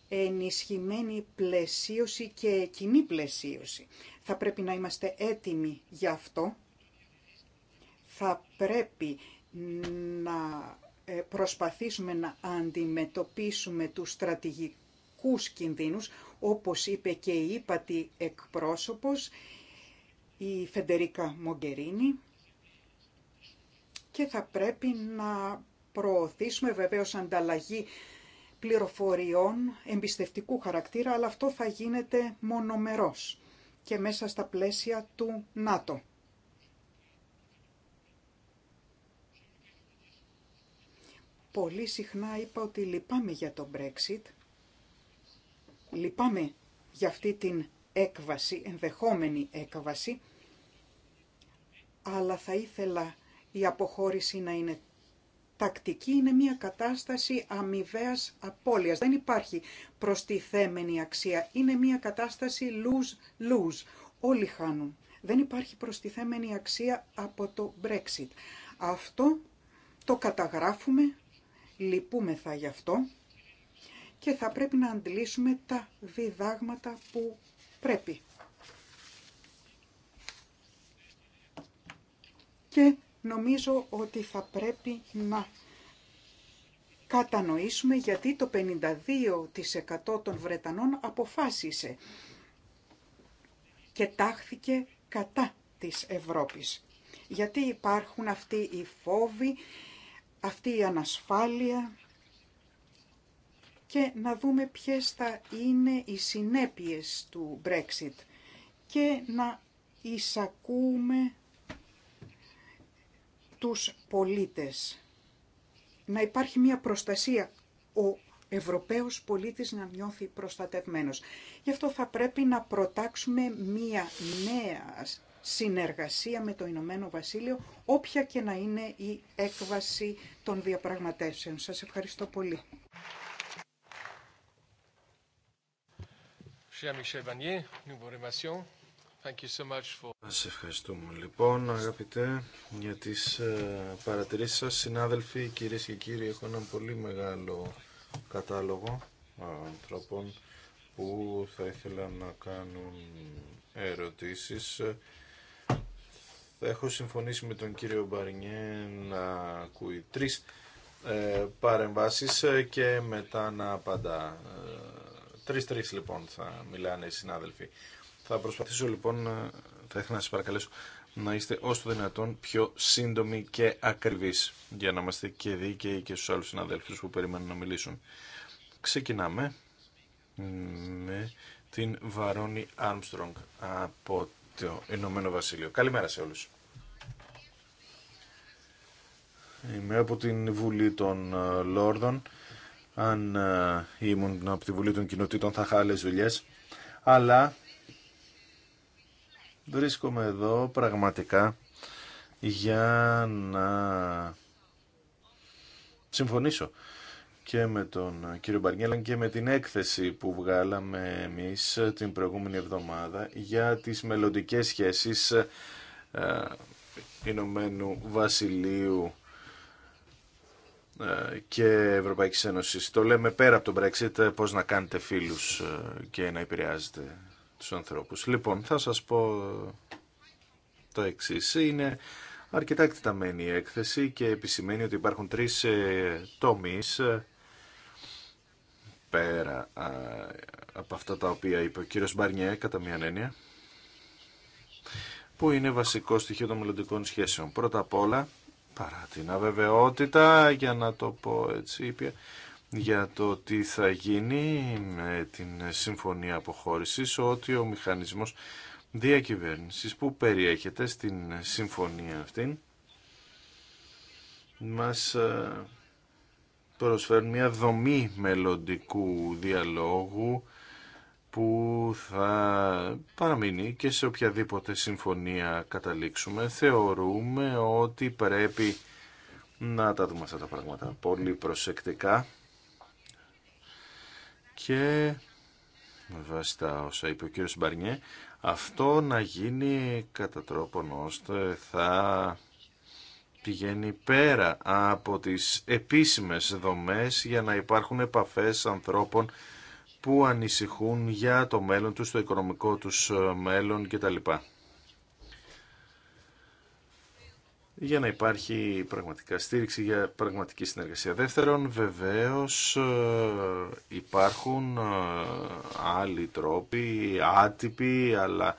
S3: ενισχυμένη πλαισίωση και κοινή πλαισίωση. Θα πρέπει να είμαστε έτοιμοι γι' αυτό. Θα πρέπει να ε, προσπαθήσουμε να αντιμετωπίσουμε τους στρατηγικούς κινδύνους, όπως είπε και η ύπατη εκπρόσωπος, η Φεντερίκα Μογκερίνη, και θα πρέπει να προωθήσουμε βεβαίως ανταλλαγή πληροφοριών εμπιστευτικού χαρακτήρα, αλλά αυτό θα γίνεται μονομερός και μέσα στα πλαίσια του ΝΑΤΟ. Πολύ συχνά είπα ότι λυπάμαι για το Brexit, λυπάμαι για αυτή την έκβαση, ενδεχόμενη έκβαση, αλλά θα ήθελα η αποχώρηση να είναι τακτική είναι μια κατάσταση αμοιβαία απώλειας. Δεν υπάρχει προστιθέμενη αξία. Είναι μια κατάσταση lose-lose. Όλοι χάνουν. Δεν υπάρχει προστιθέμενη αξία από το Brexit. Αυτό το καταγράφουμε, λυπούμεθα γι' αυτό και θα πρέπει να αντλήσουμε τα διδάγματα που πρέπει. Και νομίζω ότι θα πρέπει να κατανοήσουμε γιατί το 52% των Βρετανών αποφάσισε και τάχθηκε κατά της Ευρώπης. Γιατί υπάρχουν αυτοί οι φόβοι, αυτή η ανασφάλεια και να δούμε ποιες θα είναι οι συνέπειες του Brexit και να εισακούμε τους πολίτες. Να υπάρχει μια προστασία, ο Ευρωπαίος πολίτης να νιώθει προστατευμένος. Γι' αυτό θα πρέπει να προτάξουμε μια νέα συνεργασία με το Ηνωμένο Βασίλειο, όποια και να είναι η έκβαση των διαπραγματεύσεων. Σας ευχαριστώ πολύ.
S1: Σας
S2: ευχαριστούμε λοιπόν αγαπητέ για τις ε, παρατηρήσεις σας. Συνάδελφοι, κύριε και κύριοι, έχω έναν πολύ μεγάλο κατάλογο ανθρώπων που θα ήθελα να κάνουν ερωτήσεις. Θα έχω συμφωνήσει με τον κύριο Μπαρινιέ να ακούει τρεις ε, παρεμβάσεις ε, και μετά να απαντά. Τρεις-τρεις λοιπόν θα μιλάνε οι συνάδελφοι. Θα προσπαθήσω λοιπόν, ε, θα ήθελα να σας παρακαλέσω να είστε όσο το δυνατόν πιο σύντομοι και ακριβείς για να είμαστε και δίκαιοι και στους άλλους συναδέλφους που περιμένουν να μιλήσουν. Ξεκινάμε με την Βαρόνι Armstrong από το Ηνωμένο Βασίλειο. Καλημέρα σε όλους. Είμαι από την Βουλή των ε, Λόρδων. Αν ε, ήμουν από τη Βουλή των Κοινοτήτων θα είχα άλλες δουλειές. Αλλά Βρίσκομαι εδώ πραγματικά για να συμφωνήσω και με τον κύριο Μπαρνιέλαν και με την έκθεση που βγάλαμε εμείς την προηγούμενη εβδομάδα για τις μελλοντικέ σχέσεις ε, Ηνωμένου Βασιλείου ε, και Ευρωπαϊκής Ένωσης. Το λέμε πέρα από τον Brexit ε, πώς να κάνετε φίλους και να επηρεάζετε ανθρώπους. Λοιπόν, θα σας πω το εξής. Είναι αρκετά εκτεταμένη η έκθεση και επισημαίνει ότι υπάρχουν τρεις ε, τομείς ε, πέρα από αυτά τα οποία είπε ο κύριος Μπαρνιέ, κατά μια έννοια, που είναι βασικό στοιχείο των μελλοντικών σχέσεων. Πρώτα απ' όλα, παρά την αβεβαιότητα, για να το πω έτσι, για το τι θα γίνει με την συμφωνία αποχώρησης ότι ο μηχανισμός διακυβέρνησης που περιέχεται στην συμφωνία αυτή μας ε, προσφέρουν μια δομή μελλοντικού διαλόγου που θα παραμείνει και σε οποιαδήποτε συμφωνία καταλήξουμε. Θεωρούμε ότι πρέπει να τα δούμε αυτά τα πράγματα πολύ προσεκτικά και με βάση τα όσα είπε ο κύριος Μπαρνιέ αυτό να γίνει κατά τρόπον ώστε θα πηγαίνει πέρα από τις επίσημες δομές για να υπάρχουν επαφές ανθρώπων που ανησυχούν για το μέλλον τους, το οικονομικό τους μέλλον κτλ. για να υπάρχει πραγματικά στήριξη για πραγματική συνεργασία. Δεύτερον, βεβαίως ε, υπάρχουν ε, άλλοι τρόποι, άτυποι αλλά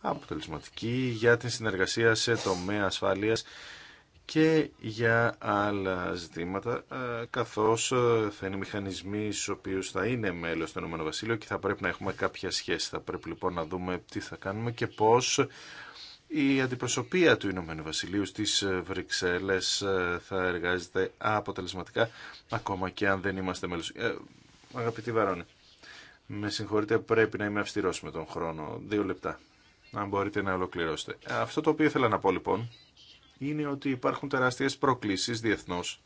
S2: αποτελεσματικοί για την συνεργασία σε τομέα ασφάλειας και για άλλα ζητήματα, ε, καθώς θα είναι μηχανισμοί στους οποίους θα είναι μέλος του ΕΒ και θα πρέπει να έχουμε κάποια σχέση. Θα πρέπει λοιπόν να δούμε τι θα κάνουμε και πώς η αντιπροσωπεία του Ηνωμένου Βασιλείου στις ε, Βρυξέλλες ε, θα εργάζεται αποτελεσματικά ακόμα και αν δεν είμαστε μέλος. Ε, αγαπητή Βαρόνη, με συγχωρείτε πρέπει να είμαι αυστηρός με τον χρόνο. Δύο λεπτά, αν μπορείτε να ολοκληρώσετε. Ε, αυτό το οποίο ήθελα να πω λοιπόν είναι ότι υπάρχουν τεράστιες προκλήσεις διεθνώς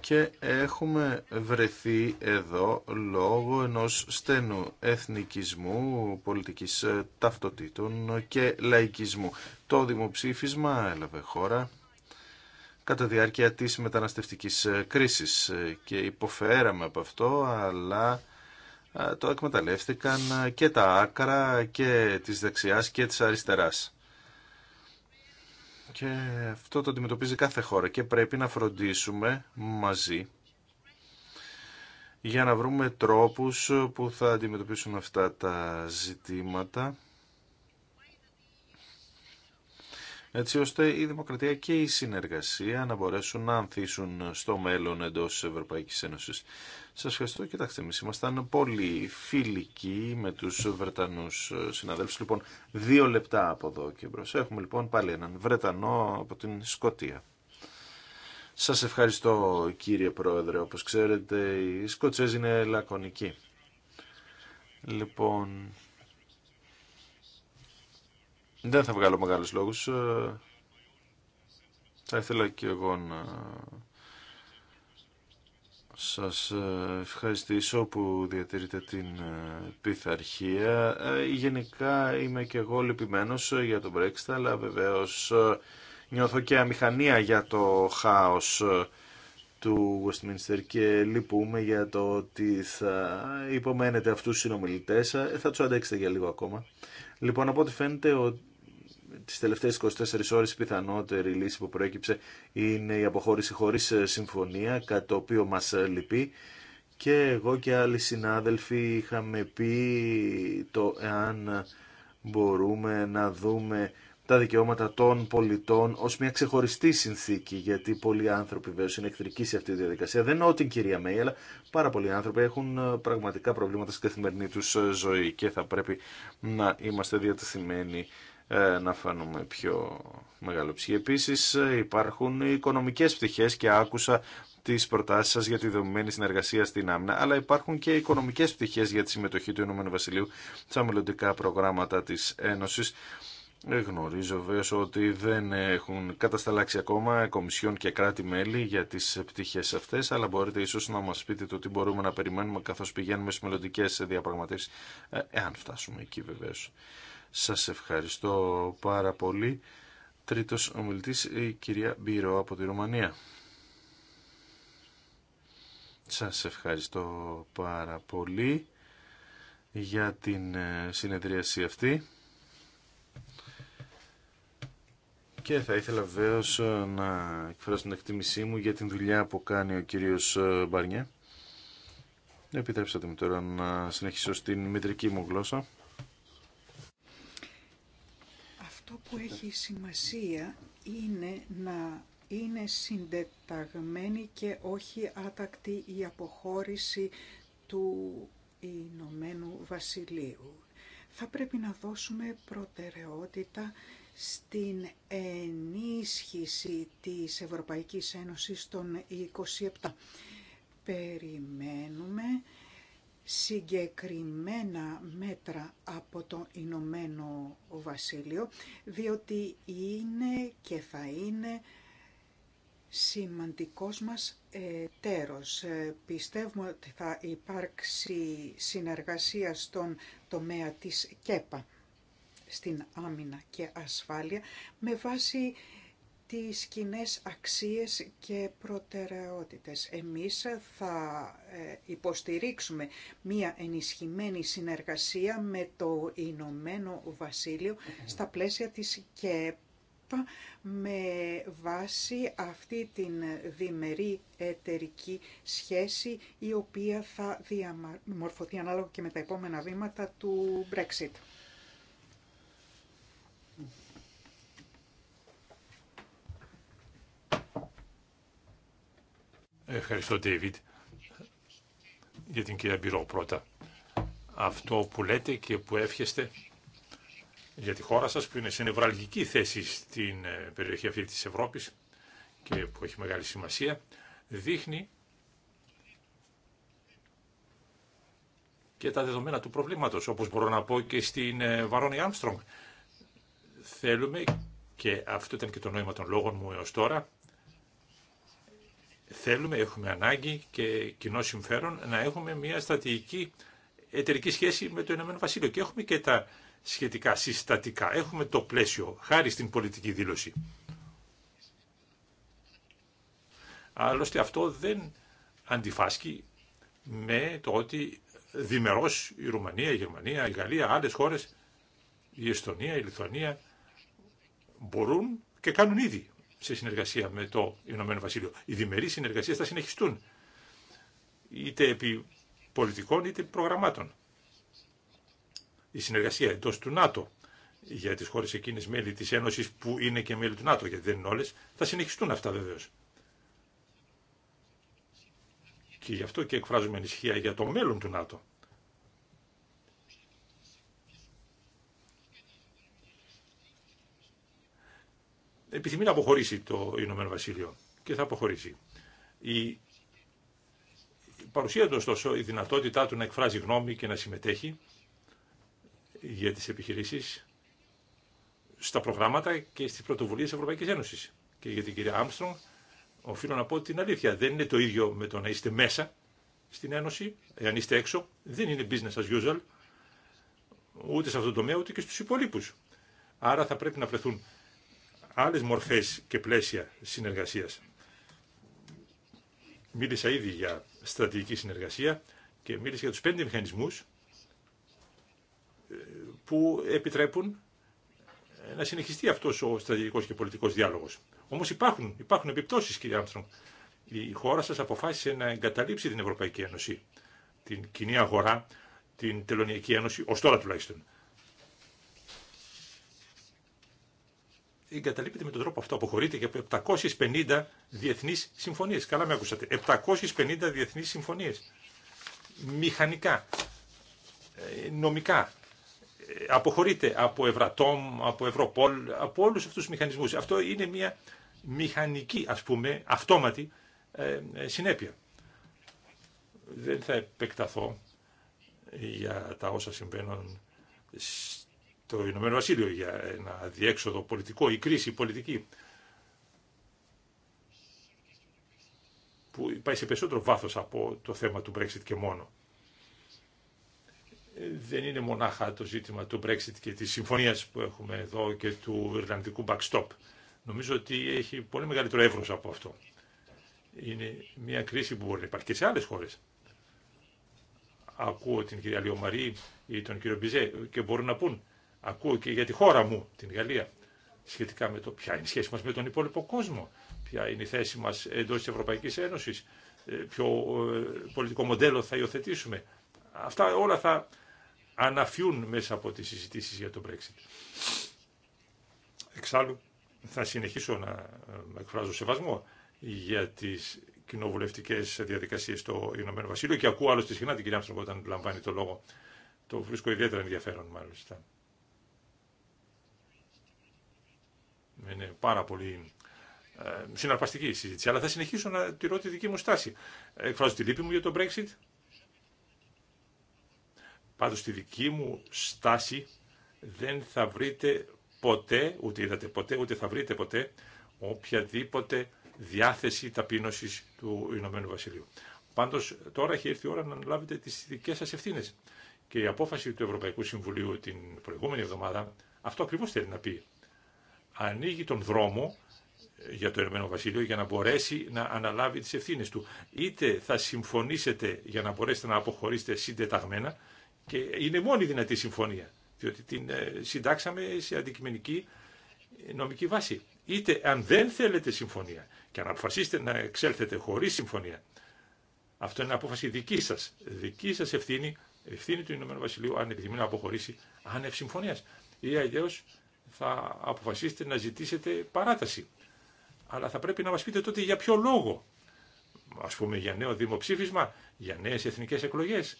S2: και έχουμε βρεθεί εδώ λόγω ενός στενού εθνικισμού, πολιτικής ε, ταυτοτήτων και λαϊκισμού. Το δημοψήφισμα έλαβε χώρα κατά διάρκεια της μεταναστευτικής ε, κρίσης ε, και υποφέραμε από αυτό, αλλά το εκμεταλλεύτηκαν και τα άκρα και της δεξιάς και της αριστεράς. Και αυτό το αντιμετωπίζει κάθε χώρα και πρέπει να φροντίσουμε μαζί για να βρούμε τρόπους που θα αντιμετωπίσουν αυτά τα ζητήματα έτσι ώστε η δημοκρατία και η συνεργασία να μπορέσουν να ανθίσουν στο μέλλον εντό Ευρωπαϊκή Ευρωπαϊκής Ένωσης. Σας ευχαριστώ. Κοιτάξτε, εμεί ήμασταν πολύ φιλικοί με τους Βρετανούς συναδέλφου. Λοιπόν, δύο λεπτά από εδώ και μπρο. Έχουμε λοιπόν πάλι έναν Βρετανό από την Σκωτία. Σας ευχαριστώ κύριε Πρόεδρε. Όπω ξέρετε, οι Σκοτσέζοι είναι λακωνικοί. Λοιπόν, δεν θα βγάλω μεγάλους λόγους. Ε, θα ήθελα και εγώ να σας ε, ευχαριστήσω που διατηρείτε την ε, πειθαρχία. Γενικά είμαι και εγώ λυπημένος για τον Brexit, αλλά βεβαίως νιώθω και αμηχανία για το χάος του Westminster και λυπούμε για το ότι θα υπομένετε αυτούς τους συνομιλητές. Θα τους αντέξετε για λίγο ακόμα. Λοιπόν, από ό,τι φαίνεται τις τελευταίες 24 ώρες η πιθανότερη λύση που προέκυψε είναι η αποχώρηση χωρίς ε, συμφωνία, κάτι το οποίο μας ε, λυπεί. Και εγώ και άλλοι συνάδελφοι είχαμε πει το εάν μπορούμε να δούμε τα δικαιώματα των πολιτών ως μια ξεχωριστή συνθήκη, γιατί πολλοί άνθρωποι βέβαια είναι εχθρικοί σε αυτή τη διαδικασία. Δεν εννοώ την κυρία Μέη, αλλά πάρα πολλοί άνθρωποι έχουν ε, πραγματικά προβλήματα στην καθημερινή τους ζωή και θα πρέπει να είμαστε διατεθειμένοι ε, να φανούμε πιο μεγαλοψυχοί. Επίσης υπάρχουν οικονομικές πτυχές και άκουσα τις προτάσεις σας για τη δομημένη συνεργασία στην άμυνα, αλλά υπάρχουν και οικονομικές πτυχές για τη συμμετοχή του Ηνωμένου Βασιλείου στα μελλοντικά προγράμματα της Ένωσης. Γνωρίζω βέβαια ότι δεν έχουν κατασταλάξει ακόμα κομισιόν και κράτη-μέλη για τι πτυχέ αυτέ, αλλά μπορείτε ίσω να μα πείτε το τι μπορούμε να περιμένουμε καθώ πηγαίνουμε στι μελλοντικέ διαπραγματεύσει, ε, εάν φτάσουμε εκεί βεβαίω. Σας ευχαριστώ πάρα πολύ. Τρίτος ομιλητής, η κυρία Μπύρο από τη Ρουμανία. Σας ευχαριστώ πάρα πολύ για την ε, συνεδρίαση αυτή. Και θα ήθελα βεβαίω ε, να εκφράσω την εκτίμησή μου για την δουλειά που κάνει ο κύριος ε, Μπαρνιέ. Επιτρέψατε μου τώρα να συνεχίσω στην μητρική μου γλώσσα.
S1: Αυτό που έχει
S3: σημασία είναι να είναι συντεταγμένη και όχι άτακτη η αποχώρηση του Ηνωμένου Βασιλείου. Θα πρέπει να δώσουμε προτεραιότητα στην ενίσχυση της Ευρωπαϊκής Ένωσης των 27. Περιμένουμε συγκεκριμένα μέτρα από το Ηνωμένο Βασίλειο, διότι είναι και θα είναι σημαντικός μας τέρος. Πιστεύουμε ότι θα υπάρξει συνεργασία στον τομέα της ΚΕΠΑ, στην άμυνα και ασφάλεια, με βάση τις κοινέ αξίες και προτεραιότητες. Εμείς θα ε, υποστηρίξουμε μία ενισχυμένη συνεργασία με το Ηνωμένο Βασίλειο στα πλαίσια της ΚΕΠ με βάση αυτή την διμερή εταιρική σχέση η οποία θα διαμορφωθεί ανάλογα και με τα επόμενα βήματα του Brexit.
S4: Ευχαριστώ, Ντέιβιτ, για την κυρία Μπυρό πρώτα. Αυτό που λέτε και που εύχεστε για τη χώρα σας, που είναι σε νευραλγική θέση στην ε, περιοχή αυτή της Ευρώπης και που έχει μεγάλη σημασία, δείχνει και τα δεδομένα του προβλήματος, όπως μπορώ να πω και στην ε, Βαρόνι Άμστρομ. Θέλουμε, και αυτό ήταν και το νόημα των λόγων μου έως τώρα, θέλουμε, έχουμε ανάγκη και κοινό συμφέρον να έχουμε μια στρατηγική εταιρική σχέση με το Ηνωμένο Βασίλειο και έχουμε και τα σχετικά συστατικά. Έχουμε το πλαίσιο, χάρη στην πολιτική δήλωση. Άλλωστε αυτό δεν αντιφάσκει με το ότι διμερώς η Ρουμανία, η Γερμανία, η Γαλλία, άλλες χώρες, η Εστονία, η Λιθουανία μπορούν και κάνουν ήδη σε συνεργασία με το Ηνωμένο Βασίλειο. Οι διμερεί συνεργασίε θα συνεχιστούν, είτε επί πολιτικών είτε επί προγραμμάτων. Η συνεργασία εντό του ΝΑΤΟ για τις χώρες εκείνες μέλη της Ένωσης που είναι και μέλη του ΝΑΤΟ, γιατί δεν είναι όλες, θα συνεχιστούν αυτά βεβαίω. Και γι' αυτό και εκφράζουμε ανησυχία για το μέλλον του ΝΑΤΟ. επιθυμεί να αποχωρήσει το Ηνωμένο Βασίλειο και θα αποχωρήσει. Η παρουσία του ωστόσο, η δυνατότητά του να εκφράζει γνώμη και να συμμετέχει για τις επιχειρήσεις στα προγράμματα και στις πρωτοβουλίες της Ευρωπαϊκής Ένωσης. Και για την κυρία Άμστρομ, οφείλω να πω την αλήθεια. Δεν είναι το ίδιο με το να είστε μέσα στην Ένωση, εάν είστε έξω. Δεν είναι business as usual, ούτε σε αυτό το τομέα, ούτε και στους υπολείπους. Άρα θα πρέπει να βρεθούν άλλες μορφές και πλαίσια συνεργασίας. Μίλησα ήδη για στρατηγική συνεργασία και μίλησα για τους πέντε μηχανισμούς ε, που επιτρέπουν ε, να συνεχιστεί αυτός ο στρατηγικός και πολιτικός διάλογος. Όμως υπάρχουν, υπάρχουν επιπτώσεις κύριε Άμστρομ. Η χώρα σας αποφάσισε να εγκαταλείψει την Ευρωπαϊκή Ένωση, την κοινή αγορά, την Τελωνιακή Ένωση, ως τώρα τουλάχιστον. εγκαταλείπεται με τον τρόπο αυτό. Αποχωρείται και από 750 διεθνείς συμφωνίες. Καλά με ακούσατε. 750 διεθνείς συμφωνίες. Μηχανικά, ε, νομικά. Ε, αποχωρείται από Ευρατόμ, από Ευρωπόλ, από όλους αυτούς τους μηχανισμούς. Αυτό είναι μια μηχανική, ας πούμε, αυτόματη ε, συνέπεια. Δεν θα επεκταθώ για τα όσα συμβαίνουν το Ηνωμένο Βασίλειο για ένα διέξοδο πολιτικό ή κρίση πολιτική που πάει σε περισσότερο βάθος από το θέμα του Brexit και μόνο. Δεν είναι μονάχα το ζήτημα του Brexit και της συμφωνίας που έχουμε εδώ και του Ιρλανδικού backstop. Νομίζω ότι έχει πολύ μεγαλύτερο εύρος από αυτό. Είναι μια κρίση που μπορεί να υπάρχει και σε άλλες χώρες. Ακούω την κυρία Λιωμαρή ή τον κύριο Μπιζέ και μπορούν να πούν ακούω και για τη χώρα μου, την Γαλλία, σχετικά με το ποια είναι η σχέση μας με τον υπόλοιπο κόσμο, ποια είναι η θέση μας εντός της Ευρωπαϊκής Ένωσης, ε, ποιο ε, πολιτικό μοντέλο θα υιοθετήσουμε. Αυτά όλα θα αναφιούν μέσα από τις συζητήσεις για το Brexit. Εξάλλου, θα συνεχίσω να ε, εκφράζω σεβασμό για τις κοινοβουλευτικέ διαδικασίε στο Ηνωμένο Βασίλειο και ακούω άλλωστε συχνά την κυρία Άμστρομ όταν λαμβάνει το λόγο. Το βρίσκω ιδιαίτερα ενδιαφέρον, μάλιστα. Είναι πάρα πολύ ε, συναρπαστική η συζήτηση, αλλά θα συνεχίσω να τηρώ τη δική μου στάση. Εκφράζω τη λύπη μου για το Brexit. Πάντω τη δική μου στάση δεν θα βρείτε ποτέ, ούτε είδατε ποτέ, ούτε θα βρείτε ποτέ οποιαδήποτε διάθεση ταπείνωσης του Ηνωμένου Βασιλείου. Πάντω τώρα έχει έρθει η ώρα να αναλάβετε τι δικέ σα ευθύνε. Και η απόφαση του Ευρωπαϊκού Συμβουλίου την προηγούμενη εβδομάδα αυτό ακριβώ θέλει να πει ανοίγει τον δρόμο ε, για το Ηνωμένο Βασίλειο για να μπορέσει να αναλάβει τις ευθύνες του. Είτε θα συμφωνήσετε για να μπορέσετε να αποχωρήσετε συντεταγμένα και είναι μόνη δυνατή συμφωνία, διότι την ε, συντάξαμε σε αντικειμενική ε, νομική βάση. Είτε αν δεν θέλετε συμφωνία και αν αποφασίσετε να εξέλθετε χωρίς συμφωνία, αυτό είναι απόφαση δική σας, δική σας ευθύνη, ευθύνη του Ηνωμένου Βασιλείου αν επιθυμεί να αποχωρήσει άνευ συμφωνίας. Ή αλλιώς θα αποφασίσετε να ζητήσετε παράταση. Αλλά θα πρέπει να μας πείτε τότε για ποιο λόγο. Ας πούμε για νέο δημοψήφισμα, για νέες εθνικές εκλογές,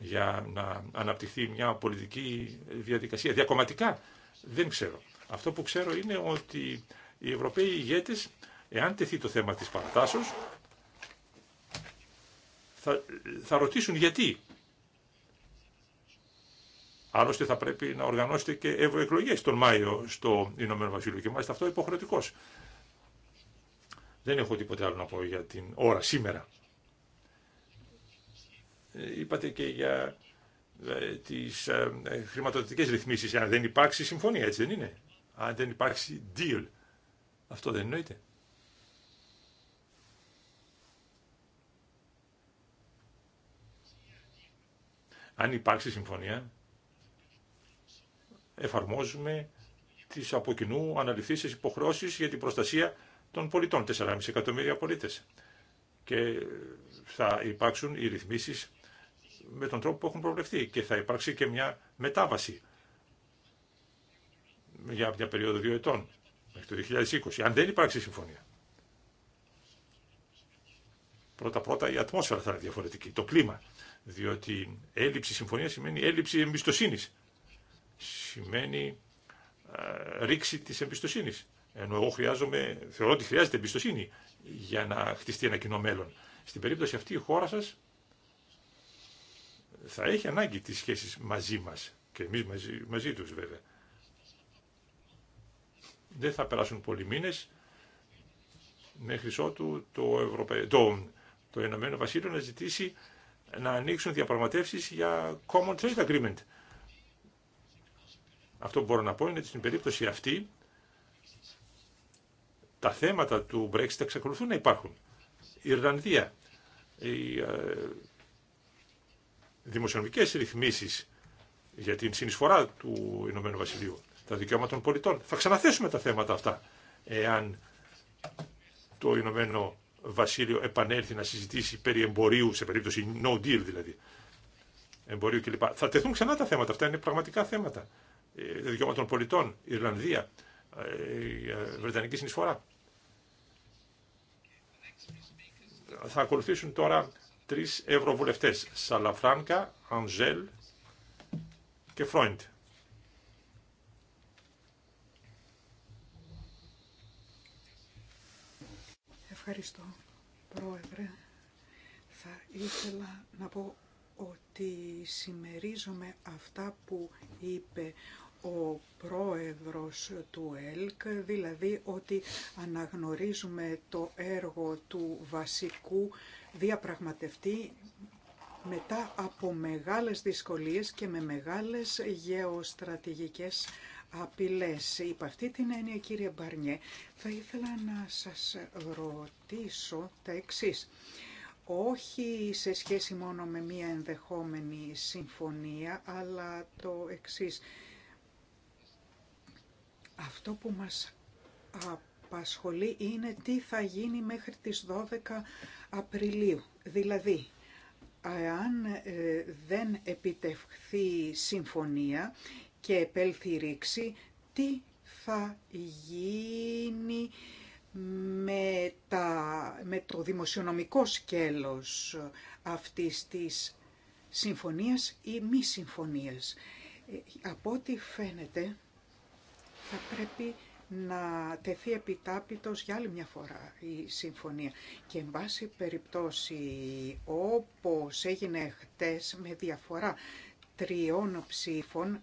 S4: για να αναπτυχθεί μια πολιτική διαδικασία διακομματικά. Δεν ξέρω. Αυτό που ξέρω είναι ότι οι Ευρωπαίοι ηγέτες, εάν τεθεί το θέμα της παρατάσεως, θα, θα ρωτήσουν γιατί. Άλλωστε θα πρέπει να οργανώσετε και ευρωεκλογέ τον Μάιο στο Ηνωμένο Βασίλειο και μάλιστα αυτό υποχρεωτικό. Δεν έχω τίποτε άλλο να πω για την ώρα σήμερα. Ε, είπατε και για ε, τις ε, χρηματοδοτικές ρυθμίσεις. Αν δεν υπάρξει συμφωνία, έτσι δεν είναι. Αν δεν υπάρξει deal. Αυτό δεν εννοείται. Αν υπάρξει συμφωνία, εφαρμόζουμε τις από κοινού υποχρώσεις υποχρεώσει για την προστασία των πολιτών, 4,5 εκατομμύρια πολίτε Και θα υπάρξουν οι ρυθμίσει με τον τρόπο που έχουν προβλεφθεί και θα υπάρξει και μια μετάβαση για μια περίοδο δύο ετών, μέχρι το 2020, αν δεν υπάρξει συμφωνία. Πρώτα-πρώτα η ατμόσφαιρα θα είναι διαφορετική, το κλίμα, διότι έλλειψη συμφωνία σημαίνει έλλειψη εμπιστοσύνης σημαίνει ε, ρήξη της εμπιστοσύνης. Ενώ εγώ χρειάζομαι, θεωρώ ότι χρειάζεται εμπιστοσύνη για να χτιστεί ένα κοινό μέλλον. Στην περίπτωση αυτή η χώρα σας θα έχει ανάγκη τις σχέσεις μαζί μας και εμείς μαζί, μαζί τους βέβαια. Δεν θα περάσουν πολλοί μήνες μέχρι ότου το, ευρωπαϊκό, το, το να ζητήσει να ανοίξουν διαπραγματεύσεις για Common Trade Agreement αυτό που μπορώ να πω είναι ότι στην περίπτωση αυτή τα θέματα του Brexit εξακολουθούν να υπάρχουν. Η Ιρλανδία, οι ε, δημοσιονομικές ρυθμίσεις για την συνεισφορά του Ηνωμένου Βασιλείου, τα δικαιώματα των πολιτών. Θα ξαναθέσουμε τα θέματα αυτά εάν το Ηνωμένο Βασίλειο επανέλθει να συζητήσει περί εμπορίου, σε περίπτωση no deal δηλαδή, εμπορίου κλπ. Θα τεθούν ξανά τα θέματα αυτά, είναι πραγματικά θέματα. Ε, δικαιώματα των πολιτών, Ιρλανδία, ε, ε, Βρετανική συνεισφορά. Θα ακολουθήσουν τώρα τρεις ευρωβουλευτές, Σαλαφράνκα, Αντζέλ και Φρόιντ.
S3: Ευχαριστώ, Πρόεδρε. Θα ήθελα να πω ότι συμμερίζομαι αυτά που είπε ο πρόεδρος του ΕΛΚ, δηλαδή ότι αναγνωρίζουμε το έργο του βασικού διαπραγματευτή μετά από μεγάλες δυσκολίες και με μεγάλες γεωστρατηγικές απειλές. Υπ' αυτή την έννοια, κύριε Μπαρνιέ, θα ήθελα να σας ρωτήσω τα εξής όχι σε σχέση μόνο με μία ενδεχόμενη συμφωνία, αλλά το εξής. Αυτό που μας απασχολεί είναι τι θα γίνει μέχρι τις 12 Απριλίου. Δηλαδή, αν ε, δεν επιτευχθεί συμφωνία και επέλθει ρήξη, τι θα γίνει με, τα, με το δημοσιονομικό σκέλος αυτής της συμφωνίας ή μη συμφωνίας. Ε, από ό,τι φαίνεται θα πρέπει να τεθεί επιτάπητος για άλλη μια φορά η συμφωνία. Και εν πάση περιπτώσει όπως έγινε χτες με διαφορά τριών ψήφων,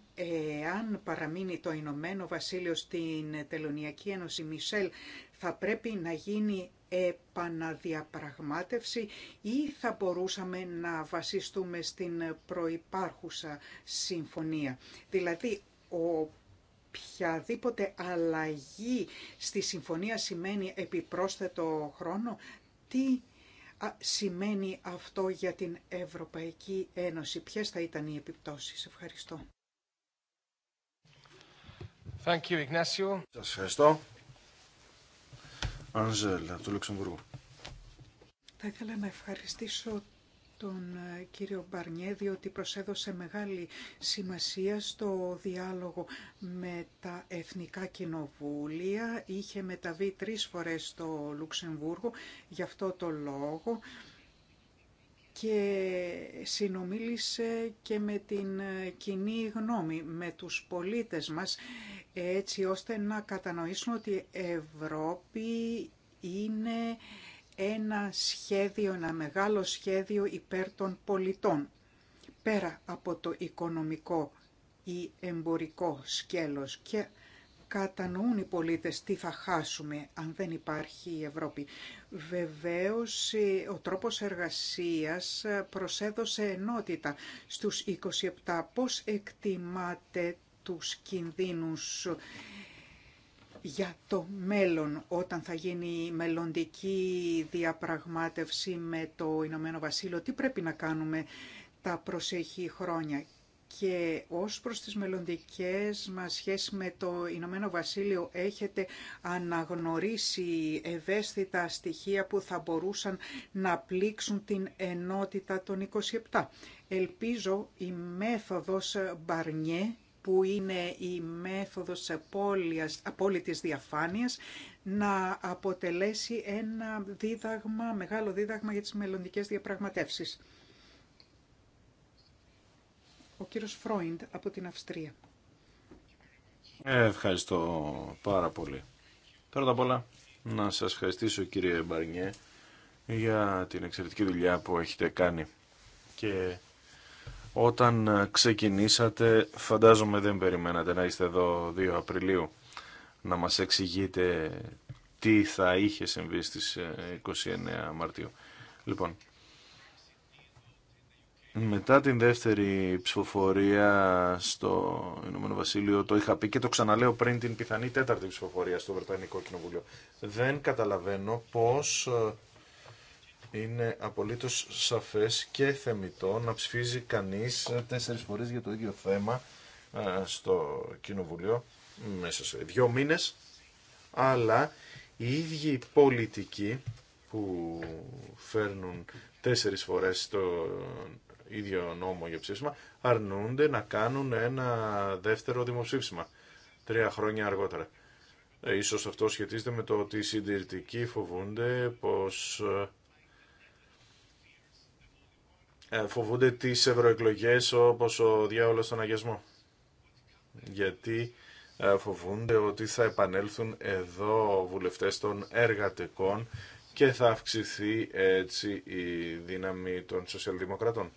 S3: εάν παραμείνει το Ηνωμένο Βασίλειο στην Τελωνιακή Ένωση Μισελ, θα πρέπει να γίνει επαναδιαπραγμάτευση ή θα μπορούσαμε να βασιστούμε στην προϋπάρχουσα συμφωνία. Δηλαδή, ο οποιαδήποτε αλλαγή στη συμφωνία σημαίνει επιπρόσθετο χρόνο, τι σημαίνει αυτό για την Ευρωπαϊκή Ένωση. Ποιες θα ήταν οι επιπτώσεις. Ευχαριστώ. Thank you, Ignacio.
S2: Σας ευχαριστώ. Ανζέλα, του Λουξεμβούργου.
S3: Θα ήθελα να ευχαριστήσω τον ε, κύριο Μπαρνιέ, διότι προσέδωσε μεγάλη σημασία στο διάλογο με τα Εθνικά Κοινοβούλια. Είχε μεταβεί τρεις φορές στο Λουξεμβούργο, γι' αυτό το λόγο και συνομίλησε και με την ε, κοινή γνώμη, με τους πολίτες μας, έτσι ώστε να κατανοήσουν ότι η Ευρώπη είναι ένα σχέδιο, ένα μεγάλο σχέδιο υπέρ των πολιτών, πέρα από το οικονομικό ή εμπορικό σκέλος και κατανοούν οι πολίτες τι θα χάσουμε αν δεν υπάρχει η Ευρώπη. Βεβαίως, ε, ο τρόπος εργασίας ε, προσέδωσε ενότητα στους 27. Πώς εκτιμάτε τους κινδύνους για το μέλλον όταν θα γίνει η μελλοντική διαπραγμάτευση με το Ηνωμένο Βασίλειο, τι πρέπει να κάνουμε τα προσεχή χρόνια και ως προς τις μελλοντικές μας σχέσεις με το Ηνωμένο Βασίλειο έχετε αναγνωρίσει ευαίσθητα στοιχεία που θα μπορούσαν να πλήξουν την ενότητα των 27. Ελπίζω η μέθοδος Μπαρνιέ που είναι η μέθοδος απώλειας, απόλυτης διαφάνειας να αποτελέσει ένα δίδαγμα, μεγάλο δίδαγμα για τις μελλοντικές διαπραγματεύσεις. Ο κύριος Φρόιντ από την Αυστρία.
S2: Ευχαριστώ πάρα πολύ. Πρώτα απ' όλα να σας ευχαριστήσω κύριε Μπαρνιέ για την εξαιρετική δουλειά που έχετε κάνει και όταν ε, ξεκινήσατε φαντάζομαι δεν περιμένατε να είστε εδώ 2 Απριλίου να μας εξηγείτε τι θα είχε συμβεί στις 29 ε, Μαρτίου. Λοιπόν, μετά την δεύτερη ψηφοφορία στο Ηνωμένο Βασίλειο, το είχα πει και το ξαναλέω πριν την πιθανή τέταρτη ψηφοφορία στο Βρετανικό Κοινοβούλιο. Δεν καταλαβαίνω πώς ε, είναι απολύτως σαφές και θεμητό να ψηφίζει κανείς τέσσερις φορές για το ίδιο θέμα ε, στο Κοινοβουλίο μέσα σε δύο μήνες, αλλά οι ίδιοι πολιτικοί που φέρνουν τέσσερις φορές το ίδιο νόμο για ψήφισμα αρνούνται να κάνουν ένα δεύτερο δημοψήφισμα τρία χρόνια αργότερα. Ε, ίσως αυτό σχετίζεται με το ότι οι συντηρητικοί φοβούνται πως ε, ε, φοβούνται τι ευρωεκλογέ όπως ο διάολος στον αγιασμό. Γιατί ε, φοβούνται ότι θα επανέλθουν εδώ βουλευτές των εργατικών και θα αυξηθεί έτσι η δύναμη των σοσιαλδημοκρατών.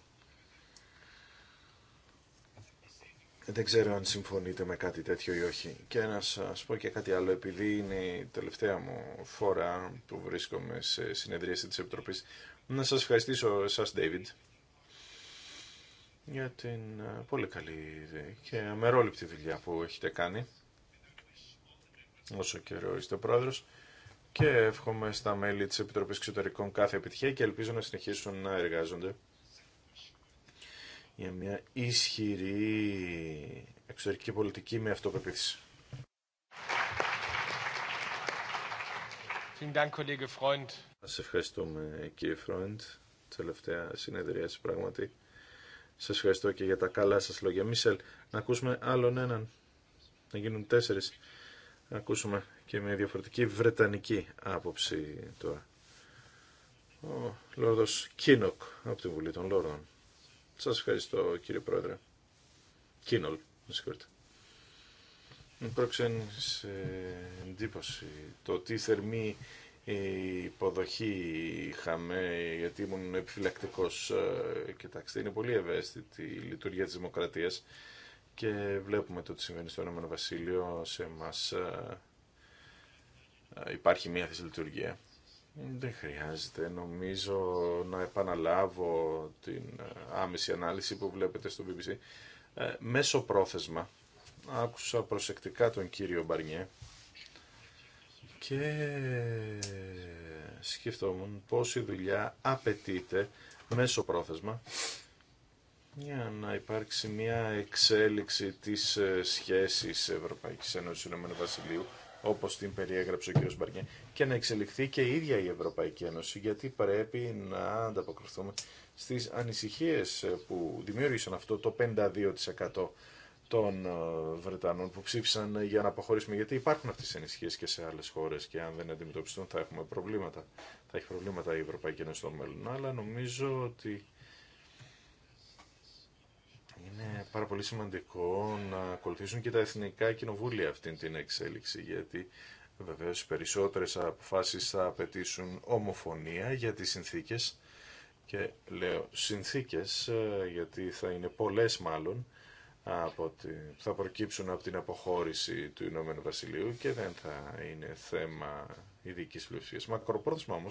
S2: Δεν ξέρω αν συμφωνείτε με κάτι τέτοιο ή όχι. Και να σας πω και κάτι άλλο, επειδή είναι η τελευταία μου φορά που βρίσκομαι σε συνεδρίαση της Επιτροπής, να σας ευχαριστήσω εσάς, David, για την ε, πολύ καλή και αμερόληπτη δουλειά που έχετε κάνει όσο καιρό είστε πρόεδρος και εύχομαι στα μέλη της Επιτροπής Εξωτερικών κάθε επιτυχία και ελπίζω να συνεχίσουν να εργάζονται για μια ισχυρή εξωτερική πολιτική με αυτοπεποίθηση. Σας ευχαριστούμε κύριε Φρόντ. Τελευταία συνεδρίαση πράγματι. Σας ευχαριστώ και για τα καλά σας λόγια. Μίσελ, να ακούσουμε άλλον έναν. Να γίνουν τέσσερις. Να ακούσουμε και μια διαφορετική βρετανική άποψη τώρα. Ο Λόρδος Κίνοκ από τη Βουλή των Λόρδων. Σας ευχαριστώ κύριε Πρόεδρε. Κίνολ, με συγχωρείτε. Μου εντύπωση το τι θερμή η υποδοχή είχαμε, γιατί ήμουν επιφυλακτικό ε, κοιτάξτε, είναι πολύ ευαίσθητη η λειτουργία της δημοκρατίας και βλέπουμε το τι συμβαίνει στο Ηνωμένο Βασίλειο, σε μας ε, ε, υπάρχει μία θέση λειτουργία. Δεν χρειάζεται, νομίζω, να επαναλάβω την άμεση ανάλυση που βλέπετε στο BBC. Μέσω πρόθεσμα, άκουσα προσεκτικά τον κύριο Μπαρνιέ, και σκεφτόμουν η δουλειά απαιτείται μέσω πρόθεσμα για να υπάρξει μια εξέλιξη της ε, σχέσης Ευρωπαϊκής Ένωσης Ηνωμένου Βασιλείου όπως την περιέγραψε ο κ. Μπαρνιέ και να εξελιχθεί και η ίδια η Ευρωπαϊκή Ένωση γιατί πρέπει να ανταποκριθούμε στις ανησυχίες ε, που δημιούργησαν αυτό το 52% των ε, Βρετανών που ψήφισαν για να αποχωρήσουμε, γιατί υπάρχουν αυτέ οι ενισχύσεις και σε άλλε χώρε και αν δεν αντιμετωπιστούν θα έχουμε προβλήματα. Θα έχει προβλήματα η Ευρωπαϊκή Ένωση στο μέλλον, αλλά νομίζω ότι είναι πάρα πολύ σημαντικό να ακολουθήσουν και τα εθνικά κοινοβούλια αυτή την εξέλιξη, γιατί βεβαίω οι περισσότερε αποφάσει θα απαιτήσουν ομοφωνία για τι συνθήκε και λέω συνθήκε ε, γιατί θα είναι πολλέ μάλλον από τη, θα προκύψουν από την αποχώρηση του Ηνωμένου Βασιλείου και δεν θα είναι θέμα ειδική πλειοψηφία. Μακροπρόθεσμα όμω,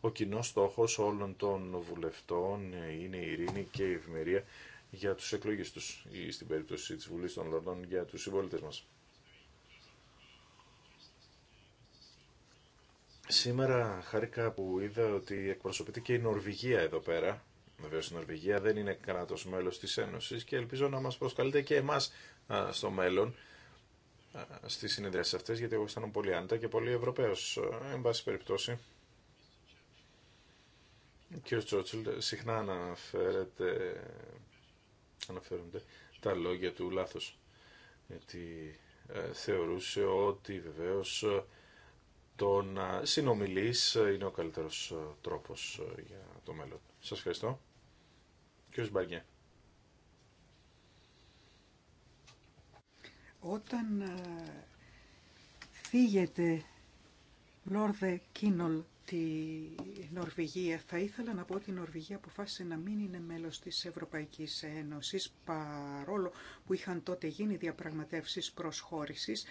S2: ο κοινό στόχο όλων των βουλευτών είναι η ειρήνη και η ευημερία για του εκλογέ του ή στην περίπτωση τη Βουλή των Λονδών για του συμπολίτε μα. Σήμερα χαρήκα που είδα ότι εκπροσωπείται και η Νορβηγία εδώ πέρα Βεβαίω η Νορβηγία δεν είναι κράτο μέλο τη Ένωση και ελπίζω να μας προσκαλείτε και εμά στο μέλλον στι συνεδριάσει αυτέ γιατί εγώ αισθάνομαι πολύ άνετα και πολύ Ευρωπαίος. Ε, εν πάση περιπτώσει, ο κ. Τσότσιλ ε, συχνά αναφέρεται, αναφέρονται τα λόγια του λάθο, γιατί ε, θεωρούσε ότι βεβαίως το να συνομιλείς είναι ο καλύτερος τρόπος για το μέλλον. Σας ευχαριστώ.
S3: Όταν ε, φύγετε, Λόρδε Κίνολ, τη Νορβηγία. Θα ήθελα να πω ότι η Νορβηγία αποφάσισε να μην είναι μέλος της Ευρωπαϊκής Ένωσης παρόλο που είχαν τότε γίνει διαπραγματεύσεις προσχώρησης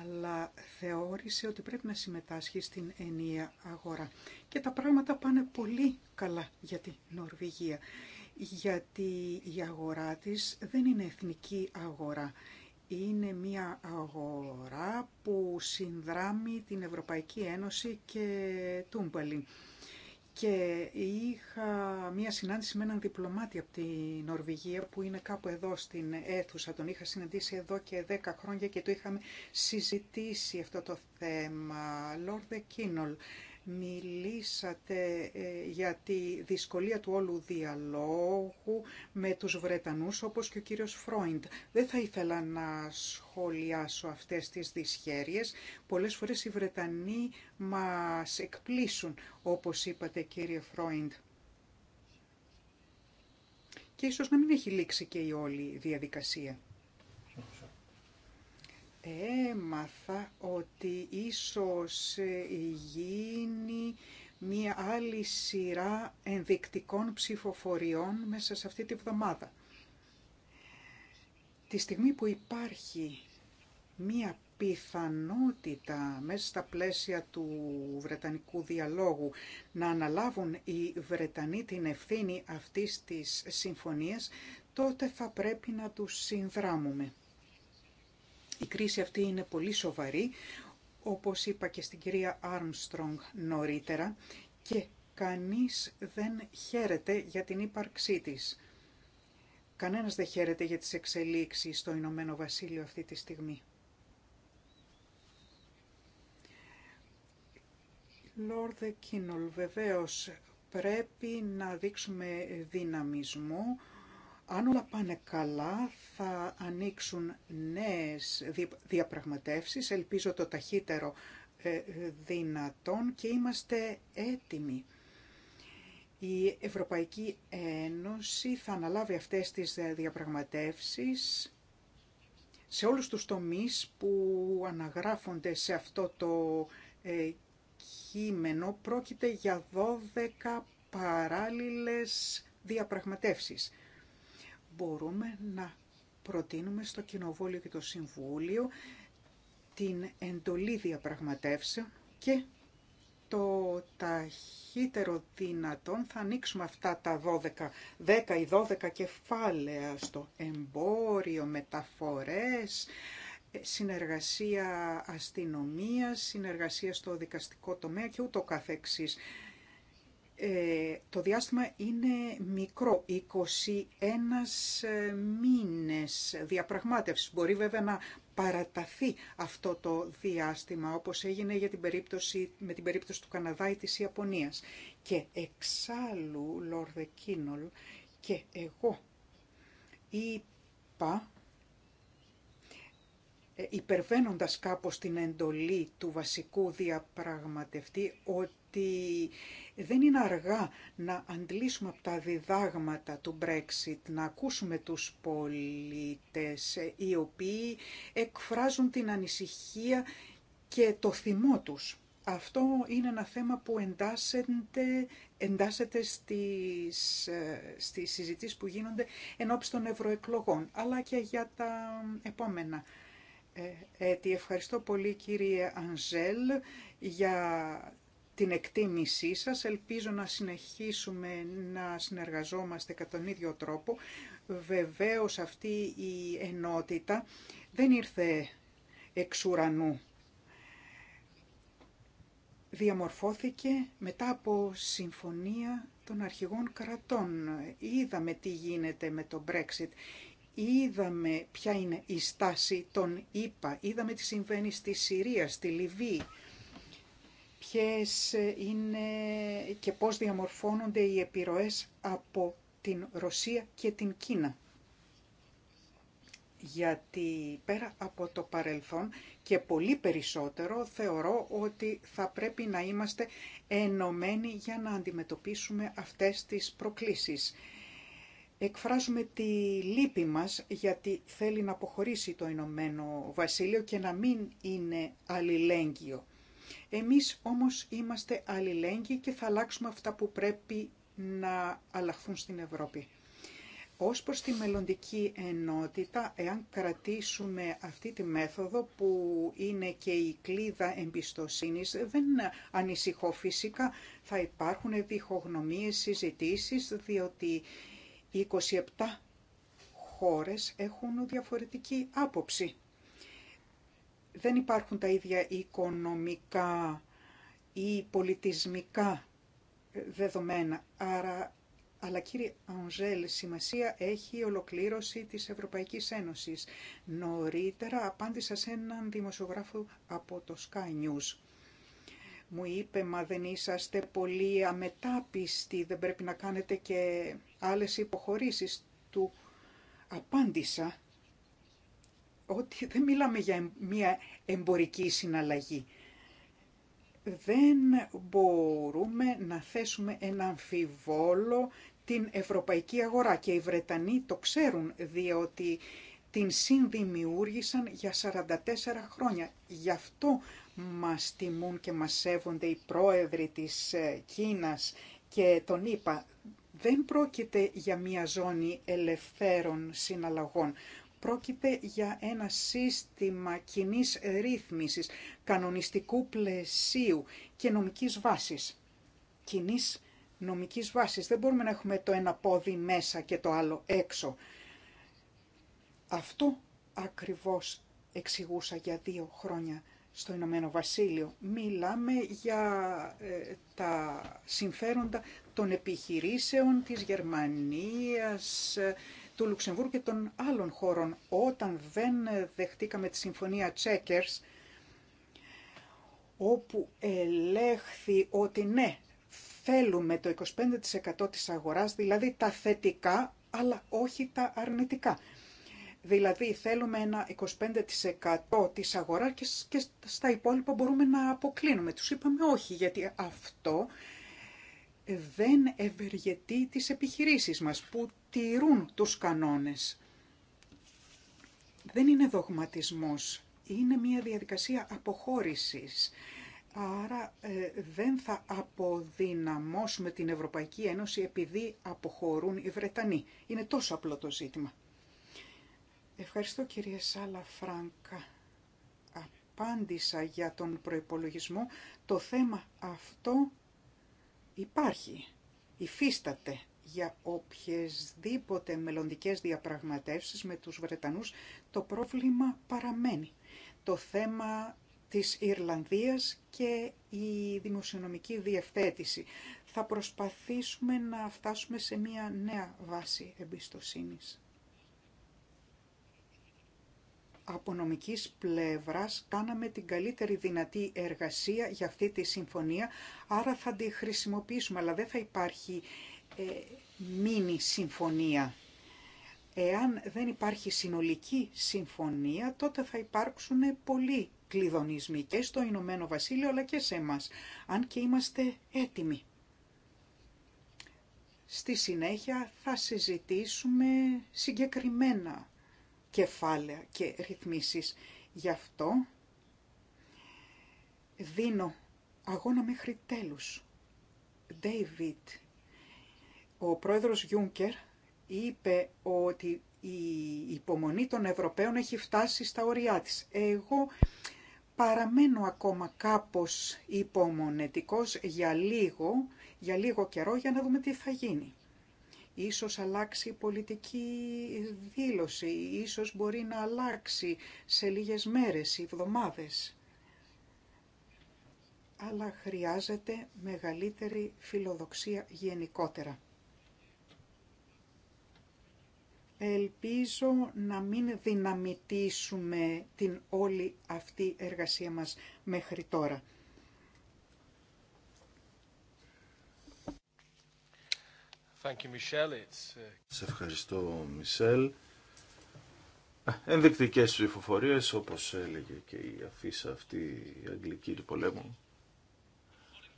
S3: αλλά θεώρησε ότι πρέπει να συμμετάσχει στην ενία αγορά. Και τα πράγματα πάνε πολύ καλά για τη Νορβηγία γιατί η αγορά της δεν είναι εθνική αγορά. Είναι μια αγορά που συνδράμει την Ευρωπαϊκή Ένωση και Τούμπαλιν. Και είχα μία συνάντηση με έναν διπλωμάτη από τη Νορβηγία που είναι κάπου εδώ στην αίθουσα. Τον είχα συναντήσει εδώ και 10 χρόνια και το είχαμε συζητήσει αυτό το θέμα. Λόρδε Κίνολ, Μιλήσατε ε, για τη δυσκολία του όλου διαλόγου με τους Βρετανούς, όπως και ο κύριος Φρόιντ. Δεν θα ήθελα να σχολιάσω αυτές τις δυσχέρειες. Πολλές φορές οι Βρετανοί μας εκπλήσουν, όπως είπατε κύριε Φρόιντ. Και ίσως να μην έχει λήξει και η όλη διαδικασία έμαθα ότι ίσως γίνει μία άλλη σειρά ενδεικτικών ψηφοφοριών μέσα σε αυτή τη βδομάδα. Τη στιγμή που υπάρχει μία πιθανότητα μέσα στα πλαίσια του Βρετανικού διαλόγου να αναλάβουν οι Βρετανοί την ευθύνη αυτής της συμφωνίας, τότε θα πρέπει να τους συνδράμουμε. Η κρίση αυτή είναι πολύ σοβαρή, όπως είπα και στην κυρία Armstrong νωρίτερα, και κανείς δεν χαίρεται για την ύπαρξή της. Κανένας δεν χαίρεται για τις εξελίξεις στο Ηνωμένο Βασίλειο αυτή τη στιγμή. Λόρδε Κίνολ, βεβαίως πρέπει να δείξουμε δυναμισμό αν όλα πάνε καλά θα ανοίξουν νέες διαπραγματεύσεις, ελπίζω το ταχύτερο ε, δυνατόν και είμαστε έτοιμοι. Η Ευρωπαϊκή Ένωση θα αναλάβει αυτές τις ε, διαπραγματεύσεις σε όλους τους τομείς που αναγράφονται σε αυτό το ε, κείμενο. Πρόκειται για 12 παράλληλες διαπραγματεύσεις μπορούμε να προτείνουμε στο Κοινοβούλιο και το Συμβούλιο την εντολή διαπραγματεύσεων και το ταχύτερο δυνατόν θα ανοίξουμε αυτά τα 12, 10 ή 12 κεφάλαια στο εμπόριο, μεταφορές, συνεργασία αστυνομίας, συνεργασία στο δικαστικό τομέα και ούτω καθεξής. Ε, το διάστημα είναι μικρό, 21 ε, μήνες διαπραγμάτευσης. Μπορεί βέβαια να παραταθεί αυτό το διάστημα, όπως έγινε για την περίπτωση, με την περίπτωση του Καναδά ή της Ιαπωνίας. Και εξάλλου, Λόρδε Κίνολ, και εγώ είπα ε, υπερβαίνοντας κάπως την εντολή του βασικού διαπραγματευτή ότι δεν είναι αργά να αντλήσουμε από τα διδάγματα του Brexit, να ακούσουμε τους πολίτες ε, οι οποίοι εκφράζουν την ανησυχία και το θυμό τους. Αυτό είναι ένα θέμα που εντάσσεται, εντάσσεται στις, ε, συζητήσεις που γίνονται ενώπιση των ευρωεκλογών, αλλά και για τα επόμενα ε, Ευχαριστώ πολύ κύριε Ανζέλ για την εκτίμησή σας. Ελπίζω να συνεχίσουμε να συνεργαζόμαστε κατά τον ίδιο τρόπο. Βεβαίως αυτή η ενότητα δεν ήρθε εξ ουρανού. Διαμορφώθηκε μετά από συμφωνία των αρχηγών κρατών. Είδαμε τι γίνεται με το Brexit Είδαμε ποια είναι η στάση των ΙΠΑ, είδαμε τι συμβαίνει στη Συρία, στη Λιβύη, ποιες είναι και πώς διαμορφώνονται οι επιρροές από την Ρωσία και την Κίνα. Γιατί πέρα από το παρελθόν και πολύ περισσότερο θεωρώ ότι θα πρέπει να είμαστε ενωμένοι για να αντιμετωπίσουμε αυτές τις προκλήσεις εκφράζουμε τη λύπη μας γιατί θέλει να αποχωρήσει το Ηνωμένο Βασίλειο και να μην είναι αλληλέγγυο. Εμείς όμως είμαστε αλληλέγγυοι και θα αλλάξουμε αυτά που πρέπει να αλλάχθουν στην Ευρώπη. Ως προς τη μελλοντική ενότητα, εάν κρατήσουμε αυτή τη μέθοδο που είναι και η κλίδα εμπιστοσύνης, δεν ανησυχώ φυσικά, θα υπάρχουν διχογνωμίες, συζητήσεις, διότι οι 27 χώρες έχουν διαφορετική άποψη. Δεν υπάρχουν τα ίδια οικονομικά ή πολιτισμικά δεδομένα. Άρα, αλλά κύριε Αουζέλ, σημασία έχει η πολιτισμικα δεδομενα αρα αλλα κυριε αγγελ σημασια εχει η ολοκληρωση της Ευρωπαϊκής Ένωσης. Νωρίτερα απάντησα σε έναν δημοσιογράφο από το Sky News μου είπε «Μα δεν είσαστε πολύ αμετάπιστοι, δεν πρέπει να κάνετε και άλλες υποχωρήσεις». Του απάντησα ότι δεν μιλάμε για μια εμπορική συναλλαγή. Δεν μπορούμε να θέσουμε ένα αμφιβόλο την ευρωπαϊκή αγορά και οι Βρετανοί το ξέρουν διότι την συνδημιούργησαν για 44 χρόνια. Γι' αυτό μας τιμούν και μας σέβονται οι πρόεδροι της ε, Κίνας και τον είπα, δεν πρόκειται για μια ζώνη ελευθέρων συναλλαγών. Πρόκειται για ένα σύστημα κοινή ρύθμισης, κανονιστικού πλαισίου και νομικής βάσης. Κοινή νομικής βάσης. Δεν μπορούμε να έχουμε το ένα πόδι μέσα και το άλλο έξω. Αυτό ακριβώς εξηγούσα για δύο χρόνια στο Ηνωμένο Βασίλειο. Μιλάμε για ε, τα συμφέροντα των επιχειρήσεων της Γερμανίας, ε, του Λουξεμβούργου και των άλλων χώρων. Όταν δεν ε, δεχτήκαμε τη συμφωνία Τσέκερς, όπου ελέγχθη ότι ναι, θέλουμε το 25% της αγοράς, δηλαδή τα θετικά, αλλά όχι τα αρνητικά. Δηλαδή θέλουμε ένα 25% της αγοράς και στα υπόλοιπα μπορούμε να αποκλίνουμε. Τους είπαμε όχι, γιατί αυτό δεν ευεργετεί τις επιχειρήσεις μας που τηρούν τους κανόνες. Δεν είναι δογματισμός, είναι μια διαδικασία αποχώρησης. Άρα ε, δεν θα αποδυναμώσουμε την Ευρωπαϊκή Ένωση επειδή αποχωρούν οι Βρετανοί. Είναι τόσο απλό το ζήτημα. Ευχαριστώ κύριε Σάλα Φράγκα. Απάντησα για τον προϋπολογισμό. Το θέμα αυτό υπάρχει, υφίσταται για οποιασδήποτε μελλοντικές διαπραγματεύσεις με τους Βρετανούς, το πρόβλημα παραμένει. Το θέμα της Ιρλανδίας και η δημοσιονομική διευθέτηση. Θα προσπαθήσουμε να φτάσουμε σε μια νέα βάση εμπιστοσύνης από νομικής πλευράς κάναμε την καλύτερη δυνατή εργασία για αυτή τη συμφωνία, άρα θα τη χρησιμοποιήσουμε, αλλά δεν θα υπάρχει ε, μίνι συμφωνία. Εάν δεν υπάρχει συνολική συμφωνία, τότε θα υπάρξουν πολλοί κλειδονισμοί και στο Ηνωμένο Βασίλειο, αλλά και σε εμάς, αν και είμαστε έτοιμοι. Στη συνέχεια θα συζητήσουμε συγκεκριμένα κεφάλαια και ρυθμίσεις. Γι' αυτό δίνω αγώνα μέχρι τέλους. David, ο πρόεδρος Γιούνκερ είπε ότι η υπομονή των Ευρωπαίων έχει φτάσει στα ωριά της. Εγώ παραμένω ακόμα κάπως υπομονετικός για λίγο, για λίγο καιρό για να δούμε τι θα γίνει. Ίσως αλλάξει η πολιτική δήλωση, ίσως μπορεί να αλλάξει σε λίγες μέρες ή εβδομάδες. Αλλά χρειάζεται μεγαλύτερη φιλοδοξία γενικότερα. Ελπίζω να μην δυναμητήσουμε την όλη αυτή εργασία μας μέχρι τώρα.
S2: Uh, Σε ευχαριστώ, Μισελ. Ενδεικτικές ψηφοφορίες, όπως έλεγε και η αφήσα αυτή η αγγλική του πολέμου.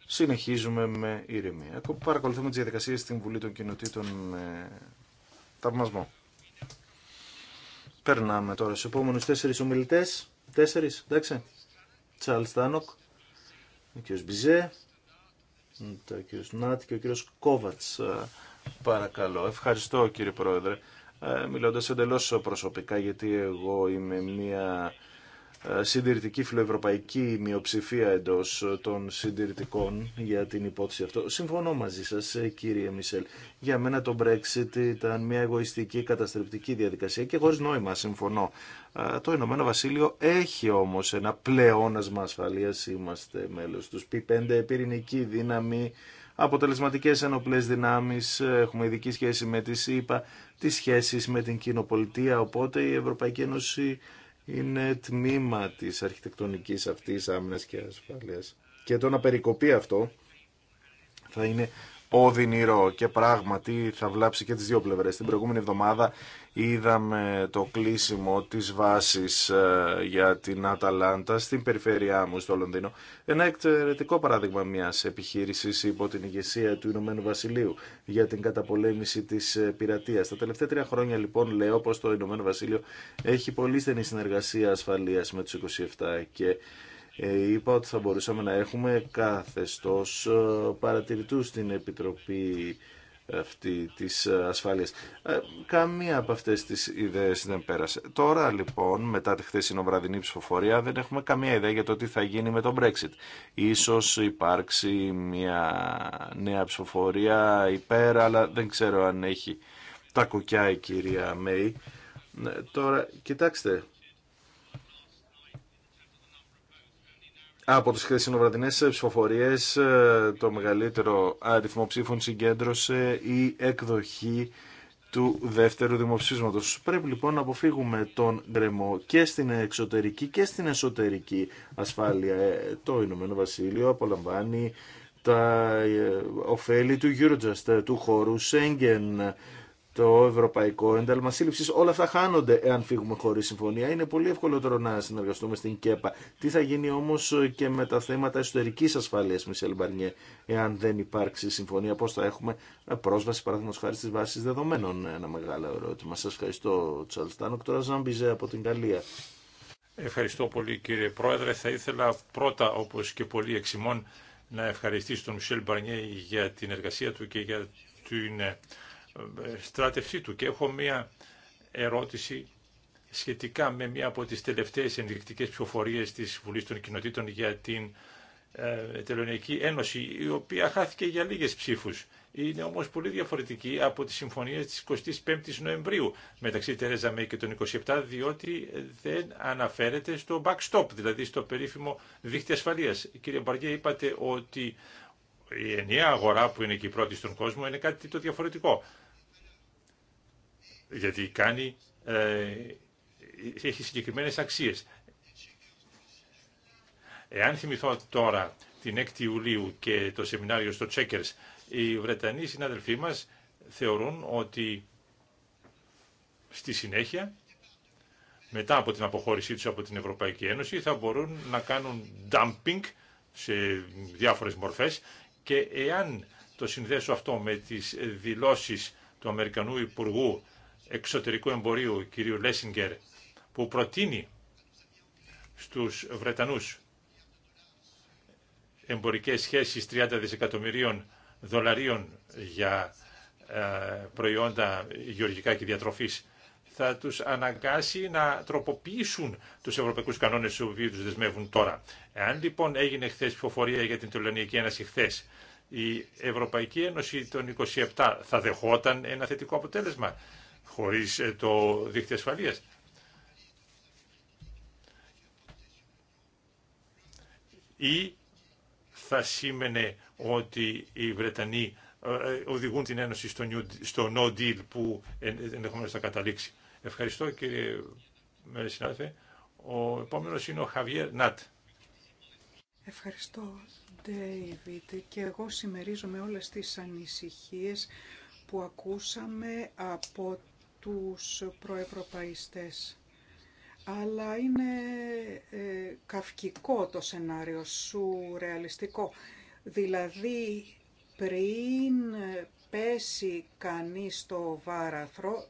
S2: Συνεχίζουμε με ηρεμία. Παρακολουθούμε τις διαδικασίε στην Βουλή των Κοινοτήτων με θαυμασμό. Περνάμε τώρα στου επόμενου τέσσερις ομιλητές. Τέσσερις, εντάξει. Τσάλ Στάνοκ, ο κ. Μπιζέ, ο κ. Νάτ και ο κ. Κόβατς Παρακαλώ. Ευχαριστώ κύριε Πρόεδρε. Ε, μιλώντας εντελώς προσωπικά, γιατί εγώ είμαι μια ε, συντηρητική φιλοευρωπαϊκή μειοψηφία εντός των συντηρητικών για την υπόθεση αυτό. Συμφωνώ μαζί σας ε, κύριε Μισελ. Για μένα το Brexit ήταν μια εγωιστική καταστρεπτική διαδικασία και χωρίς νόημα συμφωνώ. Το Ηνωμένο Βασίλειο έχει όμως ένα πλεόνασμα ασφαλείας. Είμαστε μέλος του π 5 πυρηνική δύναμη, αποτελεσματικές ενοπλές δυνάμεις, έχουμε ειδική σχέση με τη ΣΥΠΑ, τις σχέσεις με την κοινοπολιτεία, οπότε η Ευρωπαϊκή Ένωση είναι τμήμα της αρχιτεκτονικής αυτής άμυνας και ασφαλείας. Και το να περικοπεί αυτό θα είναι οδυνηρό και πράγματι θα βλάψει και τις δύο πλευρές. Την προηγούμενη εβδομάδα είδαμε το κλείσιμο της βάσης ε, για την Αταλάντα στην περιφέρειά μου στο Λονδίνο. Ένα εξαιρετικό παράδειγμα μιας επιχείρησης υπό την ηγεσία του Ηνωμένου Βασιλείου για την καταπολέμηση της ε, πειρατείας. Τα τελευταία τρία χρόνια λοιπόν λέω πως το Ηνωμένο Βασίλειο έχει πολύ στενή συνεργασία ασφαλείας με τους 27 και ε, είπα ότι θα μπορούσαμε να έχουμε καθεστώς ε, παρατηρητού στην Επιτροπή ε, αυτή της ασφάλειας. Καμία από αυτές τις ιδέες δεν πέρασε. Τώρα λοιπόν, μετά τη χθεσινό βραδινή ψηφοφορία, δεν έχουμε καμία ιδέα για το τι θα γίνει με τον Brexit. Ίσως υπάρξει μια νέα ψηφοφορία υπέρ, αλλά δεν ξέρω αν έχει τα κουκιά η κυρία Μέη. Τώρα, κοιτάξτε, Από τις χρησινοβρατινές ψηφοφορίες ε, το μεγαλύτερο αριθμό ψήφων συγκέντρωσε η εκδοχή του δεύτερου δημοψήφισματος. Πρέπει λοιπόν να αποφύγουμε τον γκρεμό και στην εξωτερική και στην εσωτερική ασφάλεια. Ε, το Ηνωμένο Βασίλειο απολαμβάνει τα ε, ωφέλη του Eurojust, του χώρου Σέγγεν το ευρωπαϊκό ένταλμα σύλληψη. Όλα αυτά χάνονται εάν φύγουμε χωρί συμφωνία. Είναι πολύ ευκολότερο να συνεργαστούμε στην ΚΕΠΑ. Τι θα γίνει όμω και με τα θέματα εσωτερική ασφαλείας, Μισελ Μπαρνιέ, εάν δεν υπάρξει συμφωνία. Πώ θα έχουμε πρόσβαση, παραδείγματο χάρη στις βάσεις δεδομένων. Ένα μεγάλο ερώτημα. Σα ευχαριστώ, Τσαλστάνο. Τώρα Ζαμπιζέ από την Γαλλία.
S4: Ευχαριστώ πολύ κύριε Πρόεδρε. Θα ήθελα πρώτα, όπω και πολύ εξημών, να ευχαριστήσω τον Μισελ Μπαρνιέ για την εργασία του και για την ε, στράτευσή του. Και έχω μία ερώτηση σχετικά με μία από τις τελευταίες ενδεικτικές ψηφοφορίες της Βουλής των Κοινοτήτων για την ε, Τελωνιακή Ένωση, η οποία χάθηκε για λίγες ψήφους. Είναι όμως πολύ διαφορετική από τις συμφωνίες της 25ης Νοεμβρίου μεταξύ Τερέζα Μέη και των 27, διότι δεν αναφέρεται στο backstop, δηλαδή στο περίφημο δίχτυ ασφαλείας. Κύριε Μπαργέ, είπατε ότι η ενιαία αγορά που είναι και η πρώτη στον κόσμο είναι κάτι το διαφορετικό γιατί κάνει, ε, έχει συγκεκριμένες αξίες. Εάν θυμηθώ τώρα την 6η Ιουλίου και το σεμινάριο στο Τσέκερς, οι Βρετανοί συναδελφοί μας θεωρούν ότι στη συνέχεια, μετά από την αποχώρησή τους από την Ευρωπαϊκή Ένωση, θα μπορούν να κάνουν dumping σε διάφορες μορφές και εάν το συνδέσω αυτό με τις δηλώσεις του Αμερικανού Υπουργού Εξωτερικού Εμπορίου κ. Λέσιγκερ που προτείνει στους Βρετανούς εμπορικές σχέσεις 30 δισεκατομμυρίων δολαρίων για ε, προϊόντα γεωργικά και διατροφής θα τους αναγκάσει να τροποποιήσουν τους ευρωπαϊκούς κανόνες που τους δεσμεύουν τώρα. Εάν λοιπόν έγινε χθε ψηφοφορία για την Τελωνιακή Ένωση χθε, η Ευρωπαϊκή Ένωση των 27 θα δεχόταν ένα θετικό αποτέλεσμα χωρίς ε, το δίκτυο ασφαλείας. Ή θα σήμαινε ότι οι Βρετανοί ε, ε, οδηγούν την Ένωση στο, new, στο no deal που ενδεχομένω θα καταλήξει. Ευχαριστώ κύριε συνάδελφε. Ο επόμενος είναι ο Χαβιέρ Νατ.
S3: Ευχαριστώ, Ντέιβιτ. Και εγώ συμμερίζομαι όλες τις ανησυχίες που ακούσαμε από τους προευρωπαϊστές. Αλλά είναι ε, καυκικό το σενάριο σου, ρεαλιστικό. Δηλαδή, πριν πέσει κανείς στο βάραθρο,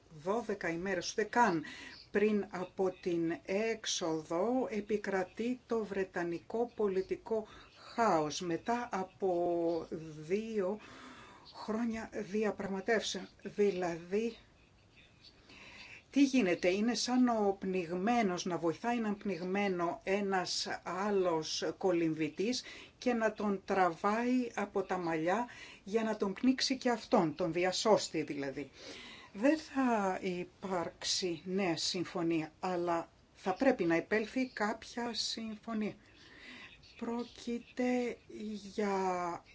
S3: 12 ημέρες ούτε καν πριν από την έξοδο, επικρατεί το βρετανικό πολιτικό χάος. Μετά από δύο χρόνια διαπραγματεύσεων, δηλαδή τι γίνεται, είναι σαν ο πνιγμένος να βοηθάει έναν πνιγμένο ένας άλλος κολυμβητής και να τον τραβάει από τα μαλλιά για να τον πνίξει και αυτόν, τον διασώστη δηλαδή. Δεν θα υπάρξει νέα συμφωνία, αλλά θα πρέπει να υπέλθει κάποια συμφωνία πρόκειται για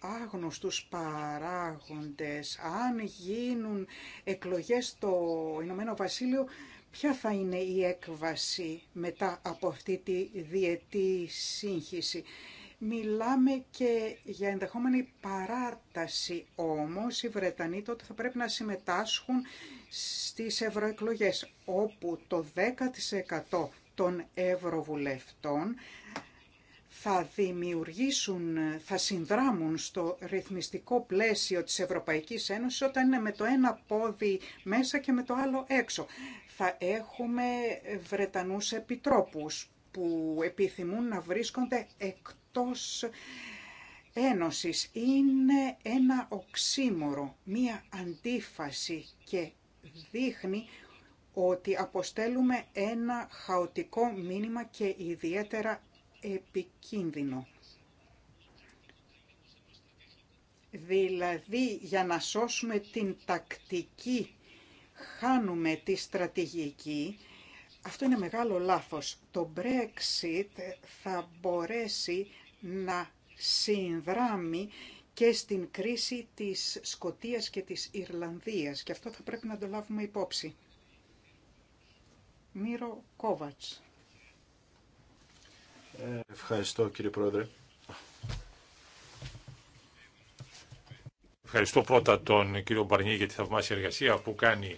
S3: άγνωστους παράγοντες. Αν γίνουν εκλογές στο Ηνωμένο Βασίλειο, ποια θα είναι η έκβαση μετά από αυτή τη διετή σύγχυση. Μιλάμε και για ενδεχόμενη παράταση όμως οι Βρετανοί τότε θα πρέπει να συμμετάσχουν στις ευρωεκλογές όπου το 10% των ευρωβουλευτών θα δημιουργήσουν, θα συνδράμουν στο ρυθμιστικό πλαίσιο της Ευρωπαϊκής Ένωσης όταν είναι με το ένα πόδι μέσα και με το άλλο έξω. Θα έχουμε Βρετανούς επιτρόπους που επιθυμούν να βρίσκονται εκτός Ένωσης. Είναι ένα οξύμορο, μία αντίφαση και δείχνει ότι αποστέλουμε ένα χαοτικό μήνυμα και ιδιαίτερα επικίνδυνο. Δηλαδή, για να σώσουμε την τακτική, χάνουμε τη στρατηγική. Αυτό είναι μεγάλο λάθος. Το Brexit θα μπορέσει να συνδράμει και στην κρίση της Σκοτίας και της Ιρλανδίας. Και αυτό θα πρέπει να το λάβουμε υπόψη. Μύρο Κόβατς.
S4: Ευχαριστώ κύριε Πρόεδρε. Ευχαριστώ πρώτα τον κύριο Μπαρνί για τη θαυμάσια εργασία που κάνει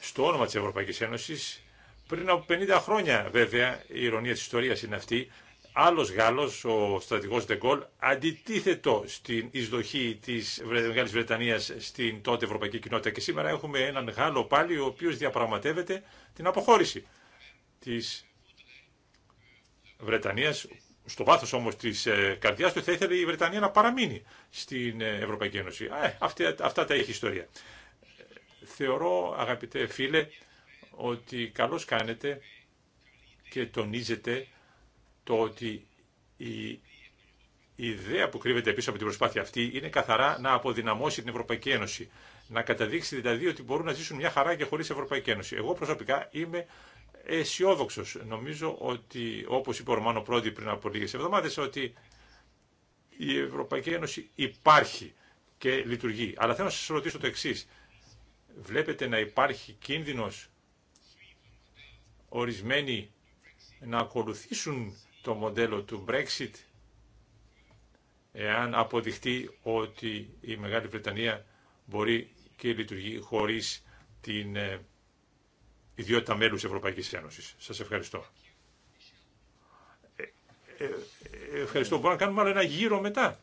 S4: στο όνομα της Ευρωπαϊκής Ένωσης. Πριν από 50 χρόνια βέβαια, η ηρωνία της ιστορίας είναι αυτή, άλλος Γάλλος, ο στρατηγός Ντεγκόλ, αντιτίθετο στην εισδοχή της Μεγάλης Βρετανίας στην τότε Ευρωπαϊκή Κοινότητα και σήμερα έχουμε έναν Γάλλο πάλι ο οποίος διαπραγματεύεται την αποχώρηση της Βρετανίας, στο βάθος όμως της ε, καρδιάς του θα ήθελε η Βρετανία να παραμείνει στην ε, Ευρωπαϊκή Ένωση. Ε, αυτή, αυτά τα έχει ιστορία. Θεωρώ αγαπητέ φίλε ότι καλώς κάνετε και τονίζετε το ότι η ιδέα που κρύβεται πίσω από την προσπάθεια αυτή είναι καθαρά να αποδυναμώσει την Ευρωπαϊκή Ένωση. Να καταδείξει δηλαδή ότι μπορούν να ζήσουν μια χαρά και χωρί Ευρωπαϊκή Ένωση. Εγώ προσωπικά είμαι αισιόδοξο. Νομίζω ότι, όπως είπε ο Ρωμάνο Πρόντι πριν από λίγε εβδομάδες, ότι η Ευρωπαϊκή Ένωση υπάρχει και λειτουργεί. Αλλά θέλω να σας ρωτήσω το εξής. Βλέπετε να υπάρχει κίνδυνος ορισμένοι να ακολουθήσουν το μοντέλο του Brexit εάν αποδειχτεί ότι η Μεγάλη Βρετανία μπορεί και λειτουργεί χωρίς την ε, ιδιότητα μέλους Ευρωπαϊκής Ένωσης. Σας ευχαριστώ. Ε, ε, ε, ευχαριστώ. Μπορούμε να κάνουμε άλλο ένα γύρο μετά.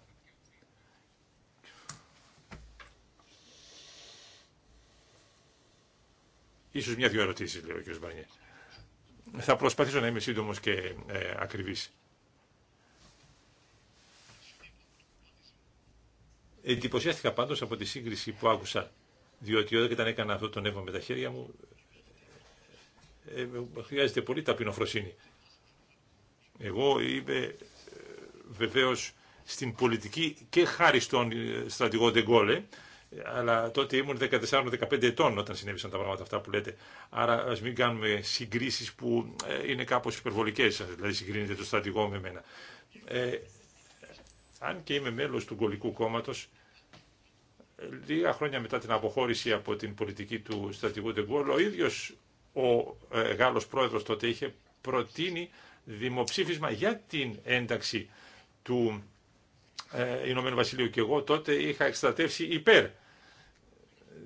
S4: Ίσως μια-δυο ερωτήσεις, λέει ο κ. Μπανιέ. Θα προσπαθήσω να είμαι σύντομος και ε, ακριβής. Εντυπωσιάστηκα πάντως από τη σύγκριση που άκουσα, διότι όταν έκανα αυτό το νεύμα με τα χέρια μου, ε, χρειάζεται πολύ ταπεινοφροσύνη. Εγώ είμαι ε, βεβαίως στην πολιτική και χάρη στον ε, στρατηγό Ντεγκόλε, αλλά τότε ήμουν 14-15 ετών όταν συνέβησαν τα πράγματα αυτά που λέτε. Άρα ας μην κάνουμε συγκρίσεις που ε, είναι κάπως υπερβολικές, δηλαδή συγκρίνεται το στρατηγό με εμένα. Ε, αν και είμαι μέλος του Γκολικού Κόμματος, λίγα χρόνια μετά την αποχώρηση από την πολιτική του στρατηγού Ντεγκόλε ο ίδιος ο ε, Γάλλος πρόεδρος τότε είχε προτείνει δημοψήφισμα για την ένταξη του ε, Ηνωμένου Βασιλείου και εγώ τότε είχα εκστρατεύσει υπέρ.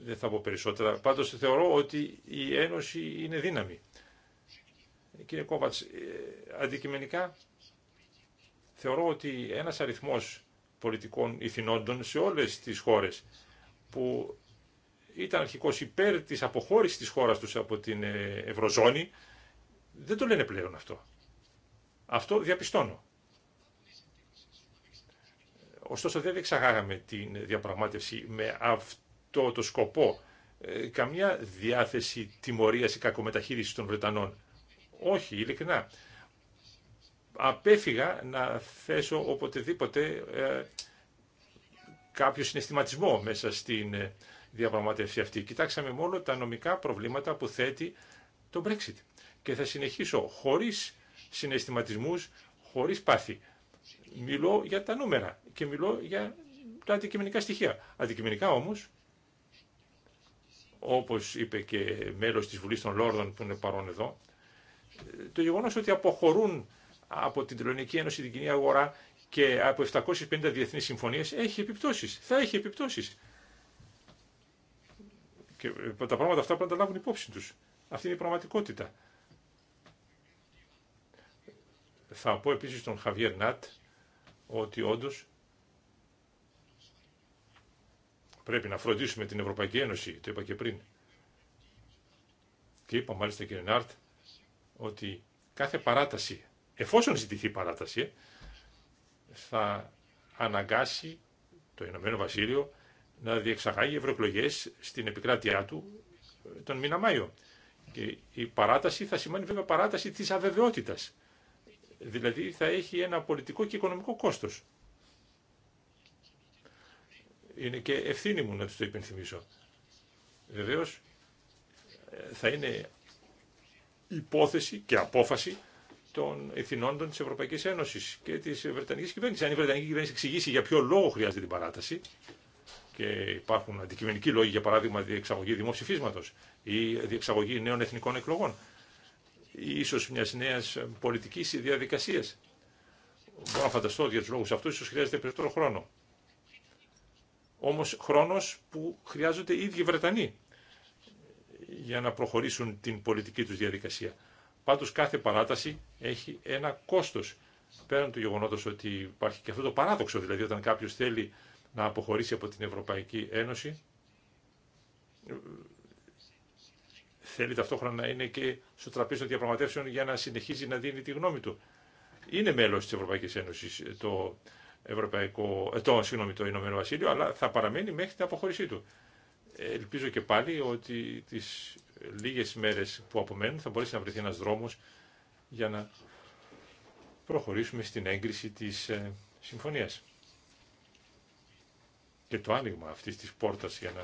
S4: Δεν θα πω περισσότερα. Πάντως θεωρώ ότι η Ένωση είναι δύναμη. Κύριε Κόβατς, ε, αντικειμενικά θεωρώ ότι ένας αριθμός πολιτικών ηθινόντων σε όλες τις χώρες που ήταν αρχικώς υπέρ τη αποχώρηση της χώρας τους από την ε, Ευρωζώνη, δεν το λένε πλέον αυτό. Αυτό διαπιστώνω. Ωστόσο δεν εξαγάγαμε την διαπραγμάτευση με αυτό το σκοπό. Ε, καμιά διάθεση τιμωρίας ή κακομεταχείρισης των Βρετανών. Όχι, ειλικρινά. Απέφυγα να θέσω οποτεδήποτε ε, κάποιο συναισθηματισμό μέσα στην ε, διαπραγματεύσει αυτή. Κοιτάξαμε μόνο τα νομικά προβλήματα που θέτει το Brexit. Και θα συνεχίσω χωρίς συναισθηματισμούς, χωρίς πάθη. Μιλώ για τα νούμερα και μιλώ για τα αντικειμενικά στοιχεία. Αντικειμενικά όμως, όπως είπε και μέλος της Βουλής των Λόρδων που είναι παρόν εδώ, το γεγονός ότι αποχωρούν από την Τελωνική Ένωση την κοινή αγορά και από 750 διεθνείς συμφωνίες έχει επιπτώσεις. Θα έχει επιπτώσεις. Και ε, τα πράγματα αυτά πρέπει να τα λάβουν υπόψη τους. Αυτή είναι η πραγματικότητα. Θα πω επίσης στον Χαβιέρ Νάτ ότι όντω πρέπει να φροντίσουμε την Ευρωπαϊκή Ένωση, το είπα και πριν. Και είπα μάλιστα κύριε Νάρτ ότι κάθε παράταση, εφόσον ζητηθεί παράταση, θα αναγκάσει το Ηνωμένο Βασίλειο να διεξαγάγει ευρωεκλογέ στην επικράτειά του ε, τον μήνα Μάιο. Και η παράταση θα σημαίνει βέβαια παράταση της αβεβαιότητας. Δηλαδή θα έχει ένα πολιτικό και οικονομικό κόστος. Είναι και ευθύνη μου να του το υπενθυμίσω. Βεβαίω ε, θα είναι υπόθεση και απόφαση των των της Ευρωπαϊκής Ένωσης και της Βρετανικής κυβέρνησης. Αν η Βρετανική κυβέρνηση εξηγήσει για ποιο λόγο χρειάζεται την παράταση, και υπάρχουν αντικειμενικοί λόγοι, για παράδειγμα, διεξαγωγή δημοψηφίσματο ή διεξαγωγή νέων εθνικών εκλογών ή ίσω μια νέα πολιτική διαδικασία. Μπορώ να φανταστώ για του λόγου αυτού, ίσω χρειάζεται περισσότερο χρόνο. Όμω χρόνο που χρειάζονται οι ίδιοι Βρετανοί για να προχωρήσουν την πολιτική του διαδικασία. Πάντω κάθε παράταση έχει ένα κόστο. Πέραν του γεγονότο ότι υπάρχει και αυτό το παράδοξο, δηλαδή όταν κάποιο θέλει να αποχωρήσει από την Ευρωπαϊκή Ένωση. Θέλει ταυτόχρονα να είναι και στο τραπέζι των διαπραγματεύσεων για να συνεχίζει να δίνει τη γνώμη του. Είναι μέλος της Ευρωπαϊκής Ένωσης το, Ευρωπαϊκό, ε, το, το Ηνωμένο Βασίλειο, αλλά θα παραμένει μέχρι την αποχώρησή του. Ελπίζω και πάλι ότι τις λίγες μέρες που απομένουν θα μπορέσει να βρεθεί ένας δρόμος για να προχωρήσουμε στην έγκριση της ε, συμφωνίας και το άνοιγμα αυτής της πόρτας για να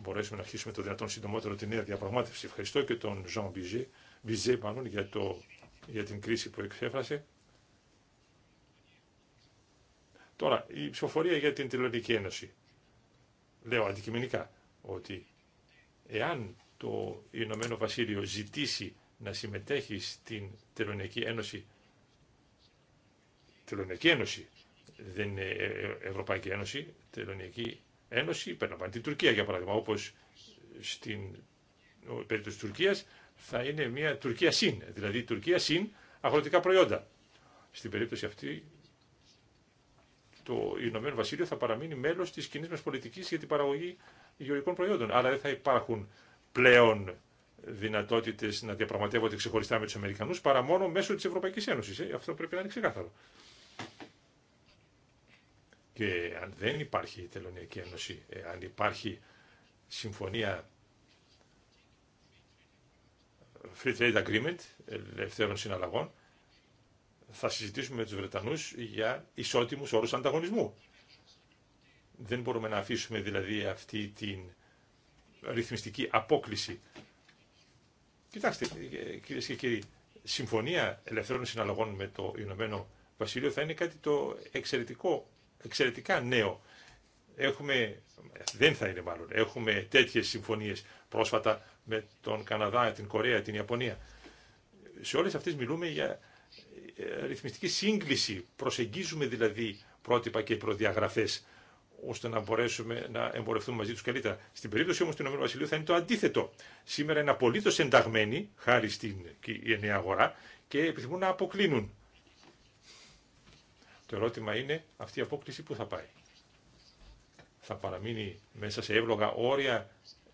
S4: μπορέσουμε να αρχίσουμε το δυνατόν συντομότερο τη νέα διαπραγμάτευση. Ευχαριστώ και τον Ζαν Μπιζέ μάλλον, για, το, για την κρίση που εξέφρασε. Τώρα, η ψηφοφορία για την Τελωνική Ένωση. Λέω αντικειμενικά ότι εάν το Ηνωμένο Βασίλειο ζητήσει να συμμετέχει στην Τελωνική Ένωση, Τελωνική Ένωση δεν είναι ε, ε, Ευρωπαϊκή Ένωση, Τελωνιακή Ένωση, περνάμε την Τουρκία για παράδειγμα, όπως στην περίπτωση της Τουρκίας θα είναι μια Τουρκία συν, δηλαδή Τουρκία συν αγροτικά προϊόντα. Στην περίπτωση αυτή το Ηνωμένο Βασίλειο θα παραμείνει μέλος της κοινή μας πολιτικής για την παραγωγή γεωργικών προϊόντων, αλλά δεν θα υπάρχουν πλέον δυνατότητε να διαπραγματεύονται ξεχωριστά με του Αμερικανού παρά μόνο μέσω τη Ευρωπαϊκή Ένωση. Ε. Αυτό πρέπει να είναι ξεκάθαρο. Και αν δεν υπάρχει η Τελωνιακή Ένωση, ε, αν υπάρχει συμφωνία Free Trade Agreement, ελευθέρων συναλλαγών, θα συζητήσουμε με τους Βρετανούς για ισότιμους όρους ανταγωνισμού. Δεν μπορούμε να αφήσουμε δηλαδή αυτή την ρυθμιστική απόκληση. Κοιτάξτε, ε, κυρίε και κύριοι, συμφωνία ελευθέρων συναλλαγών με το Ηνωμένο Βασίλειο θα είναι κάτι το εξαιρετικό εξαιρετικά νέο. Έχουμε, δεν θα είναι μάλλον, έχουμε τέτοιες συμφωνίες πρόσφατα με τον Καναδά, την Κορέα, την Ιαπωνία. Σε όλες αυτές μιλούμε για ε, ρυθμιστική σύγκληση. Προσεγγίζουμε δηλαδή πρότυπα και προδιαγραφές ώστε να μπορέσουμε να εμπορευτούμε μαζί του καλύτερα. Στην περίπτωση όμω του Ηνωμένου Βασιλείου θα είναι το αντίθετο. Σήμερα είναι απολύτω ενταγμένοι, χάρη στην νέα αγορά, και επιθυμούν να αποκλίνουν. Το ερώτημα είναι αυτή η απόκληση που θα πάει. Θα παραμείνει μέσα σε εύλογα όρια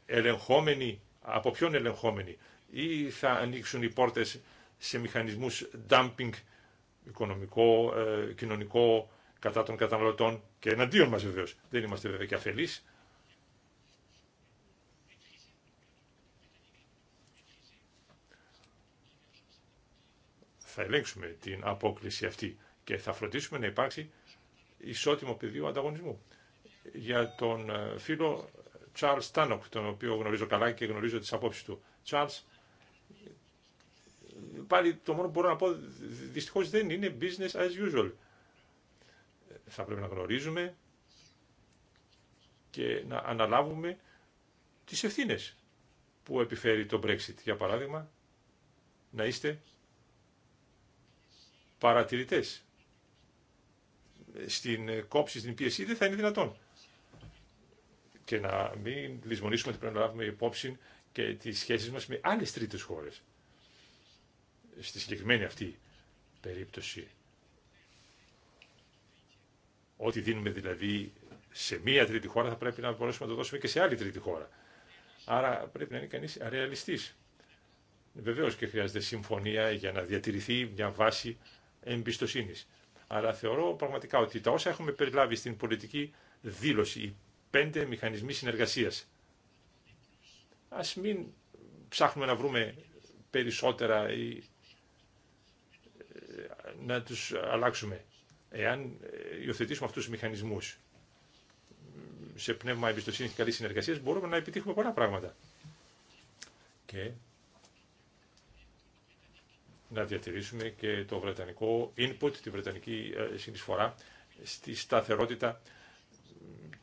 S4: ελεγχόμενη, από ποιον ελεγχόμενη ή θα ανοίξουν οι πόρτες σε μηχανισμούς dumping οικονομικό, ε, κοινωνικό, κατά των καταναλωτών και εναντίον μας βεβαίως. Δεν είμαστε βέβαια και αφελείς. Θα ελέγξουμε την απόκληση αυτή και θα φροντίσουμε να υπάρξει ισότιμο πεδίο ανταγωνισμού. Για τον ε, φίλο Charles Τάνοκ, τον οποίο γνωρίζω καλά και γνωρίζω τις απόψεις του. Charles, πάλι το μόνο που μπορώ να πω, δυστυχώς δεν είναι business as usual. Θα πρέπει να γνωρίζουμε και να αναλάβουμε τις ευθύνες που επιφέρει το Brexit. Για παράδειγμα, να είστε παρατηρητές στην ε, κόψη, στην πίεση δεν θα είναι δυνατόν. Και να μην λησμονήσουμε ότι πρέπει να λάβουμε υπόψη και τις σχέσεις μας με άλλες τρίτε χώρε. Στη συγκεκριμένη αυτή περίπτωση. Ό,τι δίνουμε δηλαδή σε μία τρίτη χώρα θα πρέπει να μπορέσουμε να το δώσουμε και σε άλλη τρίτη χώρα. Άρα πρέπει να είναι κανείς αρεαλιστή. Βεβαίως και χρειάζεται συμφωνία για να διατηρηθεί μια βάση εμπιστοσύνης αλλά θεωρώ πραγματικά ότι τα όσα έχουμε περιλάβει στην πολιτική δήλωση, οι πέντε μηχανισμοί συνεργασίας, ας μην ψάχνουμε να βρούμε περισσότερα ή ε, να τους αλλάξουμε. Εάν ε, υιοθετήσουμε αυτούς τους μηχανισμούς σε πνεύμα εμπιστοσύνη και καλή συνεργασία, μπορούμε να επιτύχουμε πολλά πράγματα. Και να διατηρήσουμε και το βρετανικό input, τη βρετανική ε, συνεισφορά στη σταθερότητα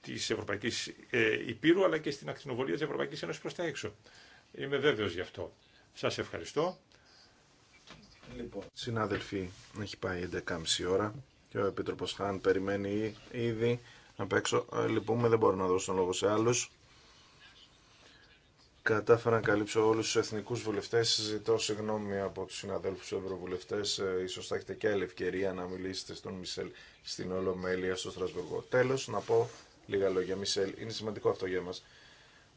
S4: της Ευρωπαϊκής ε, Υπήρου αλλά και στην ακτινοβολία της Ευρωπαϊκής Ένωση προ τα έξω. Είμαι βέβαιο γι' αυτό. Σας ευχαριστώ.
S2: Λοιπόν, συνάδελφοι, έχει πάει 11.30 ώρα και ο Επίτροπος Χάν περιμένει ήδη απ' έξω. Ε, λυπούμε, δεν μπορώ να δώσω τον λόγο σε άλλους κατάφερα να καλύψω όλους τους εθνικούς βουλευτές. Ζητώ συγγνώμη από τους συναδέλφους ευρωβουλευτές. Ε, ίσως θα έχετε και άλλη ευκαιρία να μιλήσετε στον Μισελ στην Ολομέλεια στο Στρασβουργό. Τέλος, να πω λίγα λόγια. Μισελ, είναι σημαντικό αυτό για μας.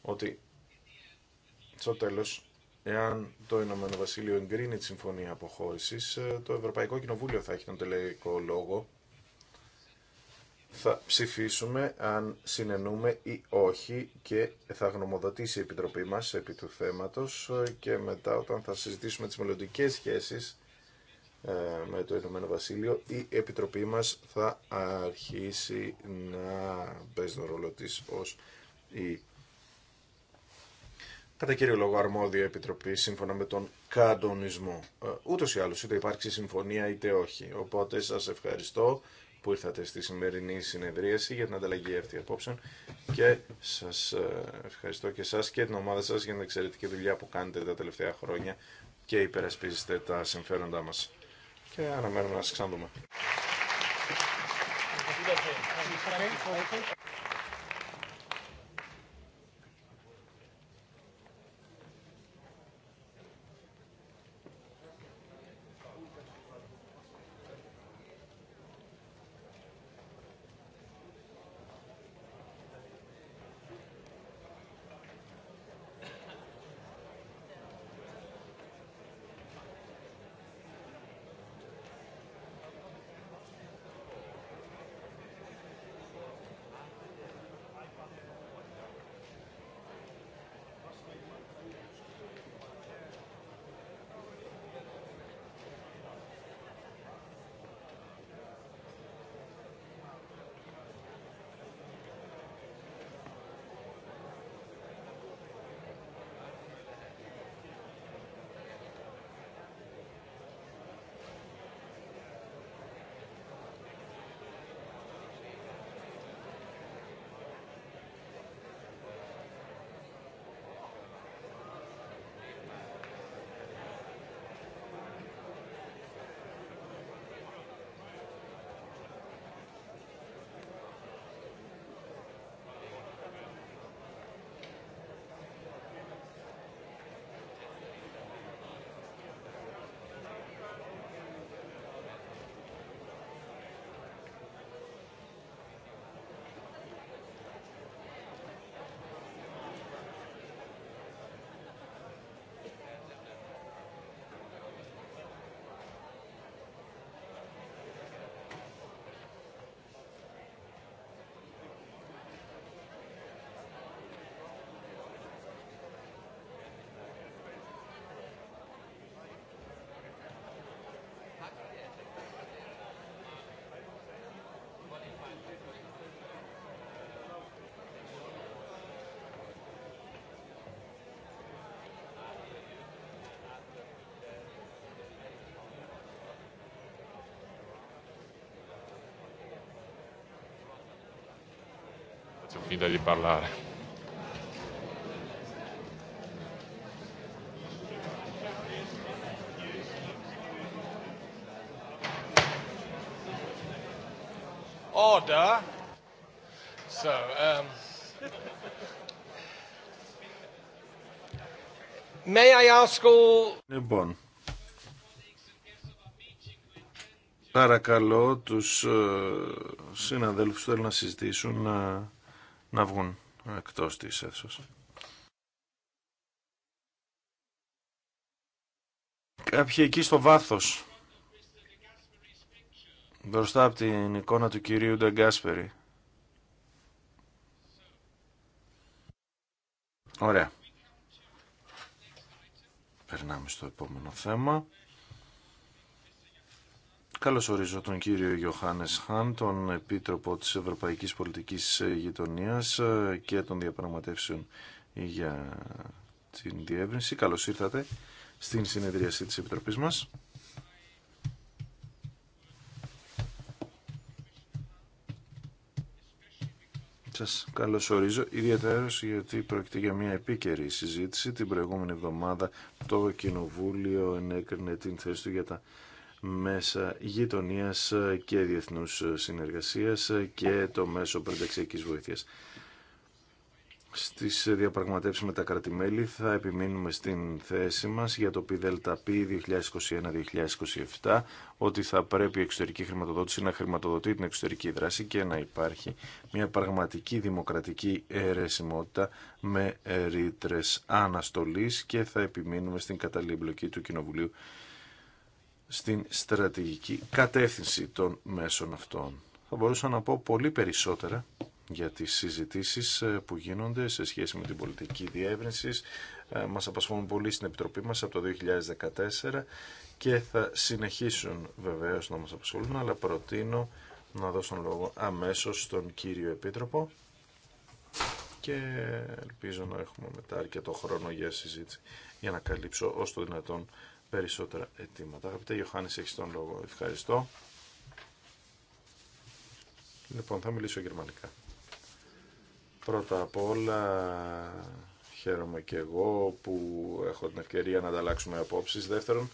S2: Ότι στο τέλος, εάν το Ηνωμένο Βασίλειο εγκρίνει τη Συμφωνία Αποχώρησης, ε, το Ευρωπαϊκό Κοινοβούλιο θα έχει τον τελικό λόγο θα ψηφίσουμε αν συνενούμε ή όχι και θα γνωμοδοτήσει η Επιτροπή μας επί του θέματος και μετά όταν θα συζητήσουμε τις μελλοντικέ σχέσεις ε, με το Ηνωμένο Βασίλειο η Επιτροπή μας θα αρχίσει να παίζει τον ρόλο της ως η κατά κύριο λόγο αρμόδια επιτροπή σύμφωνα με τον καντονισμό. Ε, ούτως ή άλλως είτε υπάρξει συμφωνία είτε όχι. Οπότε σας ευχαριστώ που ήρθατε στη σημερινή συνεδρίαση για την ανταλλαγή αυτή απόψεων και σας ε, ευχαριστώ και σας και την ομάδα σας για την εξαιρετική δουλειά που κάνετε τα τελευταία χρόνια και υπερασπίζεστε τα συμφέροντά μας. Και αναμένουμε να σας ξαναδούμε.
S4: faccio finta di parlare.
S1: Order. So, um, may I ask all... Λοιπόν,
S2: παρακαλώ τους ε, συναδέλφους που θέλουν να συζητήσουν να να βγουν εκτός της αίθουσας. Κάποιοι εκεί στο βάθος, μπροστά από την εικόνα του κυρίου Ντεγκάσπερη. Ωραία. Περνάμε στο επόμενο θέμα ορίζω τον κύριο Γιωχάνες Χάν, τον Επίτροπο της Ευρωπαϊκής Πολιτικής Γειτονίας ε, και των διαπραγματεύσεων για την διεύρυνση. Καλώς ήρθατε στην συνεδρίαση της Επιτροπής μας. Σας καλωσορίζω ιδιαίτερως γιατί πρόκειται για μια επίκαιρη συζήτηση. Την προηγούμενη εβδομάδα το Κοινοβούλιο ενέκρινε την θέση του για τα μέσα γειτονίας και διεθνούς συνεργασίας και το μέσο πενταξιακής βοήθειας. Στις διαπραγματεύσεις με τα κρατημέλη θα επιμείνουμε στην θέση μας για το ΠΔΠ 2021-2027 ότι θα πρέπει η εξωτερική χρηματοδότηση να χρηματοδοτεί την εξωτερική δράση και να υπάρχει μια πραγματική δημοκρατική αιρεσιμότητα με ρήτρε αναστολής και θα επιμείνουμε στην καταλήμπλοκη του Κοινοβουλίου στην στρατηγική κατεύθυνση των μέσων αυτών. Θα μπορούσα να πω πολύ περισσότερα για τις συζητήσεις ε, που γίνονται σε σχέση με την πολιτική διεύρυνση. Ε, μας απασχολούν πολύ στην Επιτροπή μας από το 2014 και θα συνεχίσουν βεβαίως να μας απασχολούν, αλλά προτείνω να δώσω λόγο αμέσως στον κύριο Επίτροπο και ελπίζω να έχουμε μετά αρκετό χρόνο για συζήτηση για να καλύψω όσο το δυνατόν περισσότερα αιτήματα. Αγαπητέ Ιωάννης, έχει τον λόγο. Ευχαριστώ. Λοιπόν, θα μιλήσω γερμανικά. Πρώτα απ' όλα χαίρομαι και εγώ που έχω την ευκαιρία να ανταλλάξουμε απόψεις. Δεύτερον,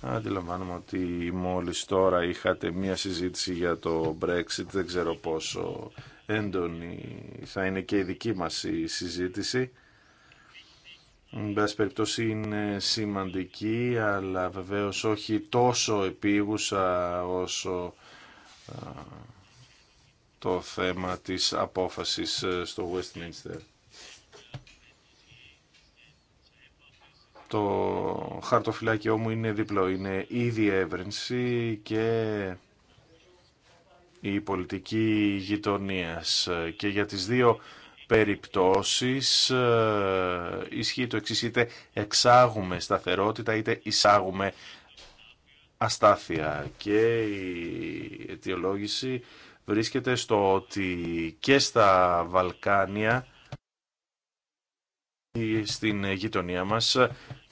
S2: αντιλαμβάνομαι ότι μόλι τώρα είχατε μία συζήτηση για το Brexit. Δεν ξέρω πόσο έντονη θα είναι και η δική μα συζήτηση. Εν πάση περιπτώσει είναι σημαντική, αλλά βεβαίως όχι τόσο επίγουσα όσο ε, το θέμα της απόφασης ε, στο Westminster. Το χαρτοφυλάκιό μου είναι διπλό, είναι η διεύρυνση και η πολιτική γειτονίας και για τις δύο περιπτώσεις ε, ισχύει το εξή είτε εξάγουμε σταθερότητα είτε εισάγουμε αστάθεια και η αιτιολόγηση βρίσκεται στο ότι και στα Βαλκάνια ή στην γειτονία μας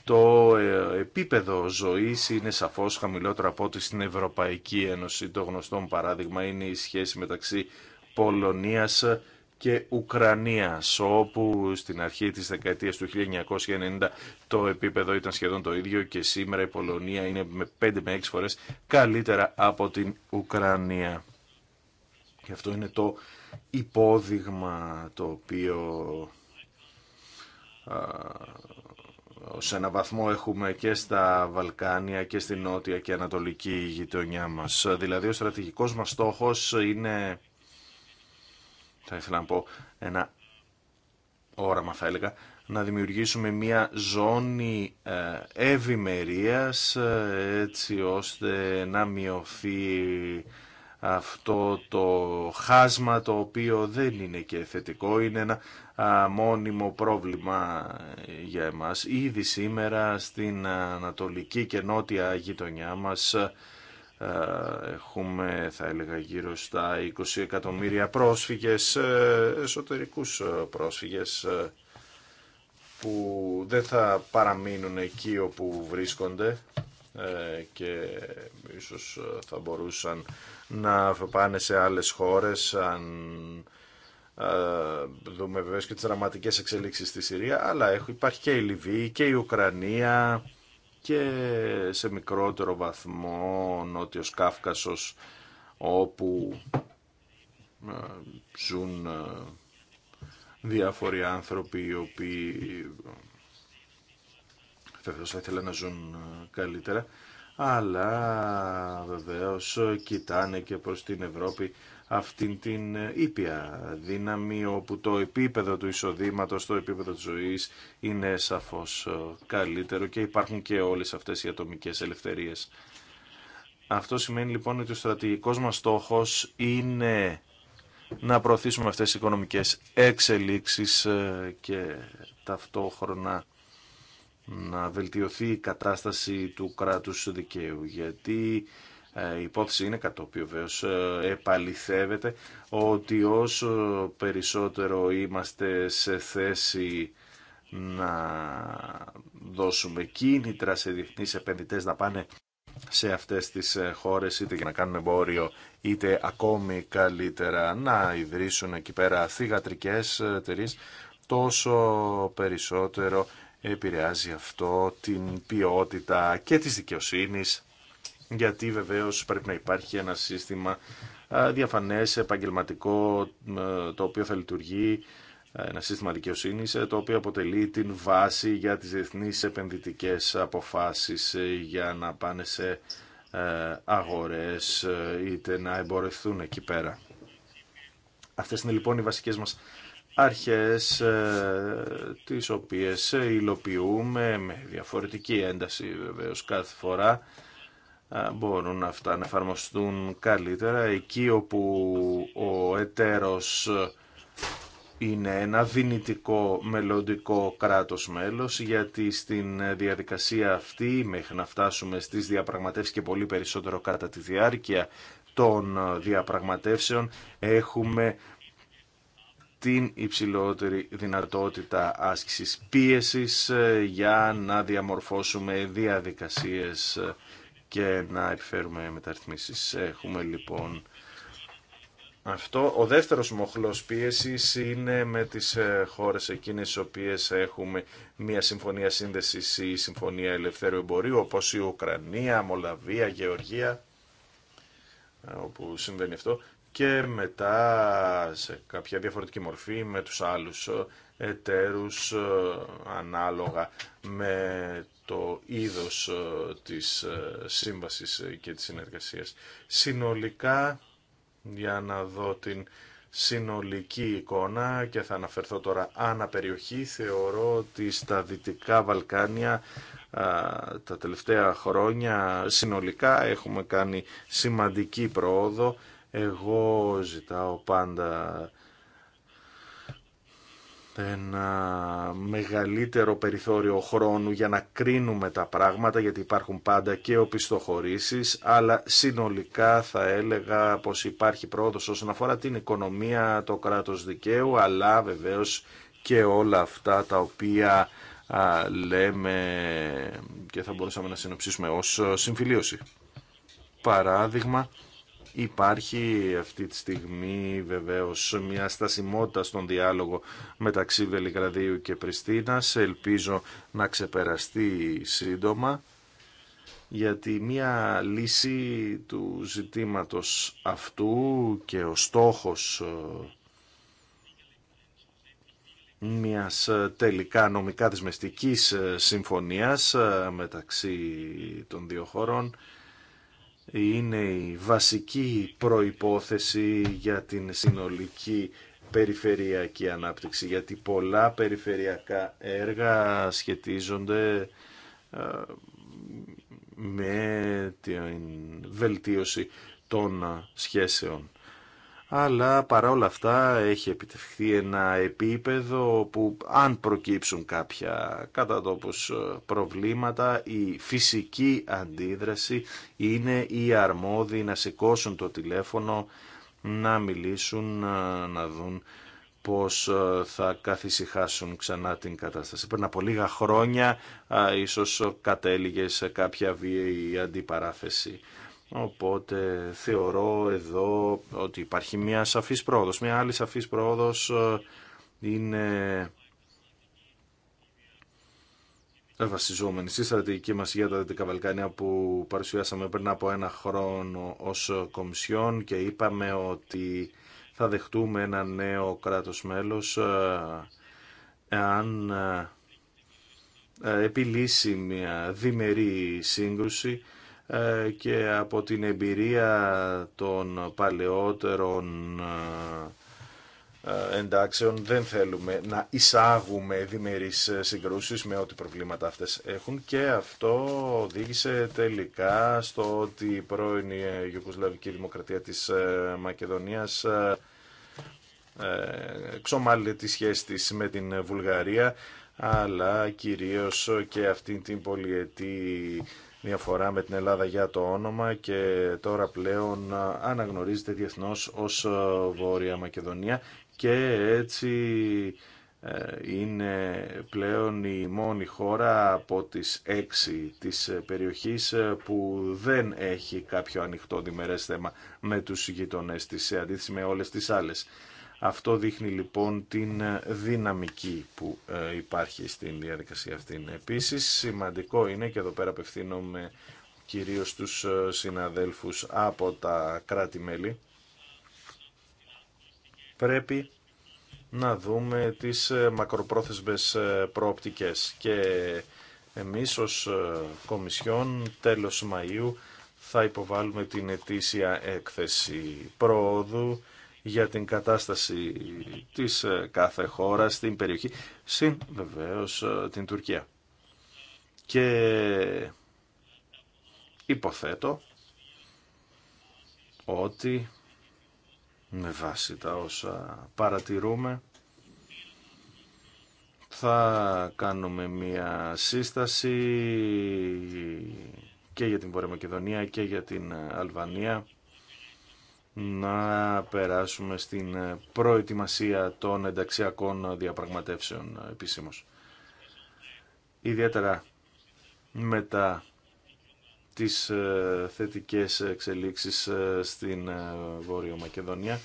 S2: το ε, επίπεδο ζωής είναι σαφώς χαμηλότερο από ό,τι στην Ευρωπαϊκή Ένωση. Το γνωστό παράδειγμα είναι η σχέση μεταξύ Πολωνίας και Ουκρανία, όπου στην αρχή της δεκαετίας του 1990 το επίπεδο ήταν σχεδόν το ίδιο και σήμερα η Πολωνία είναι με 5 με 6 φορές καλύτερα από την Ουκρανία. Και αυτό είναι το υπόδειγμα το οποίο σε ένα βαθμό έχουμε και στα Βαλκάνια και στη νότια και ανατολική γειτονιά μας. Δηλαδή ο στρατηγικός μας στόχος είναι θα ήθελα να πω ένα όραμα θα έλεγα, να δημιουργήσουμε μια ζώνη ε, ευημερίας ε, έτσι ώστε να μειωθεί αυτό το χάσμα το οποίο δεν είναι και θετικό, είναι ένα μόνιμο πρόβλημα για εμάς. Ήδη σήμερα στην Ανατολική και Νότια γειτονιά μας ε, έχουμε θα έλεγα γύρω στα 20 εκατομμύρια πρόσφυγες, ε, εσωτερικούς ε, πρόσφυγες που δεν θα παραμείνουν εκεί όπου βρίσκονται και ίσως θα μπορούσαν να πάνε σε άλλες χώρες αν δούμε βέβαια και τις δραματικές εξελίξεις στη Συρία αλλά υπάρχει και η Λιβύη και η Ουκρανία και σε μικρότερο βαθμό Νότιος Κάφκασος όπου ε, ζουν ε, διάφοροι άνθρωποι οι οποίοι ε, βεβαίως θα ήθελαν να ζουν καλύτερα αλλά βεβαίως κοιτάνε και προς την Ευρώπη αυτήν την ε, ήπια δύναμη όπου το επίπεδο του εισοδήματος, το επίπεδο της ζωής είναι σαφώς ε, καλύτερο και υπάρχουν και όλες αυτές οι ατομικές ελευθερίες. Αυτό σημαίνει λοιπόν ότι ο στρατηγικός μας στόχος είναι να προωθήσουμε αυτές τις οικονομικές εξελίξεις ε, και ταυτόχρονα να βελτιωθεί η κατάσταση του κράτους δικαίου γιατί ε, η υπόθεση είναι κατ' οποίο βέβαιως ε, επαληθεύεται ότι όσο περισσότερο είμαστε σε θέση να δώσουμε κίνητρα σε διεθνείς επενδυτές να πάνε σε αυτές τις ε, χώρες είτε για να κάνουν εμπόριο είτε ακόμη καλύτερα να ιδρύσουν εκεί πέρα θηγατρικές εταιρείε, τόσο περισσότερο επηρεάζει αυτό την ποιότητα και της δικαιοσύνης γιατί βεβαίως πρέπει να υπάρχει ένα σύστημα διαφανές, επαγγελματικό, το οποίο θα λειτουργεί, ένα σύστημα δικαιοσύνης, ε, το οποίο αποτελεί την βάση για τις διεθνείς επενδυτικές αποφάσεις ε, για να πάνε σε ε, αγορές είτε να εμπορευθούν εκεί πέρα. Αυτές είναι λοιπόν οι βασικές μας αρχές τις οποίες υλοποιούμε με διαφορετική ένταση βεβαίως κάθε φορά μπορούν αυτά να εφαρμοστούν καλύτερα εκεί όπου ο εταίρος είναι ένα δυνητικό μελλοντικό κράτος μέλος γιατί στην διαδικασία αυτή μέχρι να φτάσουμε στις διαπραγματεύσεις και πολύ περισσότερο κατά τη διάρκεια των διαπραγματεύσεων έχουμε την υψηλότερη δυνατότητα άσκησης πίεσης ε, για να διαμορφώσουμε διαδικασίες ε, και να επιφέρουμε μεταρρυθμίσεις. Έχουμε λοιπόν αυτό. Ο δεύτερος μοχλός πίεσης είναι με τις ε, χώρες εκείνες οι οποίες έχουμε μια συμφωνία σύνδεσης ή συμφωνία ελευθέρου εμπορίου όπως η Ουκρανία, Μολαβία, Γεωργία μολδαβια ε, γεωργια συμβαίνει αυτό και μετά σε κάποια διαφορετική μορφή με τους άλλους εταίρους ε, ανάλογα με το είδος ε, της ε, σύμβασης και της συνεργασίας. Συνολικά, για να δω την συνολική εικόνα και θα αναφερθώ τώρα ανά περιοχή, θεωρώ ότι στα Δυτικά Βαλκάνια τα τελευταία χρόνια συνολικά έχουμε κάνει σημαντική πρόοδο. Εγώ ζητάω πάντα ένα μεγαλύτερο περιθώριο χρόνου για να κρίνουμε τα πράγματα γιατί υπάρχουν πάντα και οπισθοχωρήσεις αλλά συνολικά θα έλεγα πως υπάρχει πρόοδος όσον αφορά την οικονομία, το κράτος δικαίου αλλά βεβαίως και όλα αυτά τα οποία λέμε και θα μπορούσαμε να συνοψίσουμε ως συμφιλίωση. Παράδειγμα Υπάρχει αυτή τη στιγμή βεβαίως μια στασιμότητα στον διάλογο μεταξύ Βελιγραδίου και Πριστίνας. Ελπίζω να ξεπεραστεί σύντομα γιατί μια λύση του ζητήματος αυτού και ο στόχος ε, μιας τελικά νομικά δεσμευτικής ε, συμφωνίας ε, μεταξύ των δύο χωρών είναι η βασική προϋπόθεση για την συνολική περιφερειακή ανάπτυξη, γιατί πολλά περιφερειακά έργα σχετίζονται ε, με την βελτίωση των σχέσεων αλλά όλα αυτά έχει επιτευχθεί ένα επίπεδο που αν προκύψουν κάποια κατά τόπους ε, προβλήματα η φυσική αντίδραση είναι η αρμόδιοι να σηκώσουν το τηλέφωνο να μιλήσουν, ε, να δουν πώς ε, θα καθησυχάσουν ξανά την κατάσταση. Πριν από λίγα χρόνια ίσως κατέληγε σε κάποια βίαιη αντιπαράθεση Οπότε θεωρώ εδώ ότι υπάρχει μια σαφής πρόοδος. Μια άλλη σαφής πρόοδος ε, είναι ε, βασιζόμενη στη στρατηγική μας για τα Δυτικά Βαλκάνια που παρουσιάσαμε πριν από ένα χρόνο ως Κομισιόν και είπαμε ότι θα δεχτούμε ένα νέο κράτος μέλος ε, εάν επιλύσει μια διμερή σύγκρουση ε, και από την εμπειρία των παλαιότερων ε, ε, εντάξεων δεν θέλουμε να εισάγουμε διμερείς συγκρούσεις με ό,τι προβλήματα αυτές έχουν και αυτό οδήγησε τελικά στο ότι η πρώην Ιουγκοσλαβική Δημοκρατία της Μακεδονίας ξομάλλε τη σχέση της με την Βουλγαρία αλλά κυρίως και αυτή την πολυετή μια φορά με την Ελλάδα για το όνομα και τώρα πλέον αναγνωρίζεται διεθνώς ως ε, Βόρεια Μακεδονία και έτσι ε, είναι πλέον η μόνη χώρα από τις έξι της ε, περιοχής που δεν έχει κάποιο ανοιχτό διμερές θέμα με τους γειτονές της σε αντίθεση με όλες τις άλλες. Αυτό δείχνει λοιπόν την ε, δυναμική που ε, υπάρχει στην διαδικασία αυτή. Επίσης σημαντικό είναι και εδώ πέρα απευθύνομαι κυρίως τους ε, συναδέλφους από τα κράτη-μέλη πρέπει να δούμε τις μακροπρόθεσμες προοπτικές και εμείς ως Κομισιόν τέλος Μαΐου θα υποβάλουμε την ετήσια έκθεση πρόοδου για την κατάσταση της ε, κάθε χώρας στην περιοχή, συν βεβαίως ε, την Τουρκία. Και υποθέτω ότι με βάση τα όσα παρατηρούμε θα κάνουμε μία σύσταση και για την Βορεια και για την Αλβανία να περάσουμε στην ε, προετοιμασία των ενταξιακών διαπραγματεύσεων ε, επισήμως. Ιδιαίτερα μετά τις ε, θετικές εξελίξεις στην Βόρειο Μακεδονία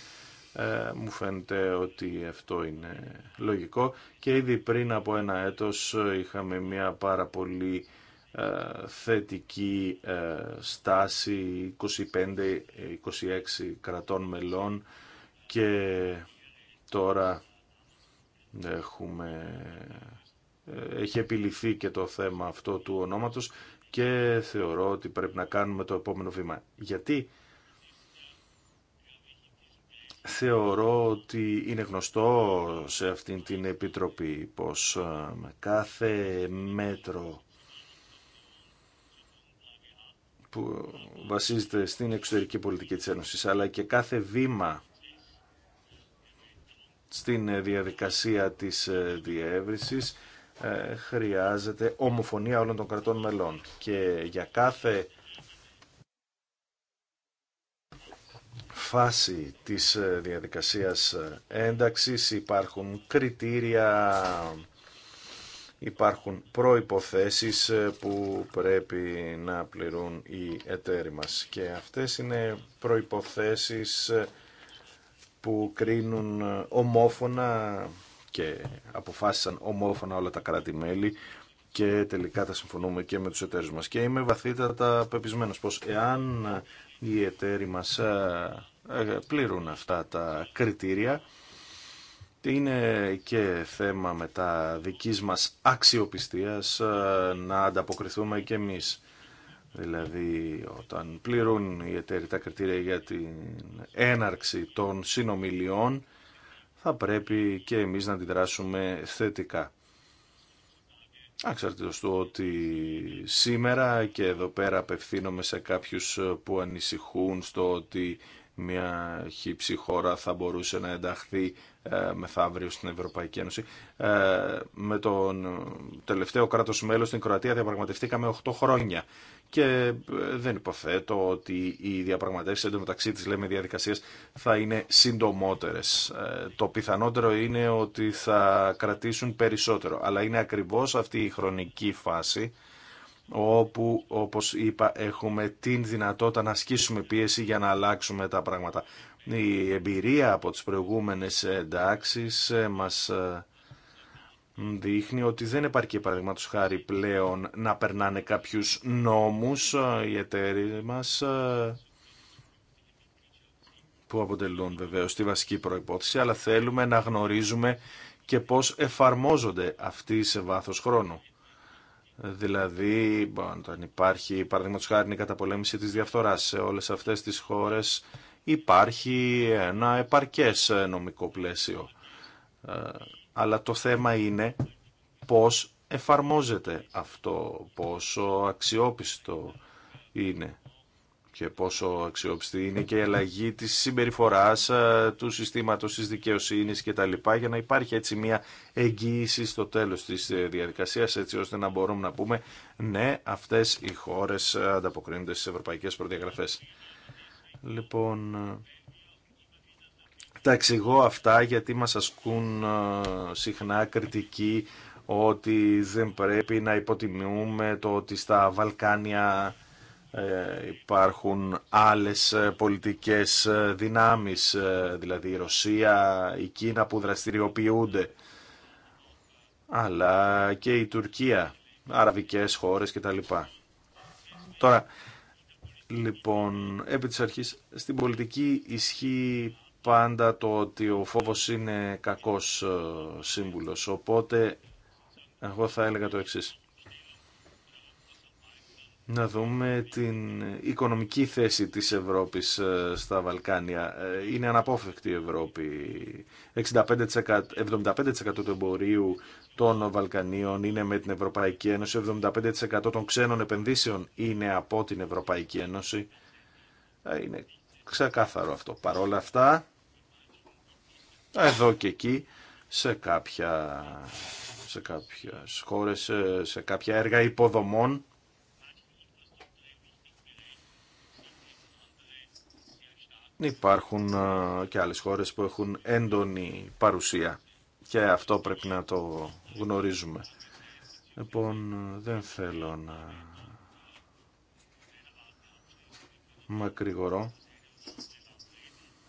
S2: μου φαίνεται ότι αυτό είναι λογικό και ήδη πριν από ένα έτος είχαμε μια πάρα πολύ ε, θετική ε, στάση 25-26 κρατών μελών και τώρα έχουμε, ε, έχει επιληθεί και το θέμα αυτό του ονόματος και θεωρώ ότι πρέπει να κάνουμε το επόμενο βήμα. Γιατί θεωρώ ότι είναι γνωστό σε αυτήν την Επιτροπή πως κάθε μέτρο που βασίζεται στην εξωτερική πολιτική της Ένωσης, αλλά και κάθε βήμα στην ε, διαδικασία της ε, διεύρυνσης ε, χρειάζεται ομοφωνία όλων των κρατών μελών και για κάθε φάση της διαδικασίας ένταξης υπάρχουν κριτήρια υπάρχουν προϋποθέσεις ε, που πρέπει να πληρούν οι εταίροι μας. Και αυτές είναι προϋποθέσεις ε, που κρίνουν ε, ομόφωνα και αποφάσισαν ομόφωνα όλα τα κράτη-μέλη και τελικά τα συμφωνούμε και με τους εταίρους μας. Και είμαι βαθύτατα πεπισμένος πως εάν οι εταίροι μας πληρούν αυτά τα κριτήρια είναι και θέμα μετά δικής μας αξιοπιστίας ε, να ανταποκριθούμε και εμείς. Δηλαδή όταν πληρούν οι εταίροι τα κριτήρια για την έναρξη των συνομιλιών θα πρέπει και εμείς να αντιδράσουμε θετικά. Αξαρτήτως του ότι σήμερα και εδώ πέρα απευθύνομαι σε κάποιους που ανησυχούν στο ότι μια χύψη χώρα θα μπορούσε να ενταχθεί ε, μεθαύριο στην Ευρωπαϊκή Ένωση. Ε, με τον τελευταίο κράτος μέλος στην Κροατία διαπραγματευτήκαμε 8 χρόνια και ε, δεν υποθέτω ότι οι διαπραγματεύσεις εντωμεταξύ της λέμε διαδικασίας θα είναι συντομότερες. Το πιθανότερο είναι ότι θα κρατήσουν περισσότερο, αλλά είναι ακριβώς αυτή η χρονική φάση όπου όπως είπα έχουμε την δυνατότητα να ασκήσουμε πίεση για να αλλάξουμε τα πράγματα. Η εμπειρία από τις προηγούμενες εντάξει ε, μας ε, δείχνει ότι δεν επαρκεί παραδείγματος χάρη πλέον να περνάνε κάποιους νόμους ε, οι εταίροι μας που αποτελούν βεβαίως τη βασική προϋπόθεση αλλά θέλουμε να γνωρίζουμε και πώς εφαρμόζονται αυτοί σε βάθος χρόνου. Δηλαδή, όταν υπάρχει παραδείγματος χάρη η καταπολέμηση της διαφθοράς σε όλες αυτές τις χώρες, υπάρχει ένα επαρκές νομικό πλαίσιο. Ε, αλλά το θέμα είναι πώς εφαρμόζεται αυτό, πόσο αξιόπιστο είναι και πόσο αξιόπιστη είναι και η αλλαγή τη συμπεριφορά ε, του συστήματος τη δικαιοσύνη και τα λοιπά για να υπάρχει έτσι μια εγγύηση στο τέλος της ε, διαδικασίας έτσι ώστε να μπορούμε να πούμε ναι αυτές οι χώρες ε, ανταποκρίνονται στι ευρωπαϊκές προδιαγραφές. Λοιπόν, τα εξηγώ αυτά γιατί μας ασκούν συχνά κριτική ότι δεν πρέπει να υποτιμούμε το ότι στα Βαλκάνια ε, υπάρχουν άλλες ε, πολιτικές ε, δυνάμεις, δηλαδή η Ρωσία, η Κίνα που δραστηριοποιούνται, αλλά και η Τουρκία, αραβικές χώρες κτλ. Τώρα, λοιπόν, επί της αρχής, στην πολιτική ισχύει πάντα το ότι ο φόβος είναι κακός σύμβουλος, οπότε εγώ θα έλεγα το εξής να δούμε την οικονομική θέση της Ευρώπης ε, στα Βαλκάνια. Ε, είναι αναπόφευκτη η Ευρώπη. 75% του εμπορίου των Βαλκανίων είναι με την Ευρωπαϊκή Ένωση. 75% των ξένων επενδύσεων είναι από την Ευρωπαϊκή Ένωση. Ε, είναι ξεκάθαρο αυτό. Παρόλα αυτά, εδώ και εκεί, σε, κάποια, σε κάποιες χώρες, σε κάποια έργα υποδομών, υπάρχουν και άλλες χώρες που έχουν έντονη παρουσία και αυτό πρέπει να το γνωρίζουμε. Λοιπόν, δεν θέλω να μακρηγορώ.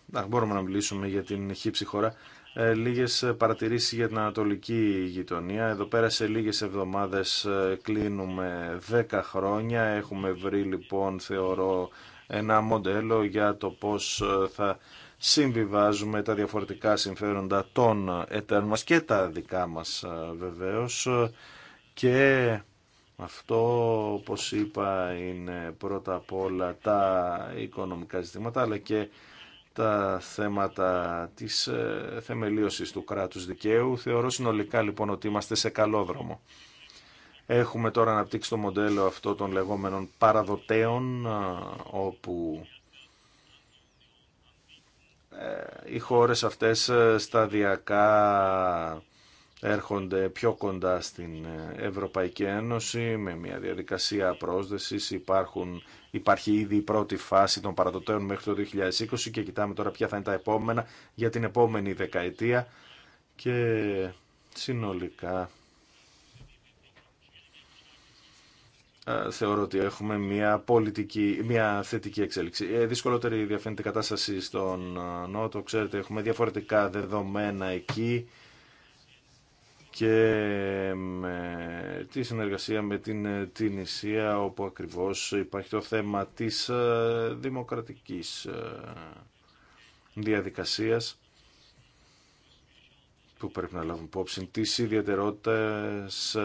S2: Να, μπορούμε να μιλήσουμε για την χύψη χώρα. Ε, λίγες παρατηρήσεις για την ανατολική γειτονία. Εδώ πέρα σε λίγες εβδομάδες ε, κλείνουμε 10 χρόνια. Έχουμε βρει λοιπόν, θεωρώ, ένα μοντέλο για το πώς ε, θα συμβιβάζουμε τα διαφορετικά συμφέροντα των εταίρων μας και τα δικά μας ε, βεβαίως και αυτό όπως είπα είναι πρώτα απ' όλα τα οικονομικά ζητήματα αλλά και τα θέματα της ε, θεμελίωσης του κράτους δικαίου. Θεωρώ συνολικά λοιπόν ότι είμαστε σε καλό δρόμο. Έχουμε τώρα αναπτύξει το μοντέλο αυτό των λεγόμενων παραδοτέων, όπου ε, οι χώρες αυτές ε, σταδιακά έρχονται πιο κοντά στην ε, Ευρωπαϊκή Ένωση με μια διαδικασία πρόσδεσης. Υπάρχουν, υπάρχει ήδη η πρώτη φάση των παραδοτέων μέχρι το 2020 και κοιτάμε τώρα ποια θα είναι τα επόμενα για την επόμενη δεκαετία και συνολικά Ε, θεωρώ ότι έχουμε μια, πολιτική, μια θετική εξέλιξη. Ε, δυσκολότερη διαφαίνεται η κατάσταση στον ε, Νότο. Ξέρετε, έχουμε διαφορετικά δεδομένα εκεί και με τη συνεργασία με την Τινησία όπου ακριβώς υπάρχει το θέμα της δημοκρατικής διαδικασίας που πρέπει να λάβουμε υπόψη τις ιδιαιτερότητες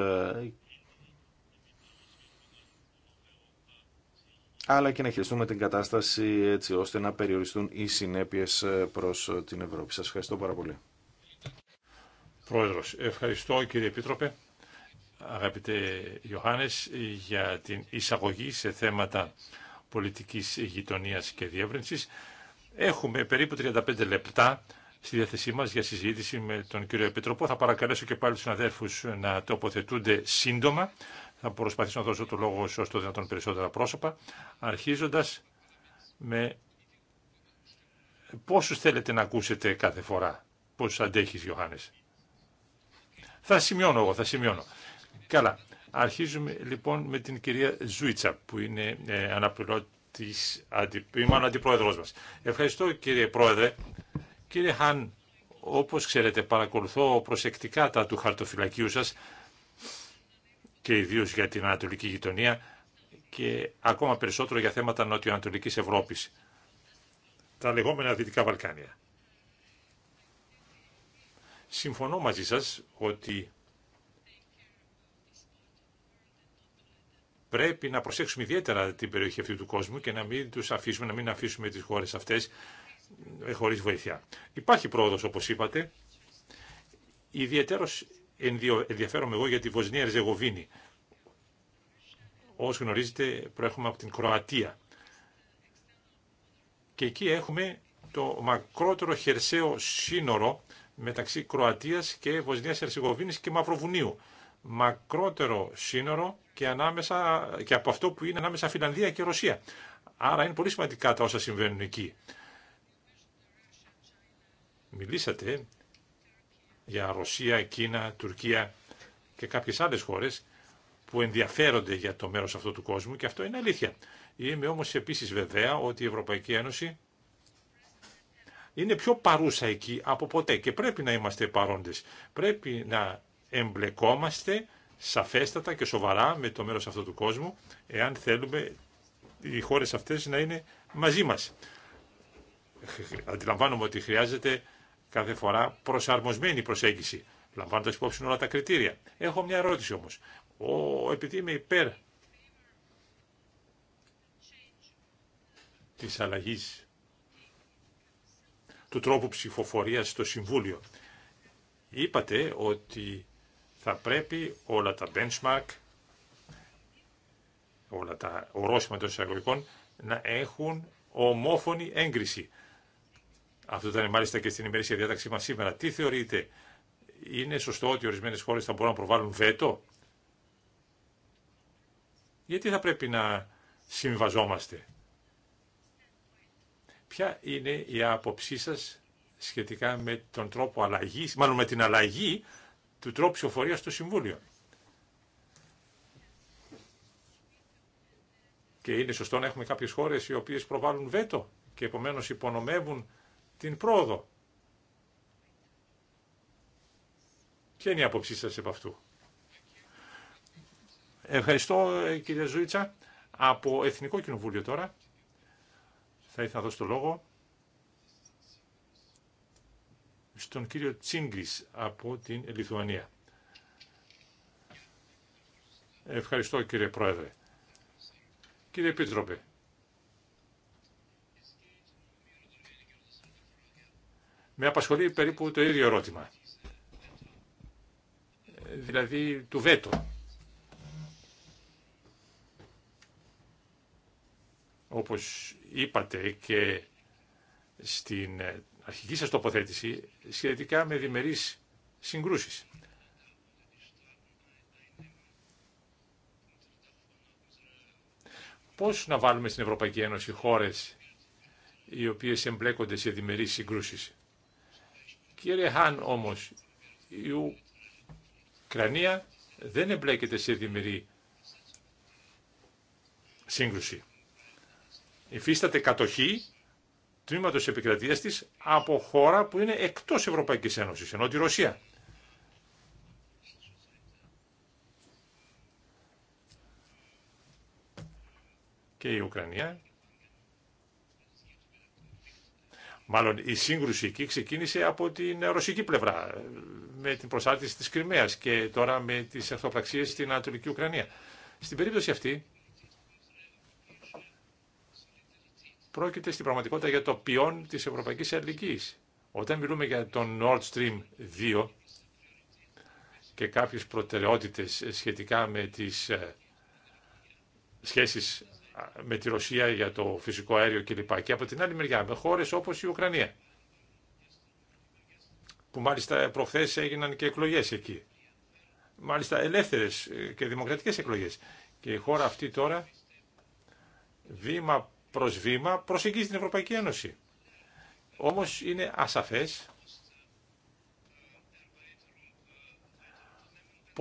S2: αλλά και να χειριστούμε την κατάσταση έτσι ώστε να περιοριστούν οι συνέπειες ε, προς ε, την Ευρώπη. Σας
S4: ευχαριστώ πάρα πολύ. Πρόεδρος, ευχαριστώ κύριε Επίτροπε, αγαπητέ Ιωάννης, για την εισαγωγή σε θέματα πολιτικής γειτονίας και διεύρυνσης. Έχουμε περίπου 35 λεπτά στη διάθεσή μας για συζήτηση με τον κύριο Επιτροπό. Θα παρακαλέσω και πάλι τους αδέρφους να τοποθετούνται σύντομα, θα προσπαθήσω να δώσω το λόγο σε όσο δυνατόν περισσότερα πρόσωπα, αρχίζοντας με πόσους θέλετε να ακούσετε κάθε φορά, πόσους αντέχεις Ιωάννης. Θα σημειώνω εγώ, θα σημειώνω. Καλά, αρχίζουμε λοιπόν με την κυρία Ζούιτσα που είναι ε, αναπληρώτης, αντι, μάλλον αντιπρόεδρος μας. Ευχαριστώ κύριε πρόεδρε. Κύριε Χαν, όπως ξέρετε παρακολουθώ προσεκτικά τα του χαρτοφυλακίου σας και ιδίω για την Ανατολική γειτονία και ακόμα περισσότερο για θέματα νοτιοανατολικής Ευρώπης, τα λεγόμενα Δυτικά Βαλκάνια. Συμφωνώ μαζί σας ότι πρέπει να προσέξουμε ιδιαίτερα την περιοχή αυτή του κόσμου και να μην τους αφήσουμε, να μην αφήσουμε τις χώρες αυτές ε, χωρίς βοήθεια. Υπάρχει πρόοδος, όπως είπατε, ιδιαίτερος ενδιαφέρομαι εγώ για τη Βοσνία ριζεγοβινη όσοι γνωρίζετε προέρχομαι από την Κροατία. Και εκεί έχουμε το μακρότερο χερσαίο σύνορο μεταξύ Κροατίας και Βοσνίας Ερσιγοβίνης και Μαυροβουνίου. Μακρότερο σύνορο και, ανάμεσα, και από αυτό που είναι ανάμεσα Φιλανδία και Ρωσία. Άρα είναι πολύ σημαντικά τα όσα συμβαίνουν εκεί. Μιλήσατε για Ρωσία, Κίνα, Τουρκία και κάποιες άλλες χώρες που ενδιαφέρονται για το μέρος αυτό του κόσμου και αυτό είναι αλήθεια. Είμαι όμως επίσης βεβαία ότι η Ευρωπαϊκή Ένωση είναι πιο παρούσα εκεί από ποτέ και πρέπει να είμαστε παρόντες. Πρέπει να εμπλεκόμαστε σαφέστατα και σοβαρά με το μέρος αυτού του κόσμου εάν θέλουμε οι χώρες αυτές να είναι μαζί μας. Αντιλαμβάνομαι ότι χρειάζεται κάθε φορά προσαρμοσμένη προσέγγιση, λαμβάνοντας υπόψη όλα τα κριτήρια. Έχω μια ερώτηση όμως. Ο, επειδή είμαι υπέρ τη αλλαγή του τρόπου ψηφοφορίας στο Συμβούλιο. Είπατε ότι θα πρέπει όλα τα benchmark, όλα τα ορόσημα των εισαγωγικών, να έχουν ομόφωνη έγκριση. Αυτό ήταν μάλιστα και στην ημερήσια διάταξή μα σήμερα. Τι θεωρείτε, είναι σωστό ότι ορισμένε χώρε θα μπορούν να προβάλλουν βέτο. Γιατί θα πρέπει να συμβαζόμαστε. Ποια είναι η άποψή σας σχετικά με τον τρόπο αλλαγής, μάλλον με την αλλαγή του τρόπου ψηφοφορία στο Συμβούλιο. Και είναι σωστό να έχουμε κάποιες χώρες οι οποίες προβάλλουν βέτο και επομένως υπονομεύουν την πρόοδο. Ποια είναι η άποψή σας επ' αυτού. Ευχαριστώ κύριε Ζουίτσα. Από Εθνικό Κοινοβούλιο τώρα θα ήθελα να δώσω το λόγο στον κύριο Τσίγκλης από την Λιθουανία. Ευχαριστώ κύριε Πρόεδρε. Κύριε Επίτροπε, με απασχολεί περίπου το ίδιο ερώτημα. Δηλαδή του βέτο. Όπως είπατε και στην αρχική σας τοποθέτηση σχετικά με διμερείς συγκρούσεις. Πώς να βάλουμε στην Ευρωπαϊκή Ένωση χώρες οι οποίες εμπλέκονται σε διμερείς συγκρούσεις. Κύριε Χάν όμως, η Ουκρανία δεν εμπλέκεται σε διμερή σύγκρουση. Υφίσταται κατοχή τμήματος επικρατείας της από χώρα που είναι εκτός Ευρωπαϊκής Ένωσης, ενώ τη Ρωσία. Και η Ουκρανία Μάλλον η σύγκρουση εκεί ξεκίνησε από την ρωσική πλευρά, με την προσάρτηση της Κρυμαίας και τώρα με τις εχθροπραξίες στην Ανατολική Ουκρανία. Στην περίπτωση αυτή, πρόκειται στην πραγματικότητα για το ποιόν της Ευρωπαϊκής Αλληλικής. Όταν μιλούμε για τον Nord Stream 2 και κάποιες προτεραιότητες σχετικά με τις ε, σχέσεις με τη Ρωσία για το φυσικό αέριο κλπ. Και από την άλλη μεριά με χώρες όπως η Ουκρανία που μάλιστα προχθές έγιναν και εκλογές εκεί. Μάλιστα ελεύθερες και δημοκρατικές εκλογές. Και η χώρα αυτή τώρα βήμα προς βήμα προσεγγίζει την Ευρωπαϊκή Ένωση. Όμως είναι ασαφές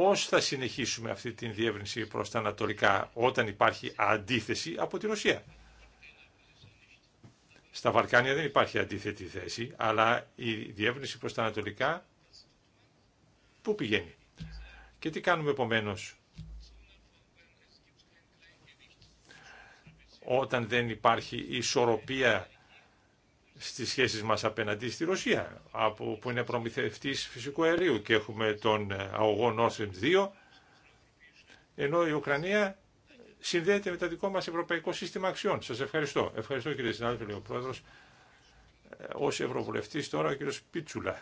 S4: πώς θα συνεχίσουμε αυτή την διεύρυνση προς τα ανατολικά όταν υπάρχει αντίθεση από τη Ρωσία. Στα Βαλκάνια δεν υπάρχει αντίθετη θέση, αλλά η διεύρυνση προς τα ανατολικά πού πηγαίνει. Και τι κάνουμε επομένω. όταν δεν υπάρχει ισορροπία στις σχέσεις μας απέναντι στη Ρωσία, από, που είναι προμηθευτής φυσικού αερίου και έχουμε τον αγωγό Nord Stream 2, ενώ η Ουκρανία συνδέεται με το δικό μας ευρωπαϊκό σύστημα αξιών. Σας ευχαριστώ. Ευχαριστώ κύριε συνάδελφε, ο πρόεδρος. Ε, ως ευρωβουλευτής τώρα ο κύριος Πίτσουλα.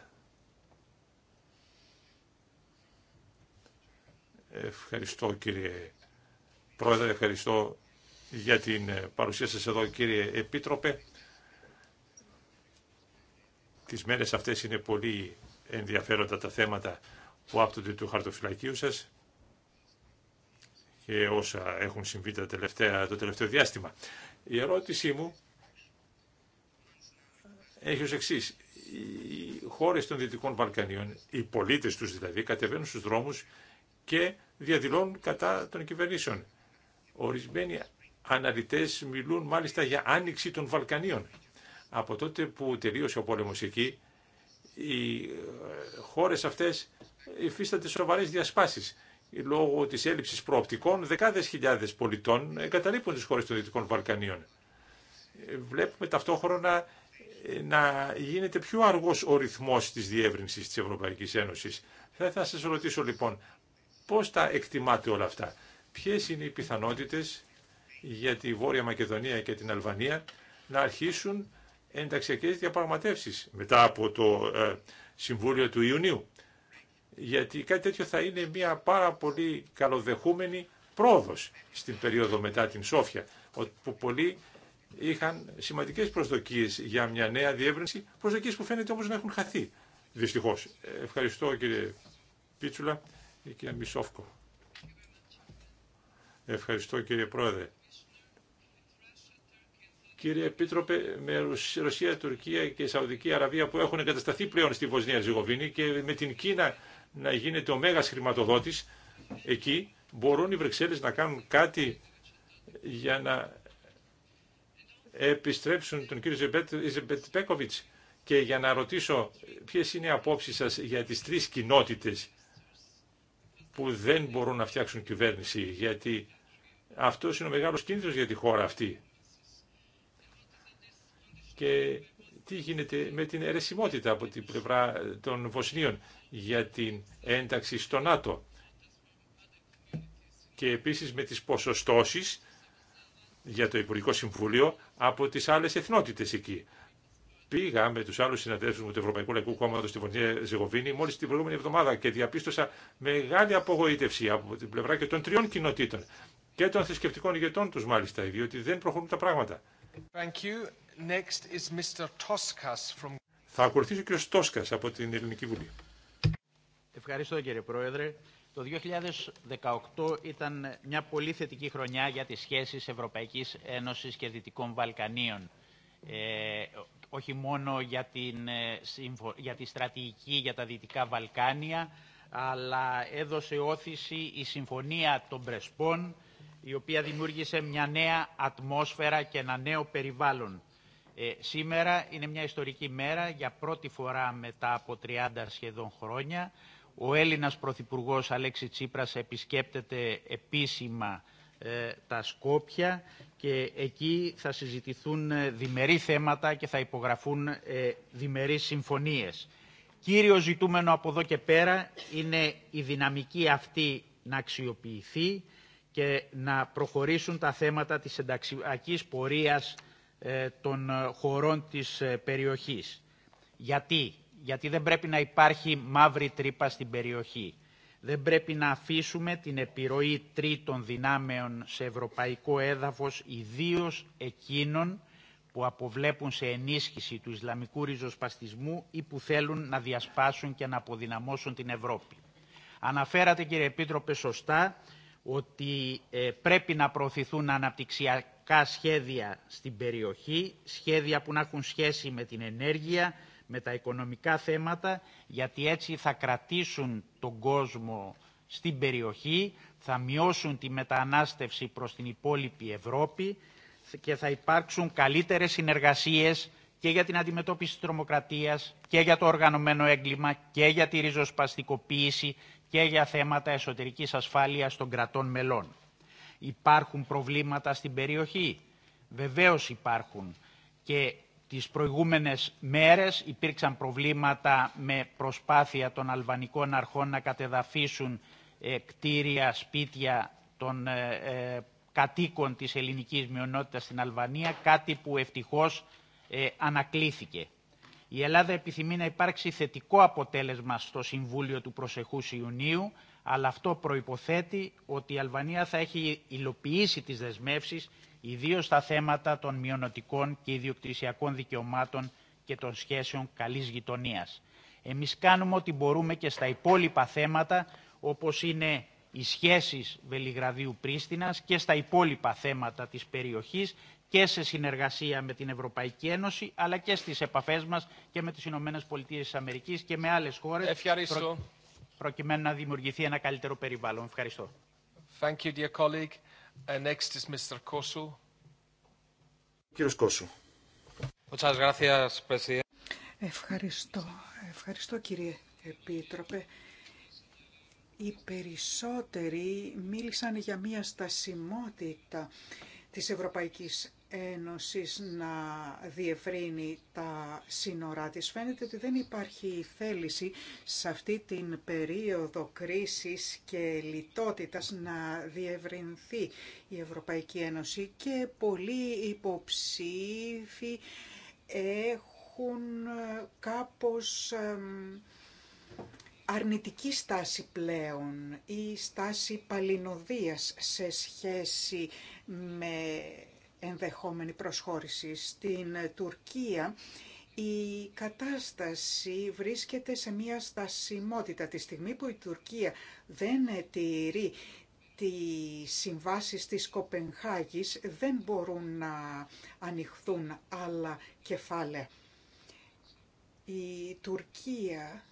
S4: Ευχαριστώ κύριε πρόεδρε, ευχαριστώ για την παρουσία σας εδώ κύριε Επίτροπε. Τις μέρες αυτές είναι πολύ ενδιαφέροντα τα θέματα που άπτονται του χαρτοφυλακίου σας και όσα έχουν συμβεί τα το τελευταίο διάστημα. Η ερώτησή μου έχει ως εξή. Οι χώρες των Δυτικών Βαλκανίων, οι πολίτες τους δηλαδή, κατεβαίνουν στους δρόμους και διαδηλώνουν κατά των κυβερνήσεων. Ορισμένοι αναλυτές μιλούν μάλιστα για άνοιξη των Βαλκανίων. Από τότε που τελείωσε ο πόλεμος εκεί, οι ε, χώρες αυτές υφίστανται σοβαρές διασπάσεις. Λόγω της έλλειψης προοπτικών, δεκάδες χιλιάδες πολιτών εγκαταλείπουν τις χώρες των Δυτικών Βαλκανίων. Ε, βλέπουμε ταυτόχρονα ε, να γίνεται πιο αργός ο ρυθμός της διεύρυνσης της Ευρωπαϊκής Ένωσης. Θα ήθελα να σας ρωτήσω λοιπόν, πώς τα εκτιμάτε όλα αυτά. Ποιες είναι οι πιθανότητες για τη Βόρεια Μακεδονία και την Αλβανία να αρχίσουν ενταξιακέ διαπραγματεύσει μετά από το ε, Συμβούλιο του Ιουνίου. Γιατί κάτι τέτοιο θα είναι μια πάρα πολύ καλοδεχούμενη πρόοδο στην περίοδο μετά την Σόφια, όπου πολλοί είχαν σημαντικές προσδοκίες για μια νέα διεύρυνση, προσδοκίες που φαίνεται όμω να έχουν χαθεί, δυστυχώς. Ε, ευχαριστώ κύριε Πίτσουλα και κύριε Μισόφκο. Ευχαριστώ κύριε Πρόεδρε. Κύριε Επίτροπε, με Ρωσία, Τουρκία και Σαουδική Αραβία που έχουν εγκατασταθεί πλέον στη Βοσνία Ζιγοβίνη και με την Κίνα να γίνεται ο μέγας χρηματοδότης εκεί, μπορούν οι Βρυξέλλες να κάνουν κάτι για να επιστρέψουν τον κύριο Ζεμπέτ και για να ρωτήσω ποιε είναι οι απόψει σας για τις τρει κοινότητε που δεν μπορούν να φτιάξουν κυβέρνηση γιατί αυτό είναι ο μεγάλο κίνδυνο για τη χώρα αυτή και τι γίνεται με την αιρεσιμότητα από την πλευρά ε, των Βοσνίων για την ένταξη στο ΝΑΤΟ και επίσης με τις ποσοστώσεις για το Υπουργικό Συμβούλιο από τις άλλες εθνότητες εκεί. Πήγα με τους άλλους συναδέλφους μου του Ευρωπαϊκού Λαϊκού Κόμματος στη Βοσνία Ζεγοβίνη μόλις την προηγούμενη εβδομάδα και διαπίστωσα μεγάλη απογοήτευση από την πλευρά και των τριών κοινοτήτων και των θρησκευτικών ηγετών τους μάλιστα, διότι δεν προχωρούν τα πράγματα. Θα ακολουθήσει ο κ. Τόσκα από την Ελληνική Βουλή.
S5: Ευχαριστώ κύριε Πρόεδρε. Το 2018 ήταν μια πολύ θετική χρονιά για τις σχέσεις Ευρωπαϊκής Ένωσης και Δυτικών Βαλκανίων. Ε, όχι μόνο για, την, ε, για τη στρατηγική για τα Δυτικά Βαλκάνια, αλλά έδωσε όθηση η Συμφωνία των Πρεσπών, η οποία δημιούργησε μια νέα ατμόσφαιρα και ένα νέο περιβάλλον. Ε, σήμερα είναι μια ιστορική μέρα για πρώτη φορά μετά από 30 σχεδόν χρόνια. Ο Έλληνας Πρωθυπουργό Αλέξη Τσίπρας επισκέπτεται επίσημα ε, τα Σκόπια και εκεί θα συζητηθούν ε, διμερεί θέματα και θα υπογραφούν ε, διμερείς συμφωνίες. Κύριο ζητούμενο από εδώ και πέρα είναι η δυναμική αυτή να αξιοποιηθεί και να προχωρήσουν τα θέματα της ενταξιακής πορείας ε, των ε, χωρών της ε, περιοχής. Γιατί? Γιατί δεν πρέπει να υπάρχει μαύρη τρύπα στην περιοχή. Δεν πρέπει να αφήσουμε την επιρροή τρίτων δυνάμεων σε ευρωπαϊκό έδαφος, ιδίω εκείνων που αποβλέπουν σε ενίσχυση του Ισλαμικού ριζοσπαστισμού ή που θέλουν να διασπάσουν και να αποδυναμώσουν την Ευρώπη. Αναφέρατε, κύριε Επίτροπε, σωστά ότι πρέπει να προωθηθούν αναπτυξιακά σχέδια στην περιοχή, σχέδια που να έχουν σχέση με την ενέργεια, με τα οικονομικά θέματα, γιατί έτσι θα κρατήσουν τον κόσμο στην περιοχή, θα μειώσουν τη μετανάστευση προς την υπόλοιπη Ευρώπη και θα υπάρξουν καλύτερες συνεργασίες και για την αντιμετώπιση της τρομοκρατίας και για το οργανωμένο έγκλημα και για τη ριζοσπαστικοποίηση και για θέματα εσωτερικής ασφάλειας των κρατών μελών. Υπάρχουν προβλήματα στην περιοχή. Βεβαίως υπάρχουν και τις προηγούμενες μέρες υπήρξαν προβλήματα με προσπάθεια των αλβανικών αρχών να κατεδαφίσουν ε, κτίρια, σπίτια των ε, ε, κατοίκων της ελληνικής μειονότητας στην Αλβανία, κάτι που ευτυχώς ανακλήθηκε. Η Ελλάδα επιθυμεί να υπάρξει θετικό αποτέλεσμα στο Συμβούλιο του Προσεχούς Ιουνίου, αλλά αυτό προϋποθέτει ότι η Αλβανία θα έχει υλοποιήσει τις δεσμεύσεις, ιδίω στα θέματα των μειονοτικών και ιδιοκτησιακών δικαιωμάτων και των σχέσεων καλής γειτονίας. Εμείς κάνουμε ό,τι μπορούμε και στα υπόλοιπα θέματα, όπως είναι οι σχέσεις Βελιγραδίου-Πρίστινας και στα υπόλοιπα θέματα της περιοχής και σε συνεργασία με την Ευρωπαϊκή Ένωση, αλλά και στις επαφές μας και με τις Ηνωμένες Πολιτείες της Αμερικής και με άλλες χώρες. Ευχαριστώ προκειμένου να δημιουργηθεί ένα καλύτερο περιβάλλον. Ευχαριστώ.
S1: Thank you, dear colleague. Uh, next is Mr. Kosu.
S3: Ευχαριστώ. Ευχαριστώ κύριε Επίτροπε. Οι περισσότεροι μίλησαν για μια στασιμότητα της Ευρωπαϊκής να διευρύνει τα σύνορά της. Φαίνεται ότι δεν υπάρχει θέληση σε αυτή την περίοδο κρίσης και λιτότητας να διευρυνθεί η Ευρωπαϊκή Ένωση και πολλοί υποψήφοι έχουν κάπως αρνητική στάση πλέον ή στάση παλινοδίας σε σχέση με ενδεχόμενη προσχώρηση. Στην Τουρκία η κατάσταση βρίσκεται σε μια στασιμότητα. Τη στιγμή που η Τουρκία δεν τηρεί τι συμβάσει της Κοπενχάγης δεν μπορούν να ανοιχθούν άλλα κεφάλαια. Η Τουρκία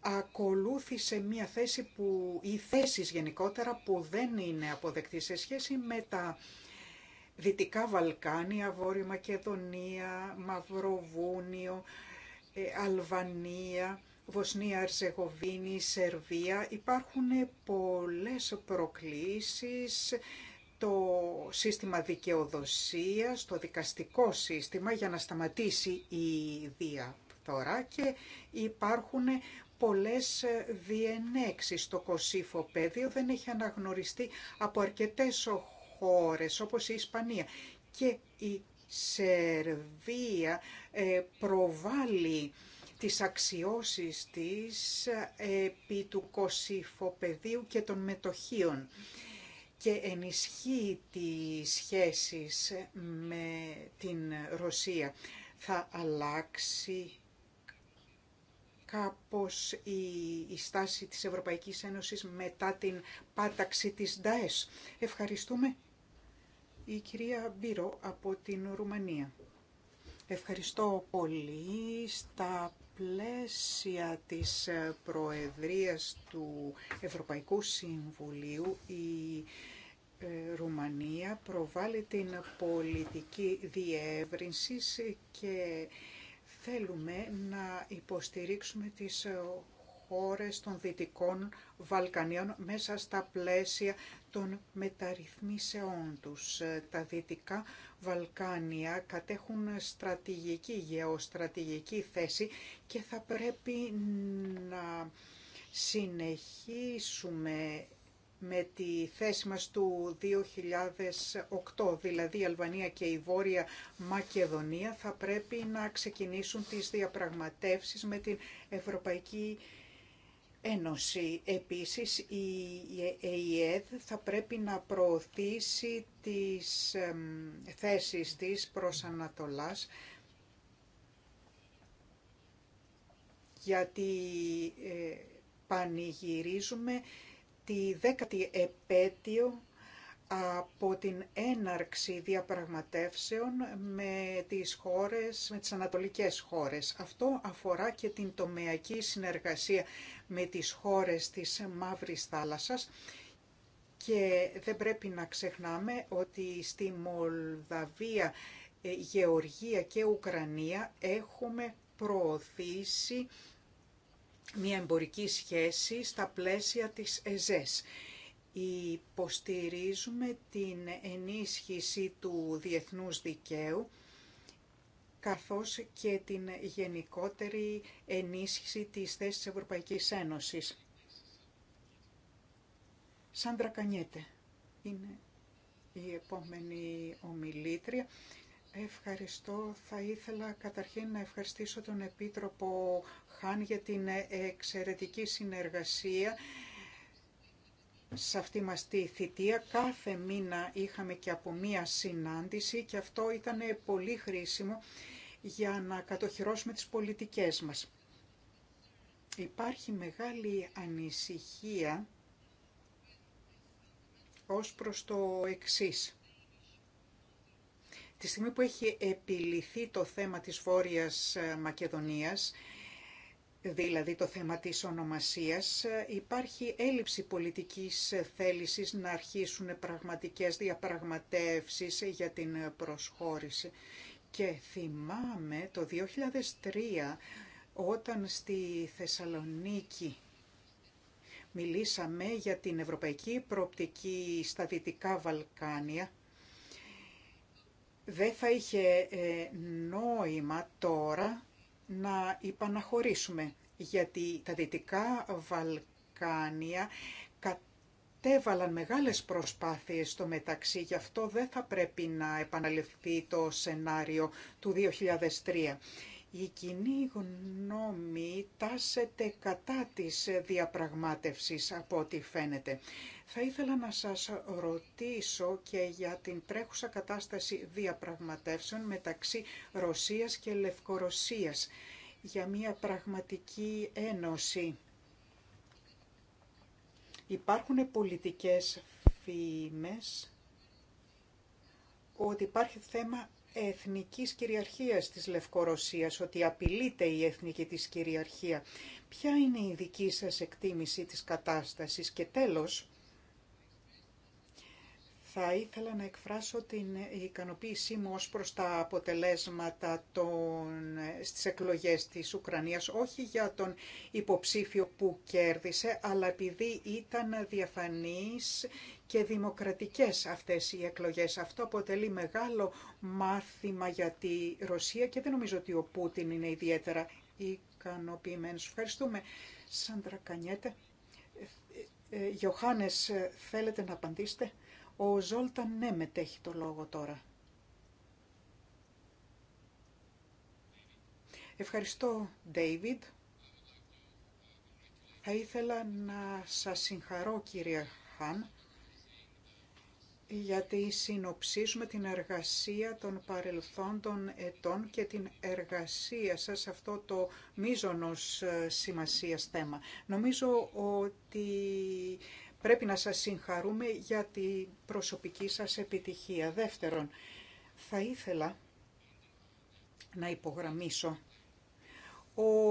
S3: ακολούθησε μια θέση που, ή θέσεις γενικότερα που δεν είναι αποδεκτή σε σχέση με τα Δυτικά Βαλκάνια, Βόρεια Μακεδονία, Μαυροβούνιο, ε, Αλβανία, Βοσνία, Αρζεγοβίνη, Σερβία. Υπάρχουν ε, πολλές προκλήσεις το σύστημα δικαιοδοσίας, το δικαστικό σύστημα για να σταματήσει η διαφθορά και υπάρχουν ε, πολλές διενέξεις. στο κοσίφο πεδίο δεν έχει αναγνωριστεί από αρκετές χώρες όπως η Ισπανία και η Σερβία ε, προβάλλει τις αξιώσεις της ε, επί του κοσυφοπεδίου και των μετοχίων και ενισχύει τις σχέσεις ε, με την Ρωσία. Θα αλλάξει κάπως η, η στάση της Ευρωπαϊκής Ένωσης μετά την πάταξη της ΝΤΑΕΣ. Ευχαριστούμε η κυρία Μπύρο από την Ρουμανία. Ευχαριστώ πολύ. Στα πλαίσια της ε, Προεδρίας του Ευρωπαϊκού Συμβουλίου η ε, Ρουμανία προβάλλει την πολιτική διεύρυνση και θέλουμε να υποστηρίξουμε τις ε, χώρες των Δυτικών Βαλκανίων μέσα στα πλαίσια των μεταρρυθμίσεών τους. Τα Δυτικά Βαλκάνια κατέχουν στρατηγική, γεωστρατηγική θέση και θα πρέπει να συνεχίσουμε με τη θέση μας του 2008, δηλαδή η Αλβανία και η Βόρεια Μακεδονία θα πρέπει να ξεκινήσουν τις διαπραγματεύσεις με την Ευρωπαϊκή Ένωση. Επίσης, η ΕΙΕΔ θα πρέπει να προωθήσει τις θέσεις της προς Ανατολάς, γιατί ε, πανηγυρίζουμε τη δέκατη επέτειο από την έναρξη διαπραγματεύσεων με τις χώρες, με τις ανατολικές χώρες. Αυτό αφορά και την τομεακή συνεργασία με τις χώρες της Μαύρης Θάλασσας και δεν πρέπει να ξεχνάμε ότι στη Μολδαβία, ε, Γεωργία και Ουκρανία έχουμε προωθήσει μια εμπορική σχέση στα πλαίσια της ΕΖΕΣ. Υποστηρίζουμε την ενίσχυση του διεθνούς δικαίου καθώς και την γενικότερη ενίσχυση της θέσης της Ευρωπαϊκής Ένωσης. Σάντρα Κανιέτε είναι η επόμενη ομιλήτρια. Ευχαριστώ. Θα ήθελα καταρχήν να ευχαριστήσω τον Επίτροπο Χάν για την εξαιρετική συνεργασία σε αυτή μας τη θητεία. Κάθε μήνα είχαμε και από μία συνάντηση και αυτό ήταν πολύ χρήσιμο για να κατοχυρώσουμε τις πολιτικές μας. Υπάρχει μεγάλη ανησυχία ως προς το εξής. Τη στιγμή που έχει επιληθεί το θέμα της Βόρειας Μακεδονίας, δηλαδή το θέμα της ονομασίας, υπάρχει έλλειψη πολιτικής θέλησης να αρχίσουν πραγματικές διαπραγματεύσεις για την προσχώρηση. Και θυμάμαι το 2003 όταν στη Θεσσαλονίκη μιλήσαμε για την ευρωπαϊκή προοπτική στα Δυτικά Βαλκάνια, δεν θα είχε ε, νόημα τώρα να υπαναχωρήσουμε, γιατί τα Δυτικά Βαλκάνια κατέβαλαν μεγάλες προσπάθειες στο μεταξύ, γι' αυτό δεν θα πρέπει να επαναληφθεί το σενάριο του 2003. Η κοινή γνώμη τάσεται κατά της διαπραγμάτευσης από ό,τι φαίνεται. Θα ήθελα να σας ρωτήσω και για την τρέχουσα κατάσταση διαπραγματεύσεων μεταξύ Ρωσίας και Λευκορωσίας για μια πραγματική ένωση. Υπάρχουν πολιτικές φήμες ότι υπάρχει θέμα εθνικής κυριαρχίας της Λευκορωσίας, ότι απειλείται η εθνική της κυριαρχία. Ποια είναι η δική σας εκτίμηση της κατάστασης και τέλος, θα ήθελα να εκφράσω την ικανοποίησή μου ως προς τα αποτελέσματα των, στις εκλογές της Ουκρανίας, όχι για τον υποψήφιο που κέρδισε, αλλά επειδή ήταν διαφανείς και δημοκρατικές αυτές οι εκλογές. Αυτό αποτελεί μεγάλο μάθημα για τη Ρωσία και δεν νομίζω ότι ο Πούτιν είναι ιδιαίτερα ικανοποιημένος. Ευχαριστούμε. Σαντρα Κανιέτε. Ε, ε, Γιωχάνες, θέλετε να απαντήσετε. Ο Ζόλτα ναι μετέχει το λόγο τώρα. Ευχαριστώ, Ντέιβιντ. Θα ήθελα να σας συγχαρώ, κύριε Χάν, γιατί συνοψίζουμε την εργασία των παρελθόντων ετών και την εργασία σας σε αυτό το μίζωνος ε, σημασίας θέμα. Νομίζω ότι Πρέπει να σας συγχαρούμε για την προσωπική σας επιτυχία. Δεύτερον, θα ήθελα να υπογραμμίσω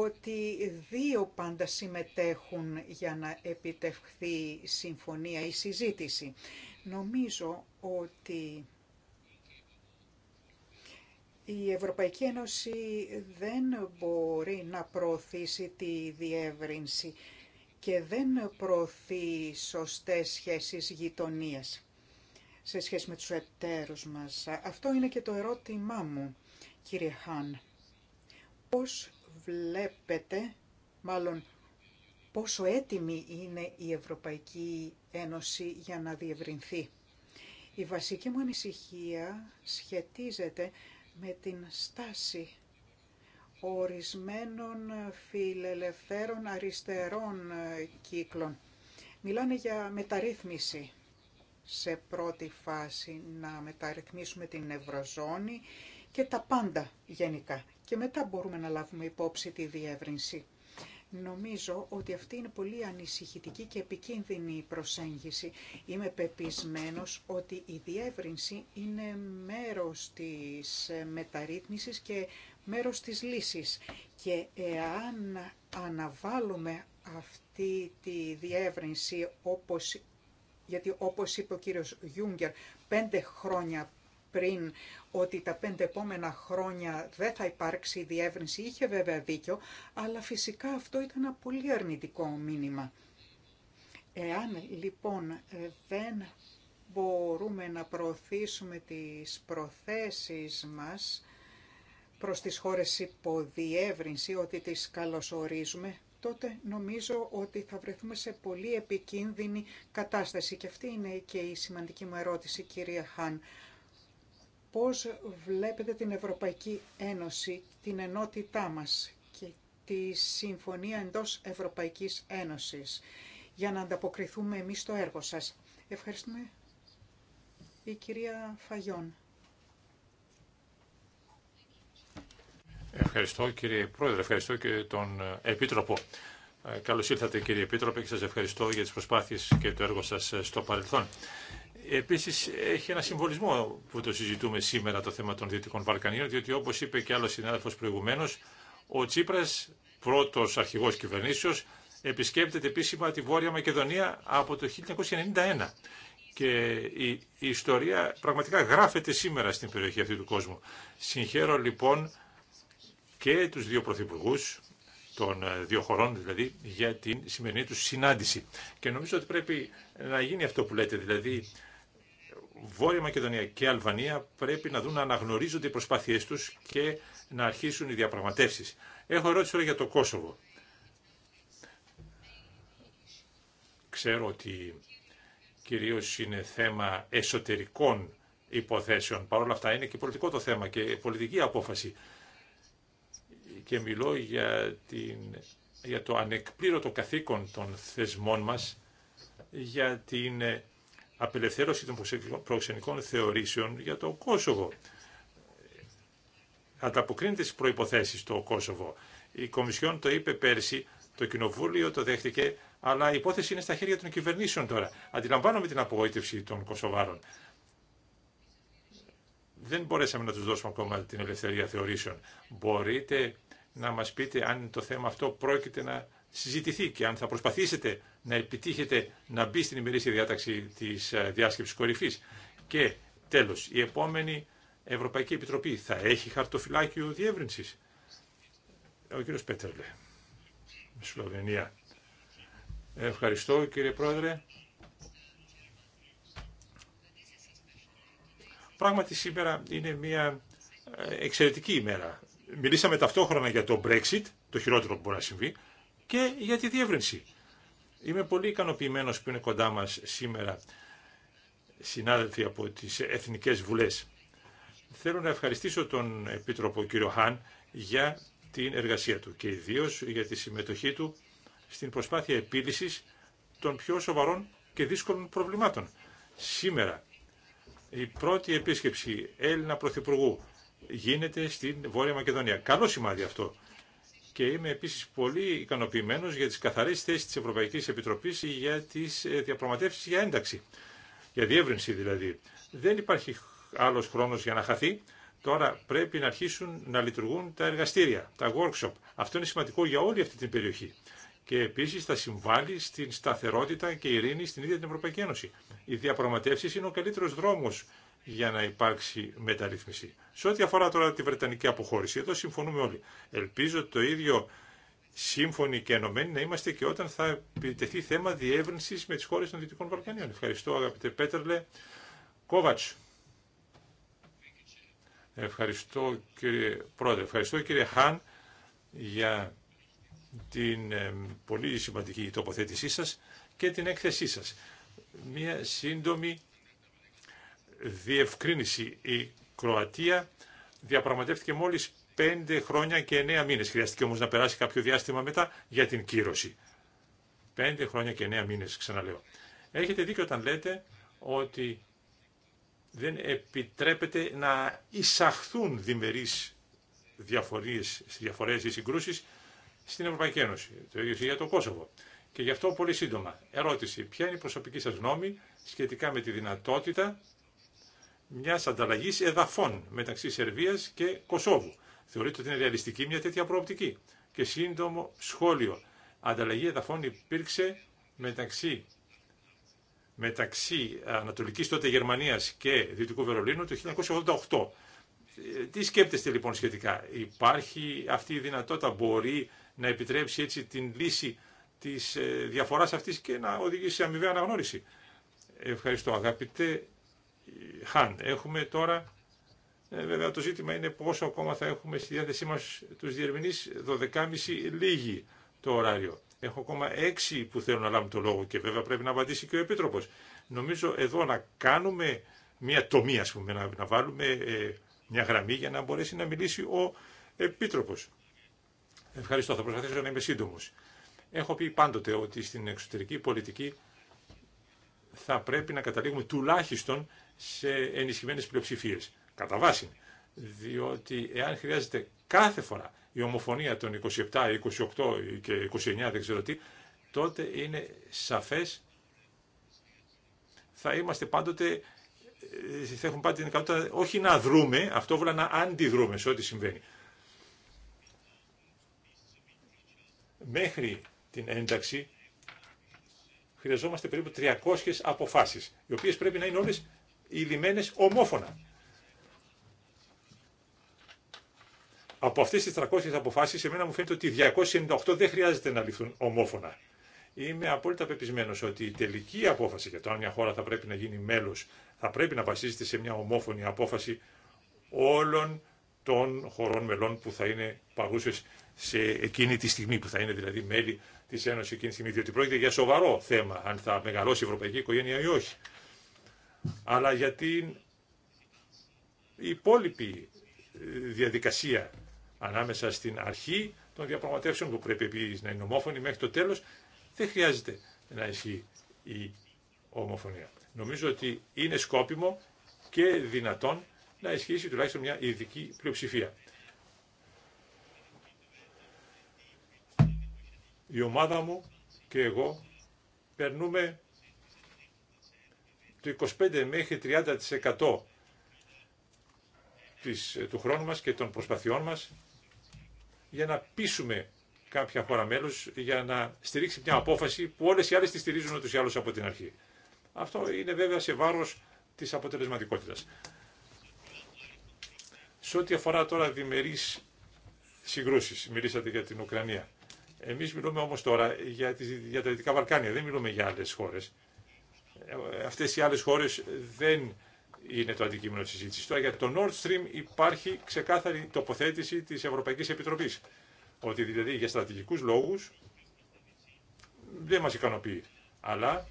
S3: ότι δύο πάντα συμμετέχουν για να επιτευχθεί συμφωνία ή συζήτηση. Νομίζω ότι η Ευρωπαϊκή Ένωση δεν μπορεί να προωθήσει τη διεύρυνση και δεν προωθεί σωστές σχέσεις γειτονίας σε σχέση με τους εταίρους μας. Αυτό είναι και το ερώτημά μου, κύριε Χάν. Πώς βλέπετε, μάλλον πόσο έτοιμη είναι η Ευρωπαϊκή Ένωση για να διευρυνθεί. Η βασική μου ανησυχία σχετίζεται με την στάση ορισμένων φιλελευθέρων αριστερών κύκλων. Μιλάνε για μεταρρύθμιση σε πρώτη φάση, να μεταρρυθμίσουμε την Ευρωζώνη και τα πάντα γενικά. Και μετά μπορούμε να λάβουμε υπόψη τη διεύρυνση. Νομίζω ότι αυτή είναι πολύ ανησυχητική και επικίνδυνη προσέγγιση. Είμαι πεπισμένος ότι η διεύρυνση είναι μέρος της μεταρρύθμισης και μέρος της λύσης. Και εάν αναβάλουμε αυτή τη διεύρυνση, όπως, γιατί όπως είπε ο κύριος Γιούγκερ, πέντε χρόνια πριν ότι τα πέντε επόμενα χρόνια δεν θα υπάρξει διεύρυνση, είχε βέβαια δίκιο, αλλά φυσικά αυτό ήταν ένα πολύ αρνητικό μήνυμα. Εάν λοιπόν δεν μπορούμε να προωθήσουμε τις προθέσεις μας προς τις χώρες υποδιεύρυνση ότι τις καλωσορίζουμε, τότε νομίζω ότι θα βρεθούμε σε πολύ επικίνδυνη κατάσταση. Και αυτή είναι και η σημαντική μου ερώτηση, κυρία Χάν. Πώς βλέπετε την Ευρωπαϊκή Ένωση, την ενότητά μας και τη συμφωνία εντός Ευρωπαϊκής Ένωσης για να ανταποκριθούμε εμείς στο έργο σας. Ευχαριστούμε η κυρία Φαγιόν.
S4: Ευχαριστώ κύριε Πρόεδρε, ευχαριστώ και τον ε, Επίτροπο. Ε, καλώς ήλθατε κύριε Επίτροπε και σας ευχαριστώ για τις προσπάθειες και το έργο σας ε, στο παρελθόν. Επίσης έχει ένα συμβολισμό που το συζητούμε σήμερα το θέμα των Δυτικών Βαλκανίων, διότι όπως είπε και άλλος συνάδελφος προηγουμένως, ο Τσίπρας, πρώτος αρχηγός κυβερνήσεως, επισκέπτεται επίσημα τη Βόρεια Μακεδονία από το 1991. Και η, ιστορία πραγματικά γράφεται σήμερα στην περιοχή αυτή του κόσμου. Συγχαίρω λοιπόν και τους δύο πρωθυπουργού των ε, δύο χωρών δηλαδή για την σημερινή τους συνάντηση. Και νομίζω ότι πρέπει να γίνει αυτό που λέτε, δηλαδή Βόρεια Μακεδονία και Αλβανία πρέπει να δουν να αναγνωρίζονται οι προσπάθειές τους και να αρχίσουν οι διαπραγματεύσεις. Έχω ερώτηση τώρα για το Κόσοβο. Ξέρω ότι κυρίως είναι θέμα εσωτερικών υποθέσεων. παρόλα αυτά είναι και πολιτικό το θέμα και πολιτική απόφαση και μιλώ για, την, για το ανεκπλήρωτο καθήκον των θεσμών μας για την ε, απελευθέρωση των προξενικών θεωρήσεων για το Κόσοβο. Ανταποκρίνεται στις προϋποθέσεις το Κόσοβο. Η Κομισιόν το είπε πέρσι, το Κοινοβούλιο το δέχτηκε, αλλά η υπόθεση είναι στα χέρια των κυβερνήσεων τώρα. Αντιλαμβάνομαι την απογοήτευση των Κοσοβάρων. Δεν μπορέσαμε να τους δώσουμε ακόμα την ελευθερία θεωρήσεων. Μπορείτε να μας πείτε αν το θέμα αυτό πρόκειται να συζητηθεί και αν θα προσπαθήσετε να επιτύχετε να μπει στην ημερήσια διάταξη της ε, διάσκεψης κορυφής. Και τέλος, η επόμενη Ευρωπαϊκή Επιτροπή θα έχει χαρτοφυλάκιο διεύρυνσης. Ο κύριος Πέτερλε, Σλοβενία. Ευχαριστώ κύριε Πρόεδρε. Πράγματι σήμερα είναι μια ε, εξαιρετική ημέρα Μιλήσαμε ταυτόχρονα για το Brexit, το χειρότερο που μπορεί να συμβεί, και για τη διεύρυνση. Είμαι πολύ ικανοποιημένος που είναι κοντά μας σήμερα συνάδελφοι από τις Εθνικές Βουλές. Θέλω να ευχαριστήσω τον Επίτροπο κύριο Χάν για την εργασία του και ιδίω για τη συμμετοχή του στην προσπάθεια επίλυσης των πιο σοβαρών και δύσκολων προβλημάτων. Σήμερα η πρώτη επίσκεψη Έλληνα Πρωθυπουργού γίνεται στην Βόρεια Μακεδονία. Καλό σημάδι αυτό. Και είμαι επίση πολύ ικανοποιημένο για τι καθαρέ θέσει τη Ευρωπαϊκή Επιτροπή για τι ε, διαπραγματεύσει για ένταξη. Για διεύρυνση δηλαδή. Δεν υπάρχει άλλο χρόνο για να χαθεί. Τώρα πρέπει να αρχίσουν να λειτουργούν τα εργαστήρια, τα workshop. Αυτό είναι σημαντικό για όλη αυτή την περιοχή. Και επίση θα συμβάλλει στην σταθερότητα και ειρήνη στην ίδια την Ευρωπαϊκή Ένωση. Οι διαπραγματεύσει είναι ο καλύτερο δρόμο για να υπάρξει μεταρρύθμιση. Σε ό,τι αφορά τώρα τη Βρετανική αποχώρηση, εδώ συμφωνούμε όλοι. Ελπίζω το ίδιο σύμφωνοι και ενωμένοι να είμαστε και όταν θα επιτεθεί θέμα διεύρυνση με τι χώρε των Δυτικών Βαλκανίων. Ευχαριστώ, αγαπητέ Πέτερλε. Κόβατ. Ευχαριστώ κύριε Πρόεδρε, ευχαριστώ κύριε Χάν για την ε, πολύ σημαντική τοποθέτησή σας και την έκθεσή σας. Μία σύντομη διευκρίνηση. Η Κροατία διαπραγματεύτηκε μόλις πέντε χρόνια και εννέα μήνες. Χρειάστηκε όμως να περάσει κάποιο διάστημα μετά για την κύρωση. Πέντε χρόνια και εννέα μήνες, ξαναλέω. Έχετε δίκιο όταν λέτε ότι δεν επιτρέπεται να εισαχθούν διμερείς διαφορίες, διαφορές ή συγκρούσεις στην Ευρωπαϊκή Ένωση. Το ίδιο για το Κόσοβο. Και γι' αυτό πολύ σύντομα. Ερώτηση. Ποια είναι η προσωπική σας γνώμη σχετικά με τη δυνατότητα μια ανταλλαγή εδαφών μεταξύ Σερβίας και Κωσόβου. Θεωρείται ότι είναι ρεαλιστική μια τέτοια προοπτική. Και σύντομο σχόλιο. Ανταλλαγή εδαφών υπήρξε μεταξύ, μεταξύ Ανατολικής τότε Γερμανίας και Δυτικού Βερολίνου το 1988. Ε, τι σκέπτεστε λοιπόν σχετικά. Υπάρχει αυτή η δυνατότητα, μπορεί να επιτρέψει έτσι την λύση τη ε, διαφορά αυτή και να οδηγήσει σε αμοιβαία αναγνώριση. Ευχαριστώ αγαπητέ Χαν. Έχουμε τώρα, ε, βέβαια το ζήτημα είναι πόσο ακόμα θα έχουμε στη διάθεσή μας τους διερμηνείς, 12.30 λίγη το ωράριο. Έχω ακόμα έξι που θέλουν να λάβουν το λόγο και βέβαια πρέπει να απαντήσει και ο Επίτροπος. Νομίζω εδώ να κάνουμε μια τομή, ας πούμε, να, βάλουμε ε, μια γραμμή για να μπορέσει να μιλήσει ο Επίτροπος. Ευχαριστώ, θα προσπαθήσω να είμαι σύντομο. Έχω πει πάντοτε ότι στην εξωτερική πολιτική θα πρέπει να καταλήγουμε τουλάχιστον σε ενισχυμένες πλειοψηφίες. Κατά βάση, διότι εάν χρειάζεται κάθε φορά η ομοφωνία των 27, 28 και 29, δεν ξέρω τι, τότε είναι σαφές θα είμαστε πάντοτε, ε, θα έχουμε πάντοτε την ικανότητα όχι να δρούμε, αυτό βέβαια να αντιδρούμε σε ό,τι συμβαίνει. Μέχρι την ένταξη χρειαζόμαστε περίπου 300 αποφάσεις, οι οποίες πρέπει να είναι όλες λιμένες ομόφωνα. Από αυτές τις 300 αποφάσεις, εμένα μου φαίνεται ότι 298 δεν χρειάζεται να ληφθούν ομόφωνα. Είμαι απόλυτα πεπισμένο ότι η τελική απόφαση για το αν μια χώρα θα πρέπει να γίνει μέλο θα πρέπει να βασίζεται σε μια ομόφωνη απόφαση όλων των χωρών μελών που θα είναι παρούσε σε εκείνη τη στιγμή, που θα είναι δηλαδή μέλη τη Ένωση εκείνη τη στιγμή. Διότι πρόκειται για σοβαρό θέμα αν θα μεγαλώσει η ευρωπαϊκή οικογένεια ή όχι αλλά για την υπόλοιπη ε, διαδικασία ανάμεσα στην αρχή των διαπραγματεύσεων που πρέπει επίσης να είναι ομόφωνη μέχρι το τέλος, δεν χρειάζεται να ισχύει η ομοφωνία. Νομίζω ότι είναι σκόπιμο και δυνατόν να ισχύσει τουλάχιστον μια ειδική πλειοψηφία. Η ομάδα μου και εγώ περνούμε το 25 μέχρι 30% της, ε, του χρόνου μας και των προσπαθειών μας για να πείσουμε κάποια χώρα μέλος για να στηρίξει μια απόφαση που όλες οι άλλες τη στηρίζουν ούτως ή άλλως από την αρχή. Αυτό είναι βέβαια σε βάρος της αποτελεσματικότητας. Σε ό,τι αφορά τώρα διμερείς συγκρούσεις, μιλήσατε για την Ουκρανία. Εμείς μιλούμε όμως τώρα για, τα Δυτικά Βαλκάνια, δεν μιλούμε για άλλες χώρες. Ε, αυτές οι άλλες χώρες δεν είναι το αντικείμενο της συζήτησης. Τώρα για το Nord Stream υπάρχει ξεκάθαρη τοποθέτηση της Ευρωπαϊκής Επιτροπής. Ότι δηλαδή για στρατηγικούς λόγους δεν μας ικανοποιεί. Αλλά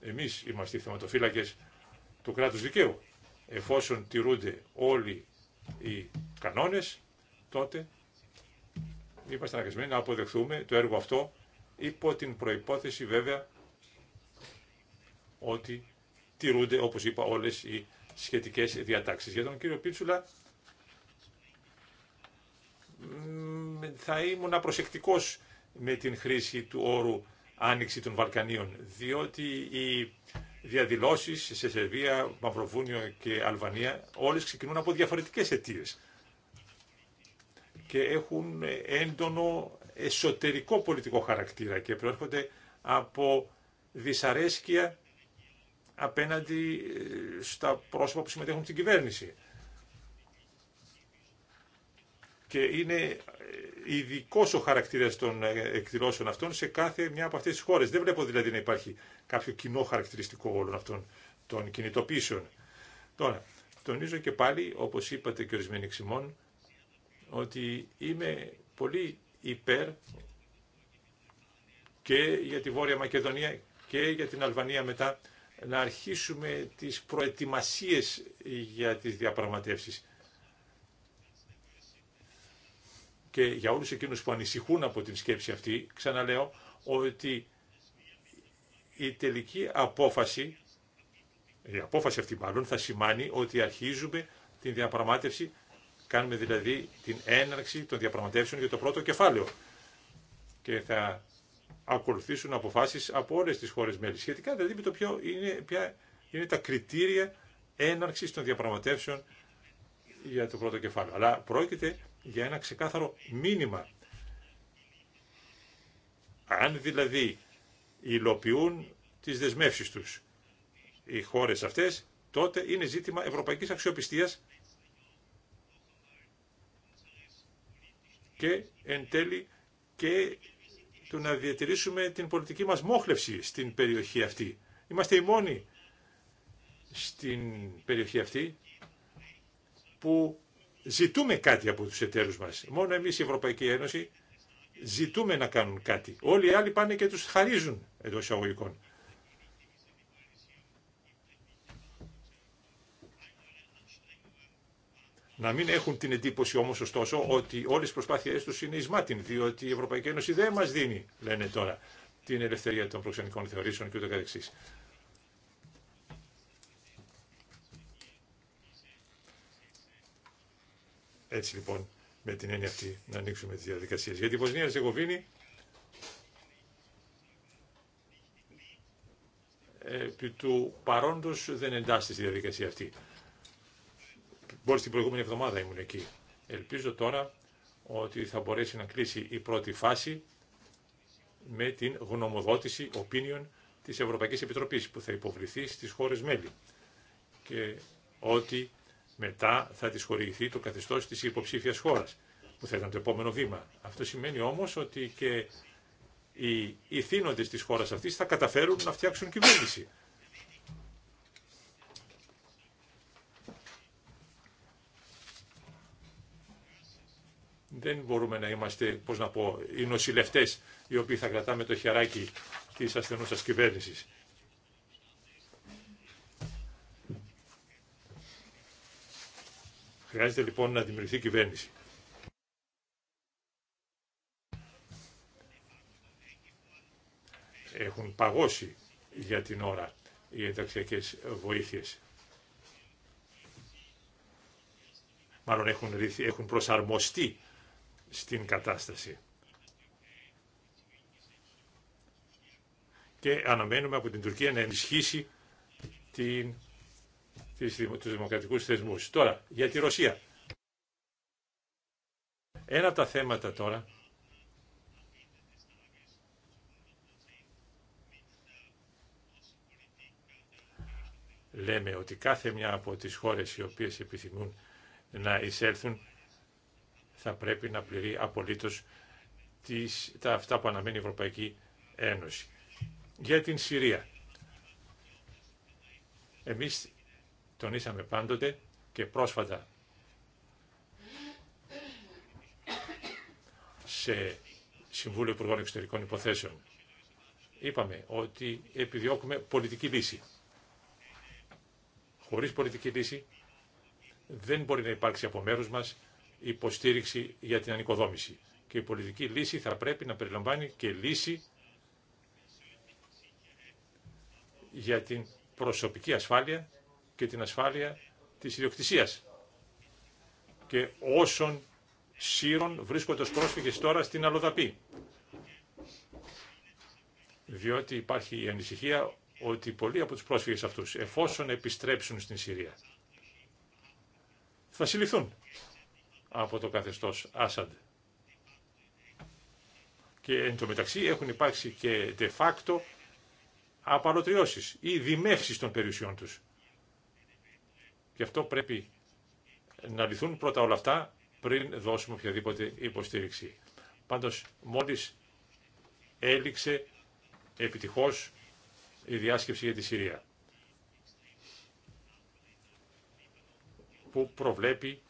S4: εμείς είμαστε οι θεματοφύλακες του κράτους δικαίου. Εφόσον τηρούνται όλοι οι κανόνες, τότε είμαστε αναγκασμένοι να αποδεχθούμε το έργο αυτό υπό την προϋπόθεση βέβαια ότι τηρούνται, όπως είπα, όλες οι σχετικές διατάξεις. Για τον κύριο Πίτσουλα θα ήμουν προσεκτικός με την χρήση του όρου άνοιξη των Βαλκανίων, διότι οι διαδηλώσεις σε Σερβία, Μαυροβούνιο και Αλβανία όλες ξεκινούν από διαφορετικές αιτίες και έχουν έντονο εσωτερικό πολιτικό χαρακτήρα και προέρχονται από δυσαρέσκεια απέναντι ε, στα πρόσωπα που συμμετέχουν στην κυβέρνηση. Και είναι ε, ειδικό ο χαρακτήρα των ε, εκδηλώσεων αυτών σε κάθε μια από αυτέ τι χώρε. Δεν βλέπω δηλαδή να υπάρχει κάποιο κοινό χαρακτηριστικό όλων αυτών των κινητοποιήσεων. Τώρα, τονίζω και πάλι, όπω είπατε και ορισμένοι εξημών, ότι είμαι πολύ υπέρ και για τη Βόρεια Μακεδονία και για την Αλβανία μετά να αρχίσουμε τις προετοιμασίες για τις διαπραγματεύσεις. Και για όλους εκείνους που ανησυχούν από την σκέψη αυτή, ξαναλέω ότι η τελική απόφαση, η απόφαση αυτή μάλλον θα σημάνει ότι αρχίζουμε την διαπραγμάτευση Κάνουμε δηλαδή την έναρξη των διαπραγματεύσεων για το πρώτο κεφάλαιο. Και θα ακολουθήσουν αποφάσεις από όλες τις χώρε μέλη. Σχετικά δηλαδή με το ποιο είναι, ποια είναι τα κριτήρια έναρξης των διαπραγματεύσεων για το πρώτο κεφάλαιο. Αλλά πρόκειται για ένα ξεκάθαρο μήνυμα. Αν δηλαδή υλοποιούν τις δεσμεύσεις τους οι χώρες αυτές, τότε είναι ζήτημα ευρωπαϊκής αξιοπιστίας και εν τέλει και το να διατηρήσουμε την πολιτική μας μόχλευση στην περιοχή αυτή. Είμαστε οι μόνοι στην περιοχή αυτή που ζητούμε κάτι από τους εταίρους μας. Μόνο εμείς η Ευρωπαϊκή Ένωση ζητούμε να κάνουν κάτι. Όλοι οι άλλοι πάνε και τους χαρίζουν εντό εισαγωγικών. Να μην έχουν την εντύπωση όμω, ωστόσο, ότι όλε οι προσπάθειέ του είναι εισμάτιν, διότι η Ευρωπαϊκή Ένωση δεν μα δίνει, λένε τώρα, την ελευθερία των προξενικών θεωρήσεων κ.ο.κ. Έτσι λοιπόν, με την έννοια αυτή, να ανοίξουμε τι διαδικασίε. Γιατί η Βοσνία Ζεγοβίνη, επί του παρόντο δεν εντάσσεται στη διαδικασία αυτή μπορεί την προηγούμενη εβδομάδα ήμουν εκεί. Ελπίζω τώρα ότι θα μπορέσει να κλείσει η πρώτη φάση με την γνωμοδότηση opinion της Ευρωπαϊκής Επιτροπής που θα υποβληθεί στις χώρες μέλη και ότι μετά θα τη χορηγηθεί το καθεστώς της υποψήφιας χώρας που θα ήταν το επόμενο βήμα. Αυτό σημαίνει όμως ότι και οι ηθήνοντες της χώρας αυτής θα καταφέρουν να φτιάξουν κυβέρνηση. Δεν μπορούμε να είμαστε, πώς να πω, οι νοσηλευτέ οι οποίοι θα κρατάμε το χεράκι της σα κυβέρνηση. Χρειάζεται λοιπόν να δημιουργηθεί κυβέρνηση. Έχουν παγώσει για την ώρα οι ενταξιακές βοήθειες. Μάλλον έχουν προσαρμοστεί στην κατάσταση. Και αναμένουμε από την Τουρκία να ενισχύσει την, τις, τους δημοκρατικούς θεσμούς. Τώρα, για τη Ρωσία. Ένα από τα θέματα τώρα λέμε ότι κάθε μια από τις χώρες οι οποίες επιθυμούν να εισέλθουν θα πρέπει να πληρεί απολύτως τα αυτά που αναμένει η Ευρωπαϊκή Ένωση. Για την Συρία. Εμείς τονίσαμε πάντοτε και πρόσφατα σε Συμβούλιο Υπουργών Εξωτερικών Υποθέσεων. Είπαμε ότι επιδιώκουμε πολιτική λύση. Χωρίς πολιτική λύση δεν μπορεί να υπάρξει από μέρους μας υποστήριξη για την ανοικοδόμηση. Και η πολιτική λύση θα πρέπει να περιλαμβάνει και λύση για την προσωπική ασφάλεια και την ασφάλεια της ιδιοκτησίας και όσων σύρων βρίσκονται ως πρόσφυγες τώρα στην Αλοδαπή. Διότι υπάρχει η ανησυχία ότι πολλοί από τους πρόσφυγες αυτούς, εφόσον επιστρέψουν στην Συρία, θα συλληφθούν από το καθεστώς Άσαντ. Και εν τω μεταξύ έχουν υπάρξει και de facto απαλωτριώσεις ή δημεύσεις των περιουσιών τους. Γι' αυτό πρέπει να λυθούν πρώτα όλα αυτά πριν δώσουμε οποιαδήποτε υποστήριξη. Πάντως μόλις έληξε επιτυχώς η διάσκεψη για τη Συρία που προβλέπει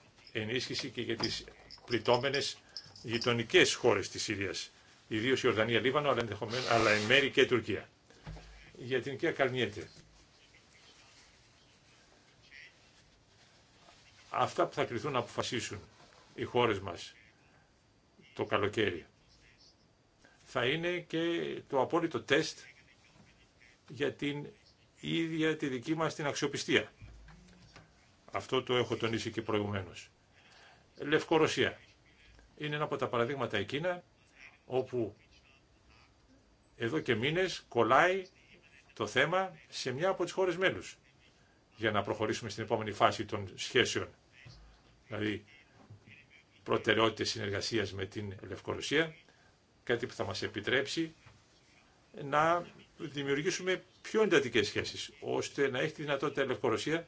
S4: ενίσχυση και για τις πληττόμενε γειτονικέ χώρες της Συρίας, ιδίω η Ορδανία, Λίβανο, αλλά, αλλά εν μέρη και η Τουρκία. Για την κυρία Καρνιέτε. Αυτά που θα κρυθούν να αποφασίσουν οι χώρες μας το καλοκαίρι θα είναι και το απόλυτο τεστ για την ίδια τη δική μας την αξιοπιστία. Αυτό το έχω τονίσει και προηγουμένως. Λευκορωσία. Είναι ένα από τα παραδείγματα εκείνα όπου εδώ και μήνες κολλάει το θέμα σε μια από τις χώρες μέλους για να προχωρήσουμε στην επόμενη φάση των σχέσεων. Δηλαδή προτεραιότητες συνεργασίας με την Λευκορωσία, κάτι που θα μας επιτρέψει να δημιουργήσουμε πιο εντατικέ σχέσεις, ώστε να έχει τη δυνατότητα η Λευκορωσία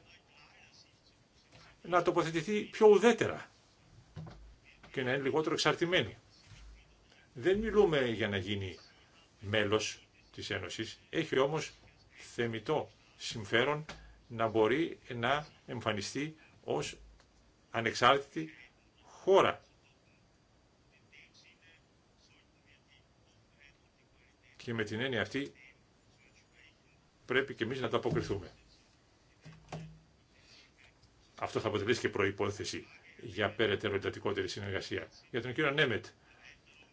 S4: να τοποθετηθεί πιο ουδέτερα και να είναι λιγότερο εξαρτημένη. Δεν μιλούμε για να γίνει μέλος της Ένωσης, έχει όμως θεμητό συμφέρον να μπορεί να εμφανιστεί ως ανεξάρτητη χώρα. Και με την έννοια αυτή πρέπει και εμείς να τα αποκριθούμε. Αυτό θα αποτελέσει και προϋπόθεση για περαιτέρω εντατικότερη συνεργασία. Για τον κύριο Νέμετ,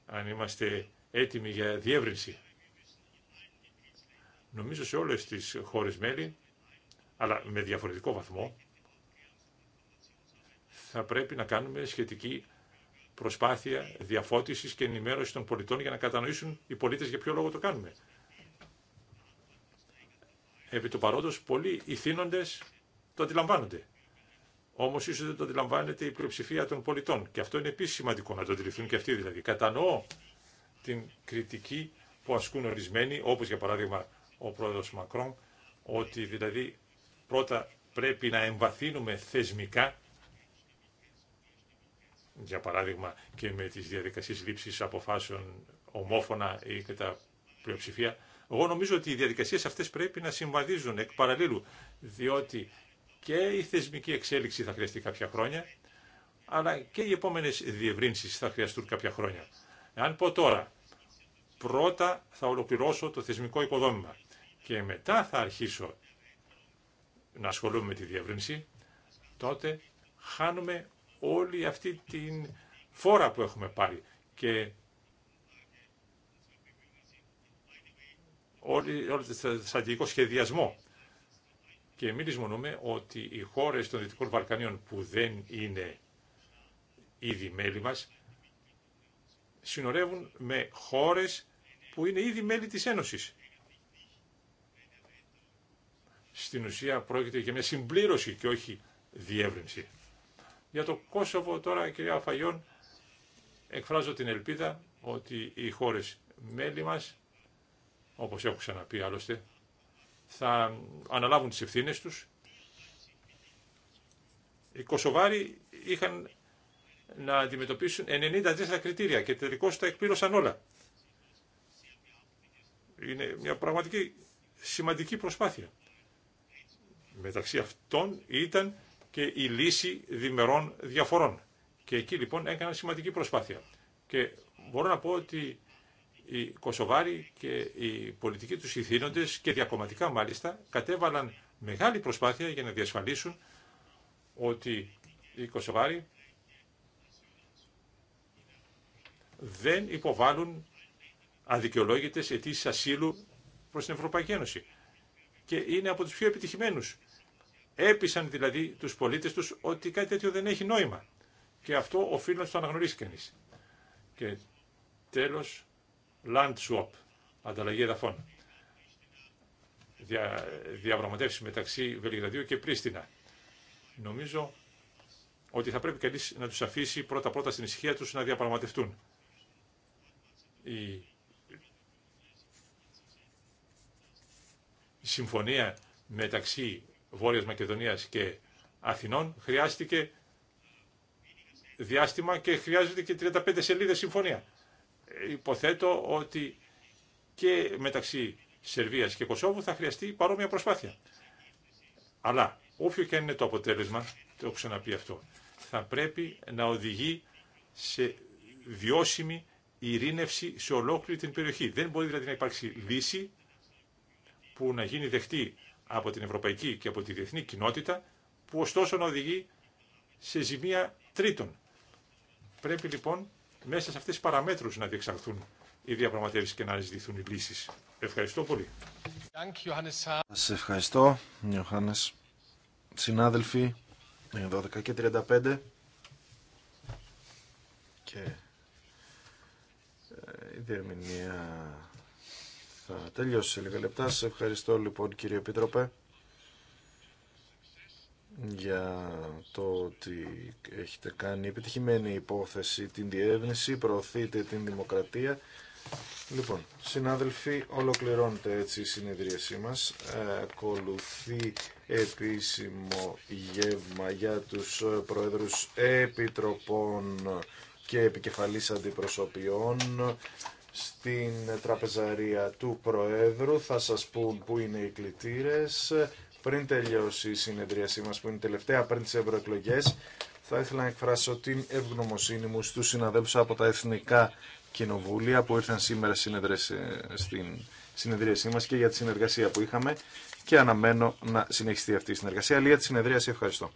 S4: αν είμαστε έτοιμοι για διεύρυνση. Νομίζω σε όλες τις χώρες μέλη, αλλά με διαφορετικό βαθμό, θα πρέπει να κάνουμε σχετική προσπάθεια διαφώτισης και ενημέρωση των πολιτών για να κατανοήσουν οι πολίτες για ποιο λόγο το κάνουμε. Επί του παρόντος, πολλοί ηθήνοντες το αντιλαμβάνονται. Όμω ίσω δεν το αντιλαμβάνεται η πλειοψηφία των πολιτών. Και αυτό είναι επίση σημαντικό να το αντιληφθούν και αυτοί δηλαδή. Κατανοώ την κριτική που ασκούν ορισμένοι, όπω για παράδειγμα ο πρόεδρο Μακρόν, ότι δηλαδή πρώτα πρέπει να εμβαθύνουμε θεσμικά, για παράδειγμα και με τις διαδικασίες λήψης αποφάσεων ομόφωνα ή κατά πλειοψηφία. Εγώ νομίζω ότι οι διαδικασίες αυτές πρέπει να συμβαδίζουν εκ παραλίλου, διότι και η θεσμική εξέλιξη θα χρειαστεί κάποια χρόνια, αλλά και οι επόμενε διευρύνσει θα χρειαστούν κάποια χρόνια. Αν πω τώρα, πρώτα θα ολοκληρώσω το θεσμικό οικοδόμημα και μετά θα αρχίσω να ασχολούμαι με τη διεύρυνση, τότε χάνουμε όλη αυτή την φόρα που έχουμε πάρει και όλη, όλη το σχεδιασμό και μην λησμονούμε ότι οι χώρες των Δυτικών Βαλκανίων που δεν είναι ήδη μέλη μας, συνορεύουν με χώρες που είναι ήδη μέλη της Ένωσης. Στην ουσία πρόκειται για μια συμπλήρωση και όχι διεύρυνση. Για το Κόσοβο τώρα, κυρία Φαγιόν, εκφράζω την ελπίδα ότι οι χώρες μέλη μας, όπως έχω ξαναπεί άλλωστε, θα αναλάβουν τις ευθύνες τους. Οι Κωσοβάροι είχαν να αντιμετωπίσουν 94 κριτήρια και τελικώς τα εκπλήρωσαν όλα. Είναι μια πραγματική σημαντική προσπάθεια. Μεταξύ αυτών ήταν και η λύση διμερών διαφορών. Και εκεί λοιπόν έκαναν σημαντική προσπάθεια. Και μπορώ να πω ότι οι Κωσοβάροι και οι πολιτικοί τους ηθήνοντες και διακομματικά μάλιστα κατέβαλαν μεγάλη προσπάθεια για να διασφαλίσουν ότι οι Κωσοβάροι δεν υποβάλλουν αδικαιολόγητες αιτήσει ασύλου προς την Ευρωπαϊκή Ένωση. Και είναι από τους πιο επιτυχημένους. Έπεισαν δηλαδή τους πολίτες τους ότι κάτι τέτοιο δεν έχει νόημα. Και αυτό οφείλει να το αναγνωρίσει Και τέλος, land swap, ανταλλαγή εδαφών, δια, διαπραγματεύσει μεταξύ Βελιγραδίου και Πρίστινα. Νομίζω ότι θα πρέπει κανεί να τους αφήσει πρώτα-πρώτα στην ησυχία τους να διαπραγματευτούν. Η η συμφωνία μεταξύ Βόρειας Μακεδονίας και Αθηνών χρειάστηκε διάστημα και χρειάζεται και 35 σελίδες συμφωνία υποθέτω ότι και μεταξύ Σερβίας και Κωσόβου θα χρειαστεί παρόμοια προσπάθεια. Αλλά όποιο και αν είναι το αποτέλεσμα, το έχω ξαναπεί αυτό, θα πρέπει να οδηγεί σε βιώσιμη ειρήνευση σε ολόκληρη την περιοχή. Δεν μπορεί δηλαδή να υπάρξει λύση που να γίνει δεχτή από την ευρωπαϊκή και από τη διεθνή κοινότητα, που ωστόσο να οδηγεί σε ζημία τρίτων. Πρέπει λοιπόν μέσα σε αυτέ τι παραμέτρους να διεξαρθούν οι διαπραγματεύσεις και να ζητηθούν οι λύσει. Ευχαριστώ πολύ.
S2: Σα ευχαριστώ, Ιωάννη. Συνάδελφοι,
S4: 12 και 35
S2: και ε, η διερμηνία θα τελειώσει σε λίγα λεπτά. σα ευχαριστώ λοιπόν κύριε Επίτροπε για το ότι έχετε κάνει επιτυχημένη υπόθεση την διεύνηση, προωθείτε την δημοκρατία. Λοιπόν, συνάδελφοι, ολοκληρώνεται έτσι η συνεδρίασή μας. Ε, ακολουθεί επίσημο γεύμα για τους Προέδρους Επιτροπών και Επικεφαλής Αντιπροσωπιών στην τραπεζαρία του Προέδρου. Θα σας πούν που είναι οι κλητήρες πριν τελειώσει η συνεδρίασή μας που είναι τελευταία πριν τις ευρωεκλογέ, θα ήθελα να εκφράσω την ευγνωμοσύνη μου στους συναδέλφους από τα Εθνικά Κοινοβούλια που ήρθαν σήμερα συνεδρες, στην συνεδρίασή μας και για τη συνεργασία που είχαμε και αναμένω να συνεχιστεί αυτή η συνεργασία. Αλλά για τη συνεδρίαση ευχαριστώ.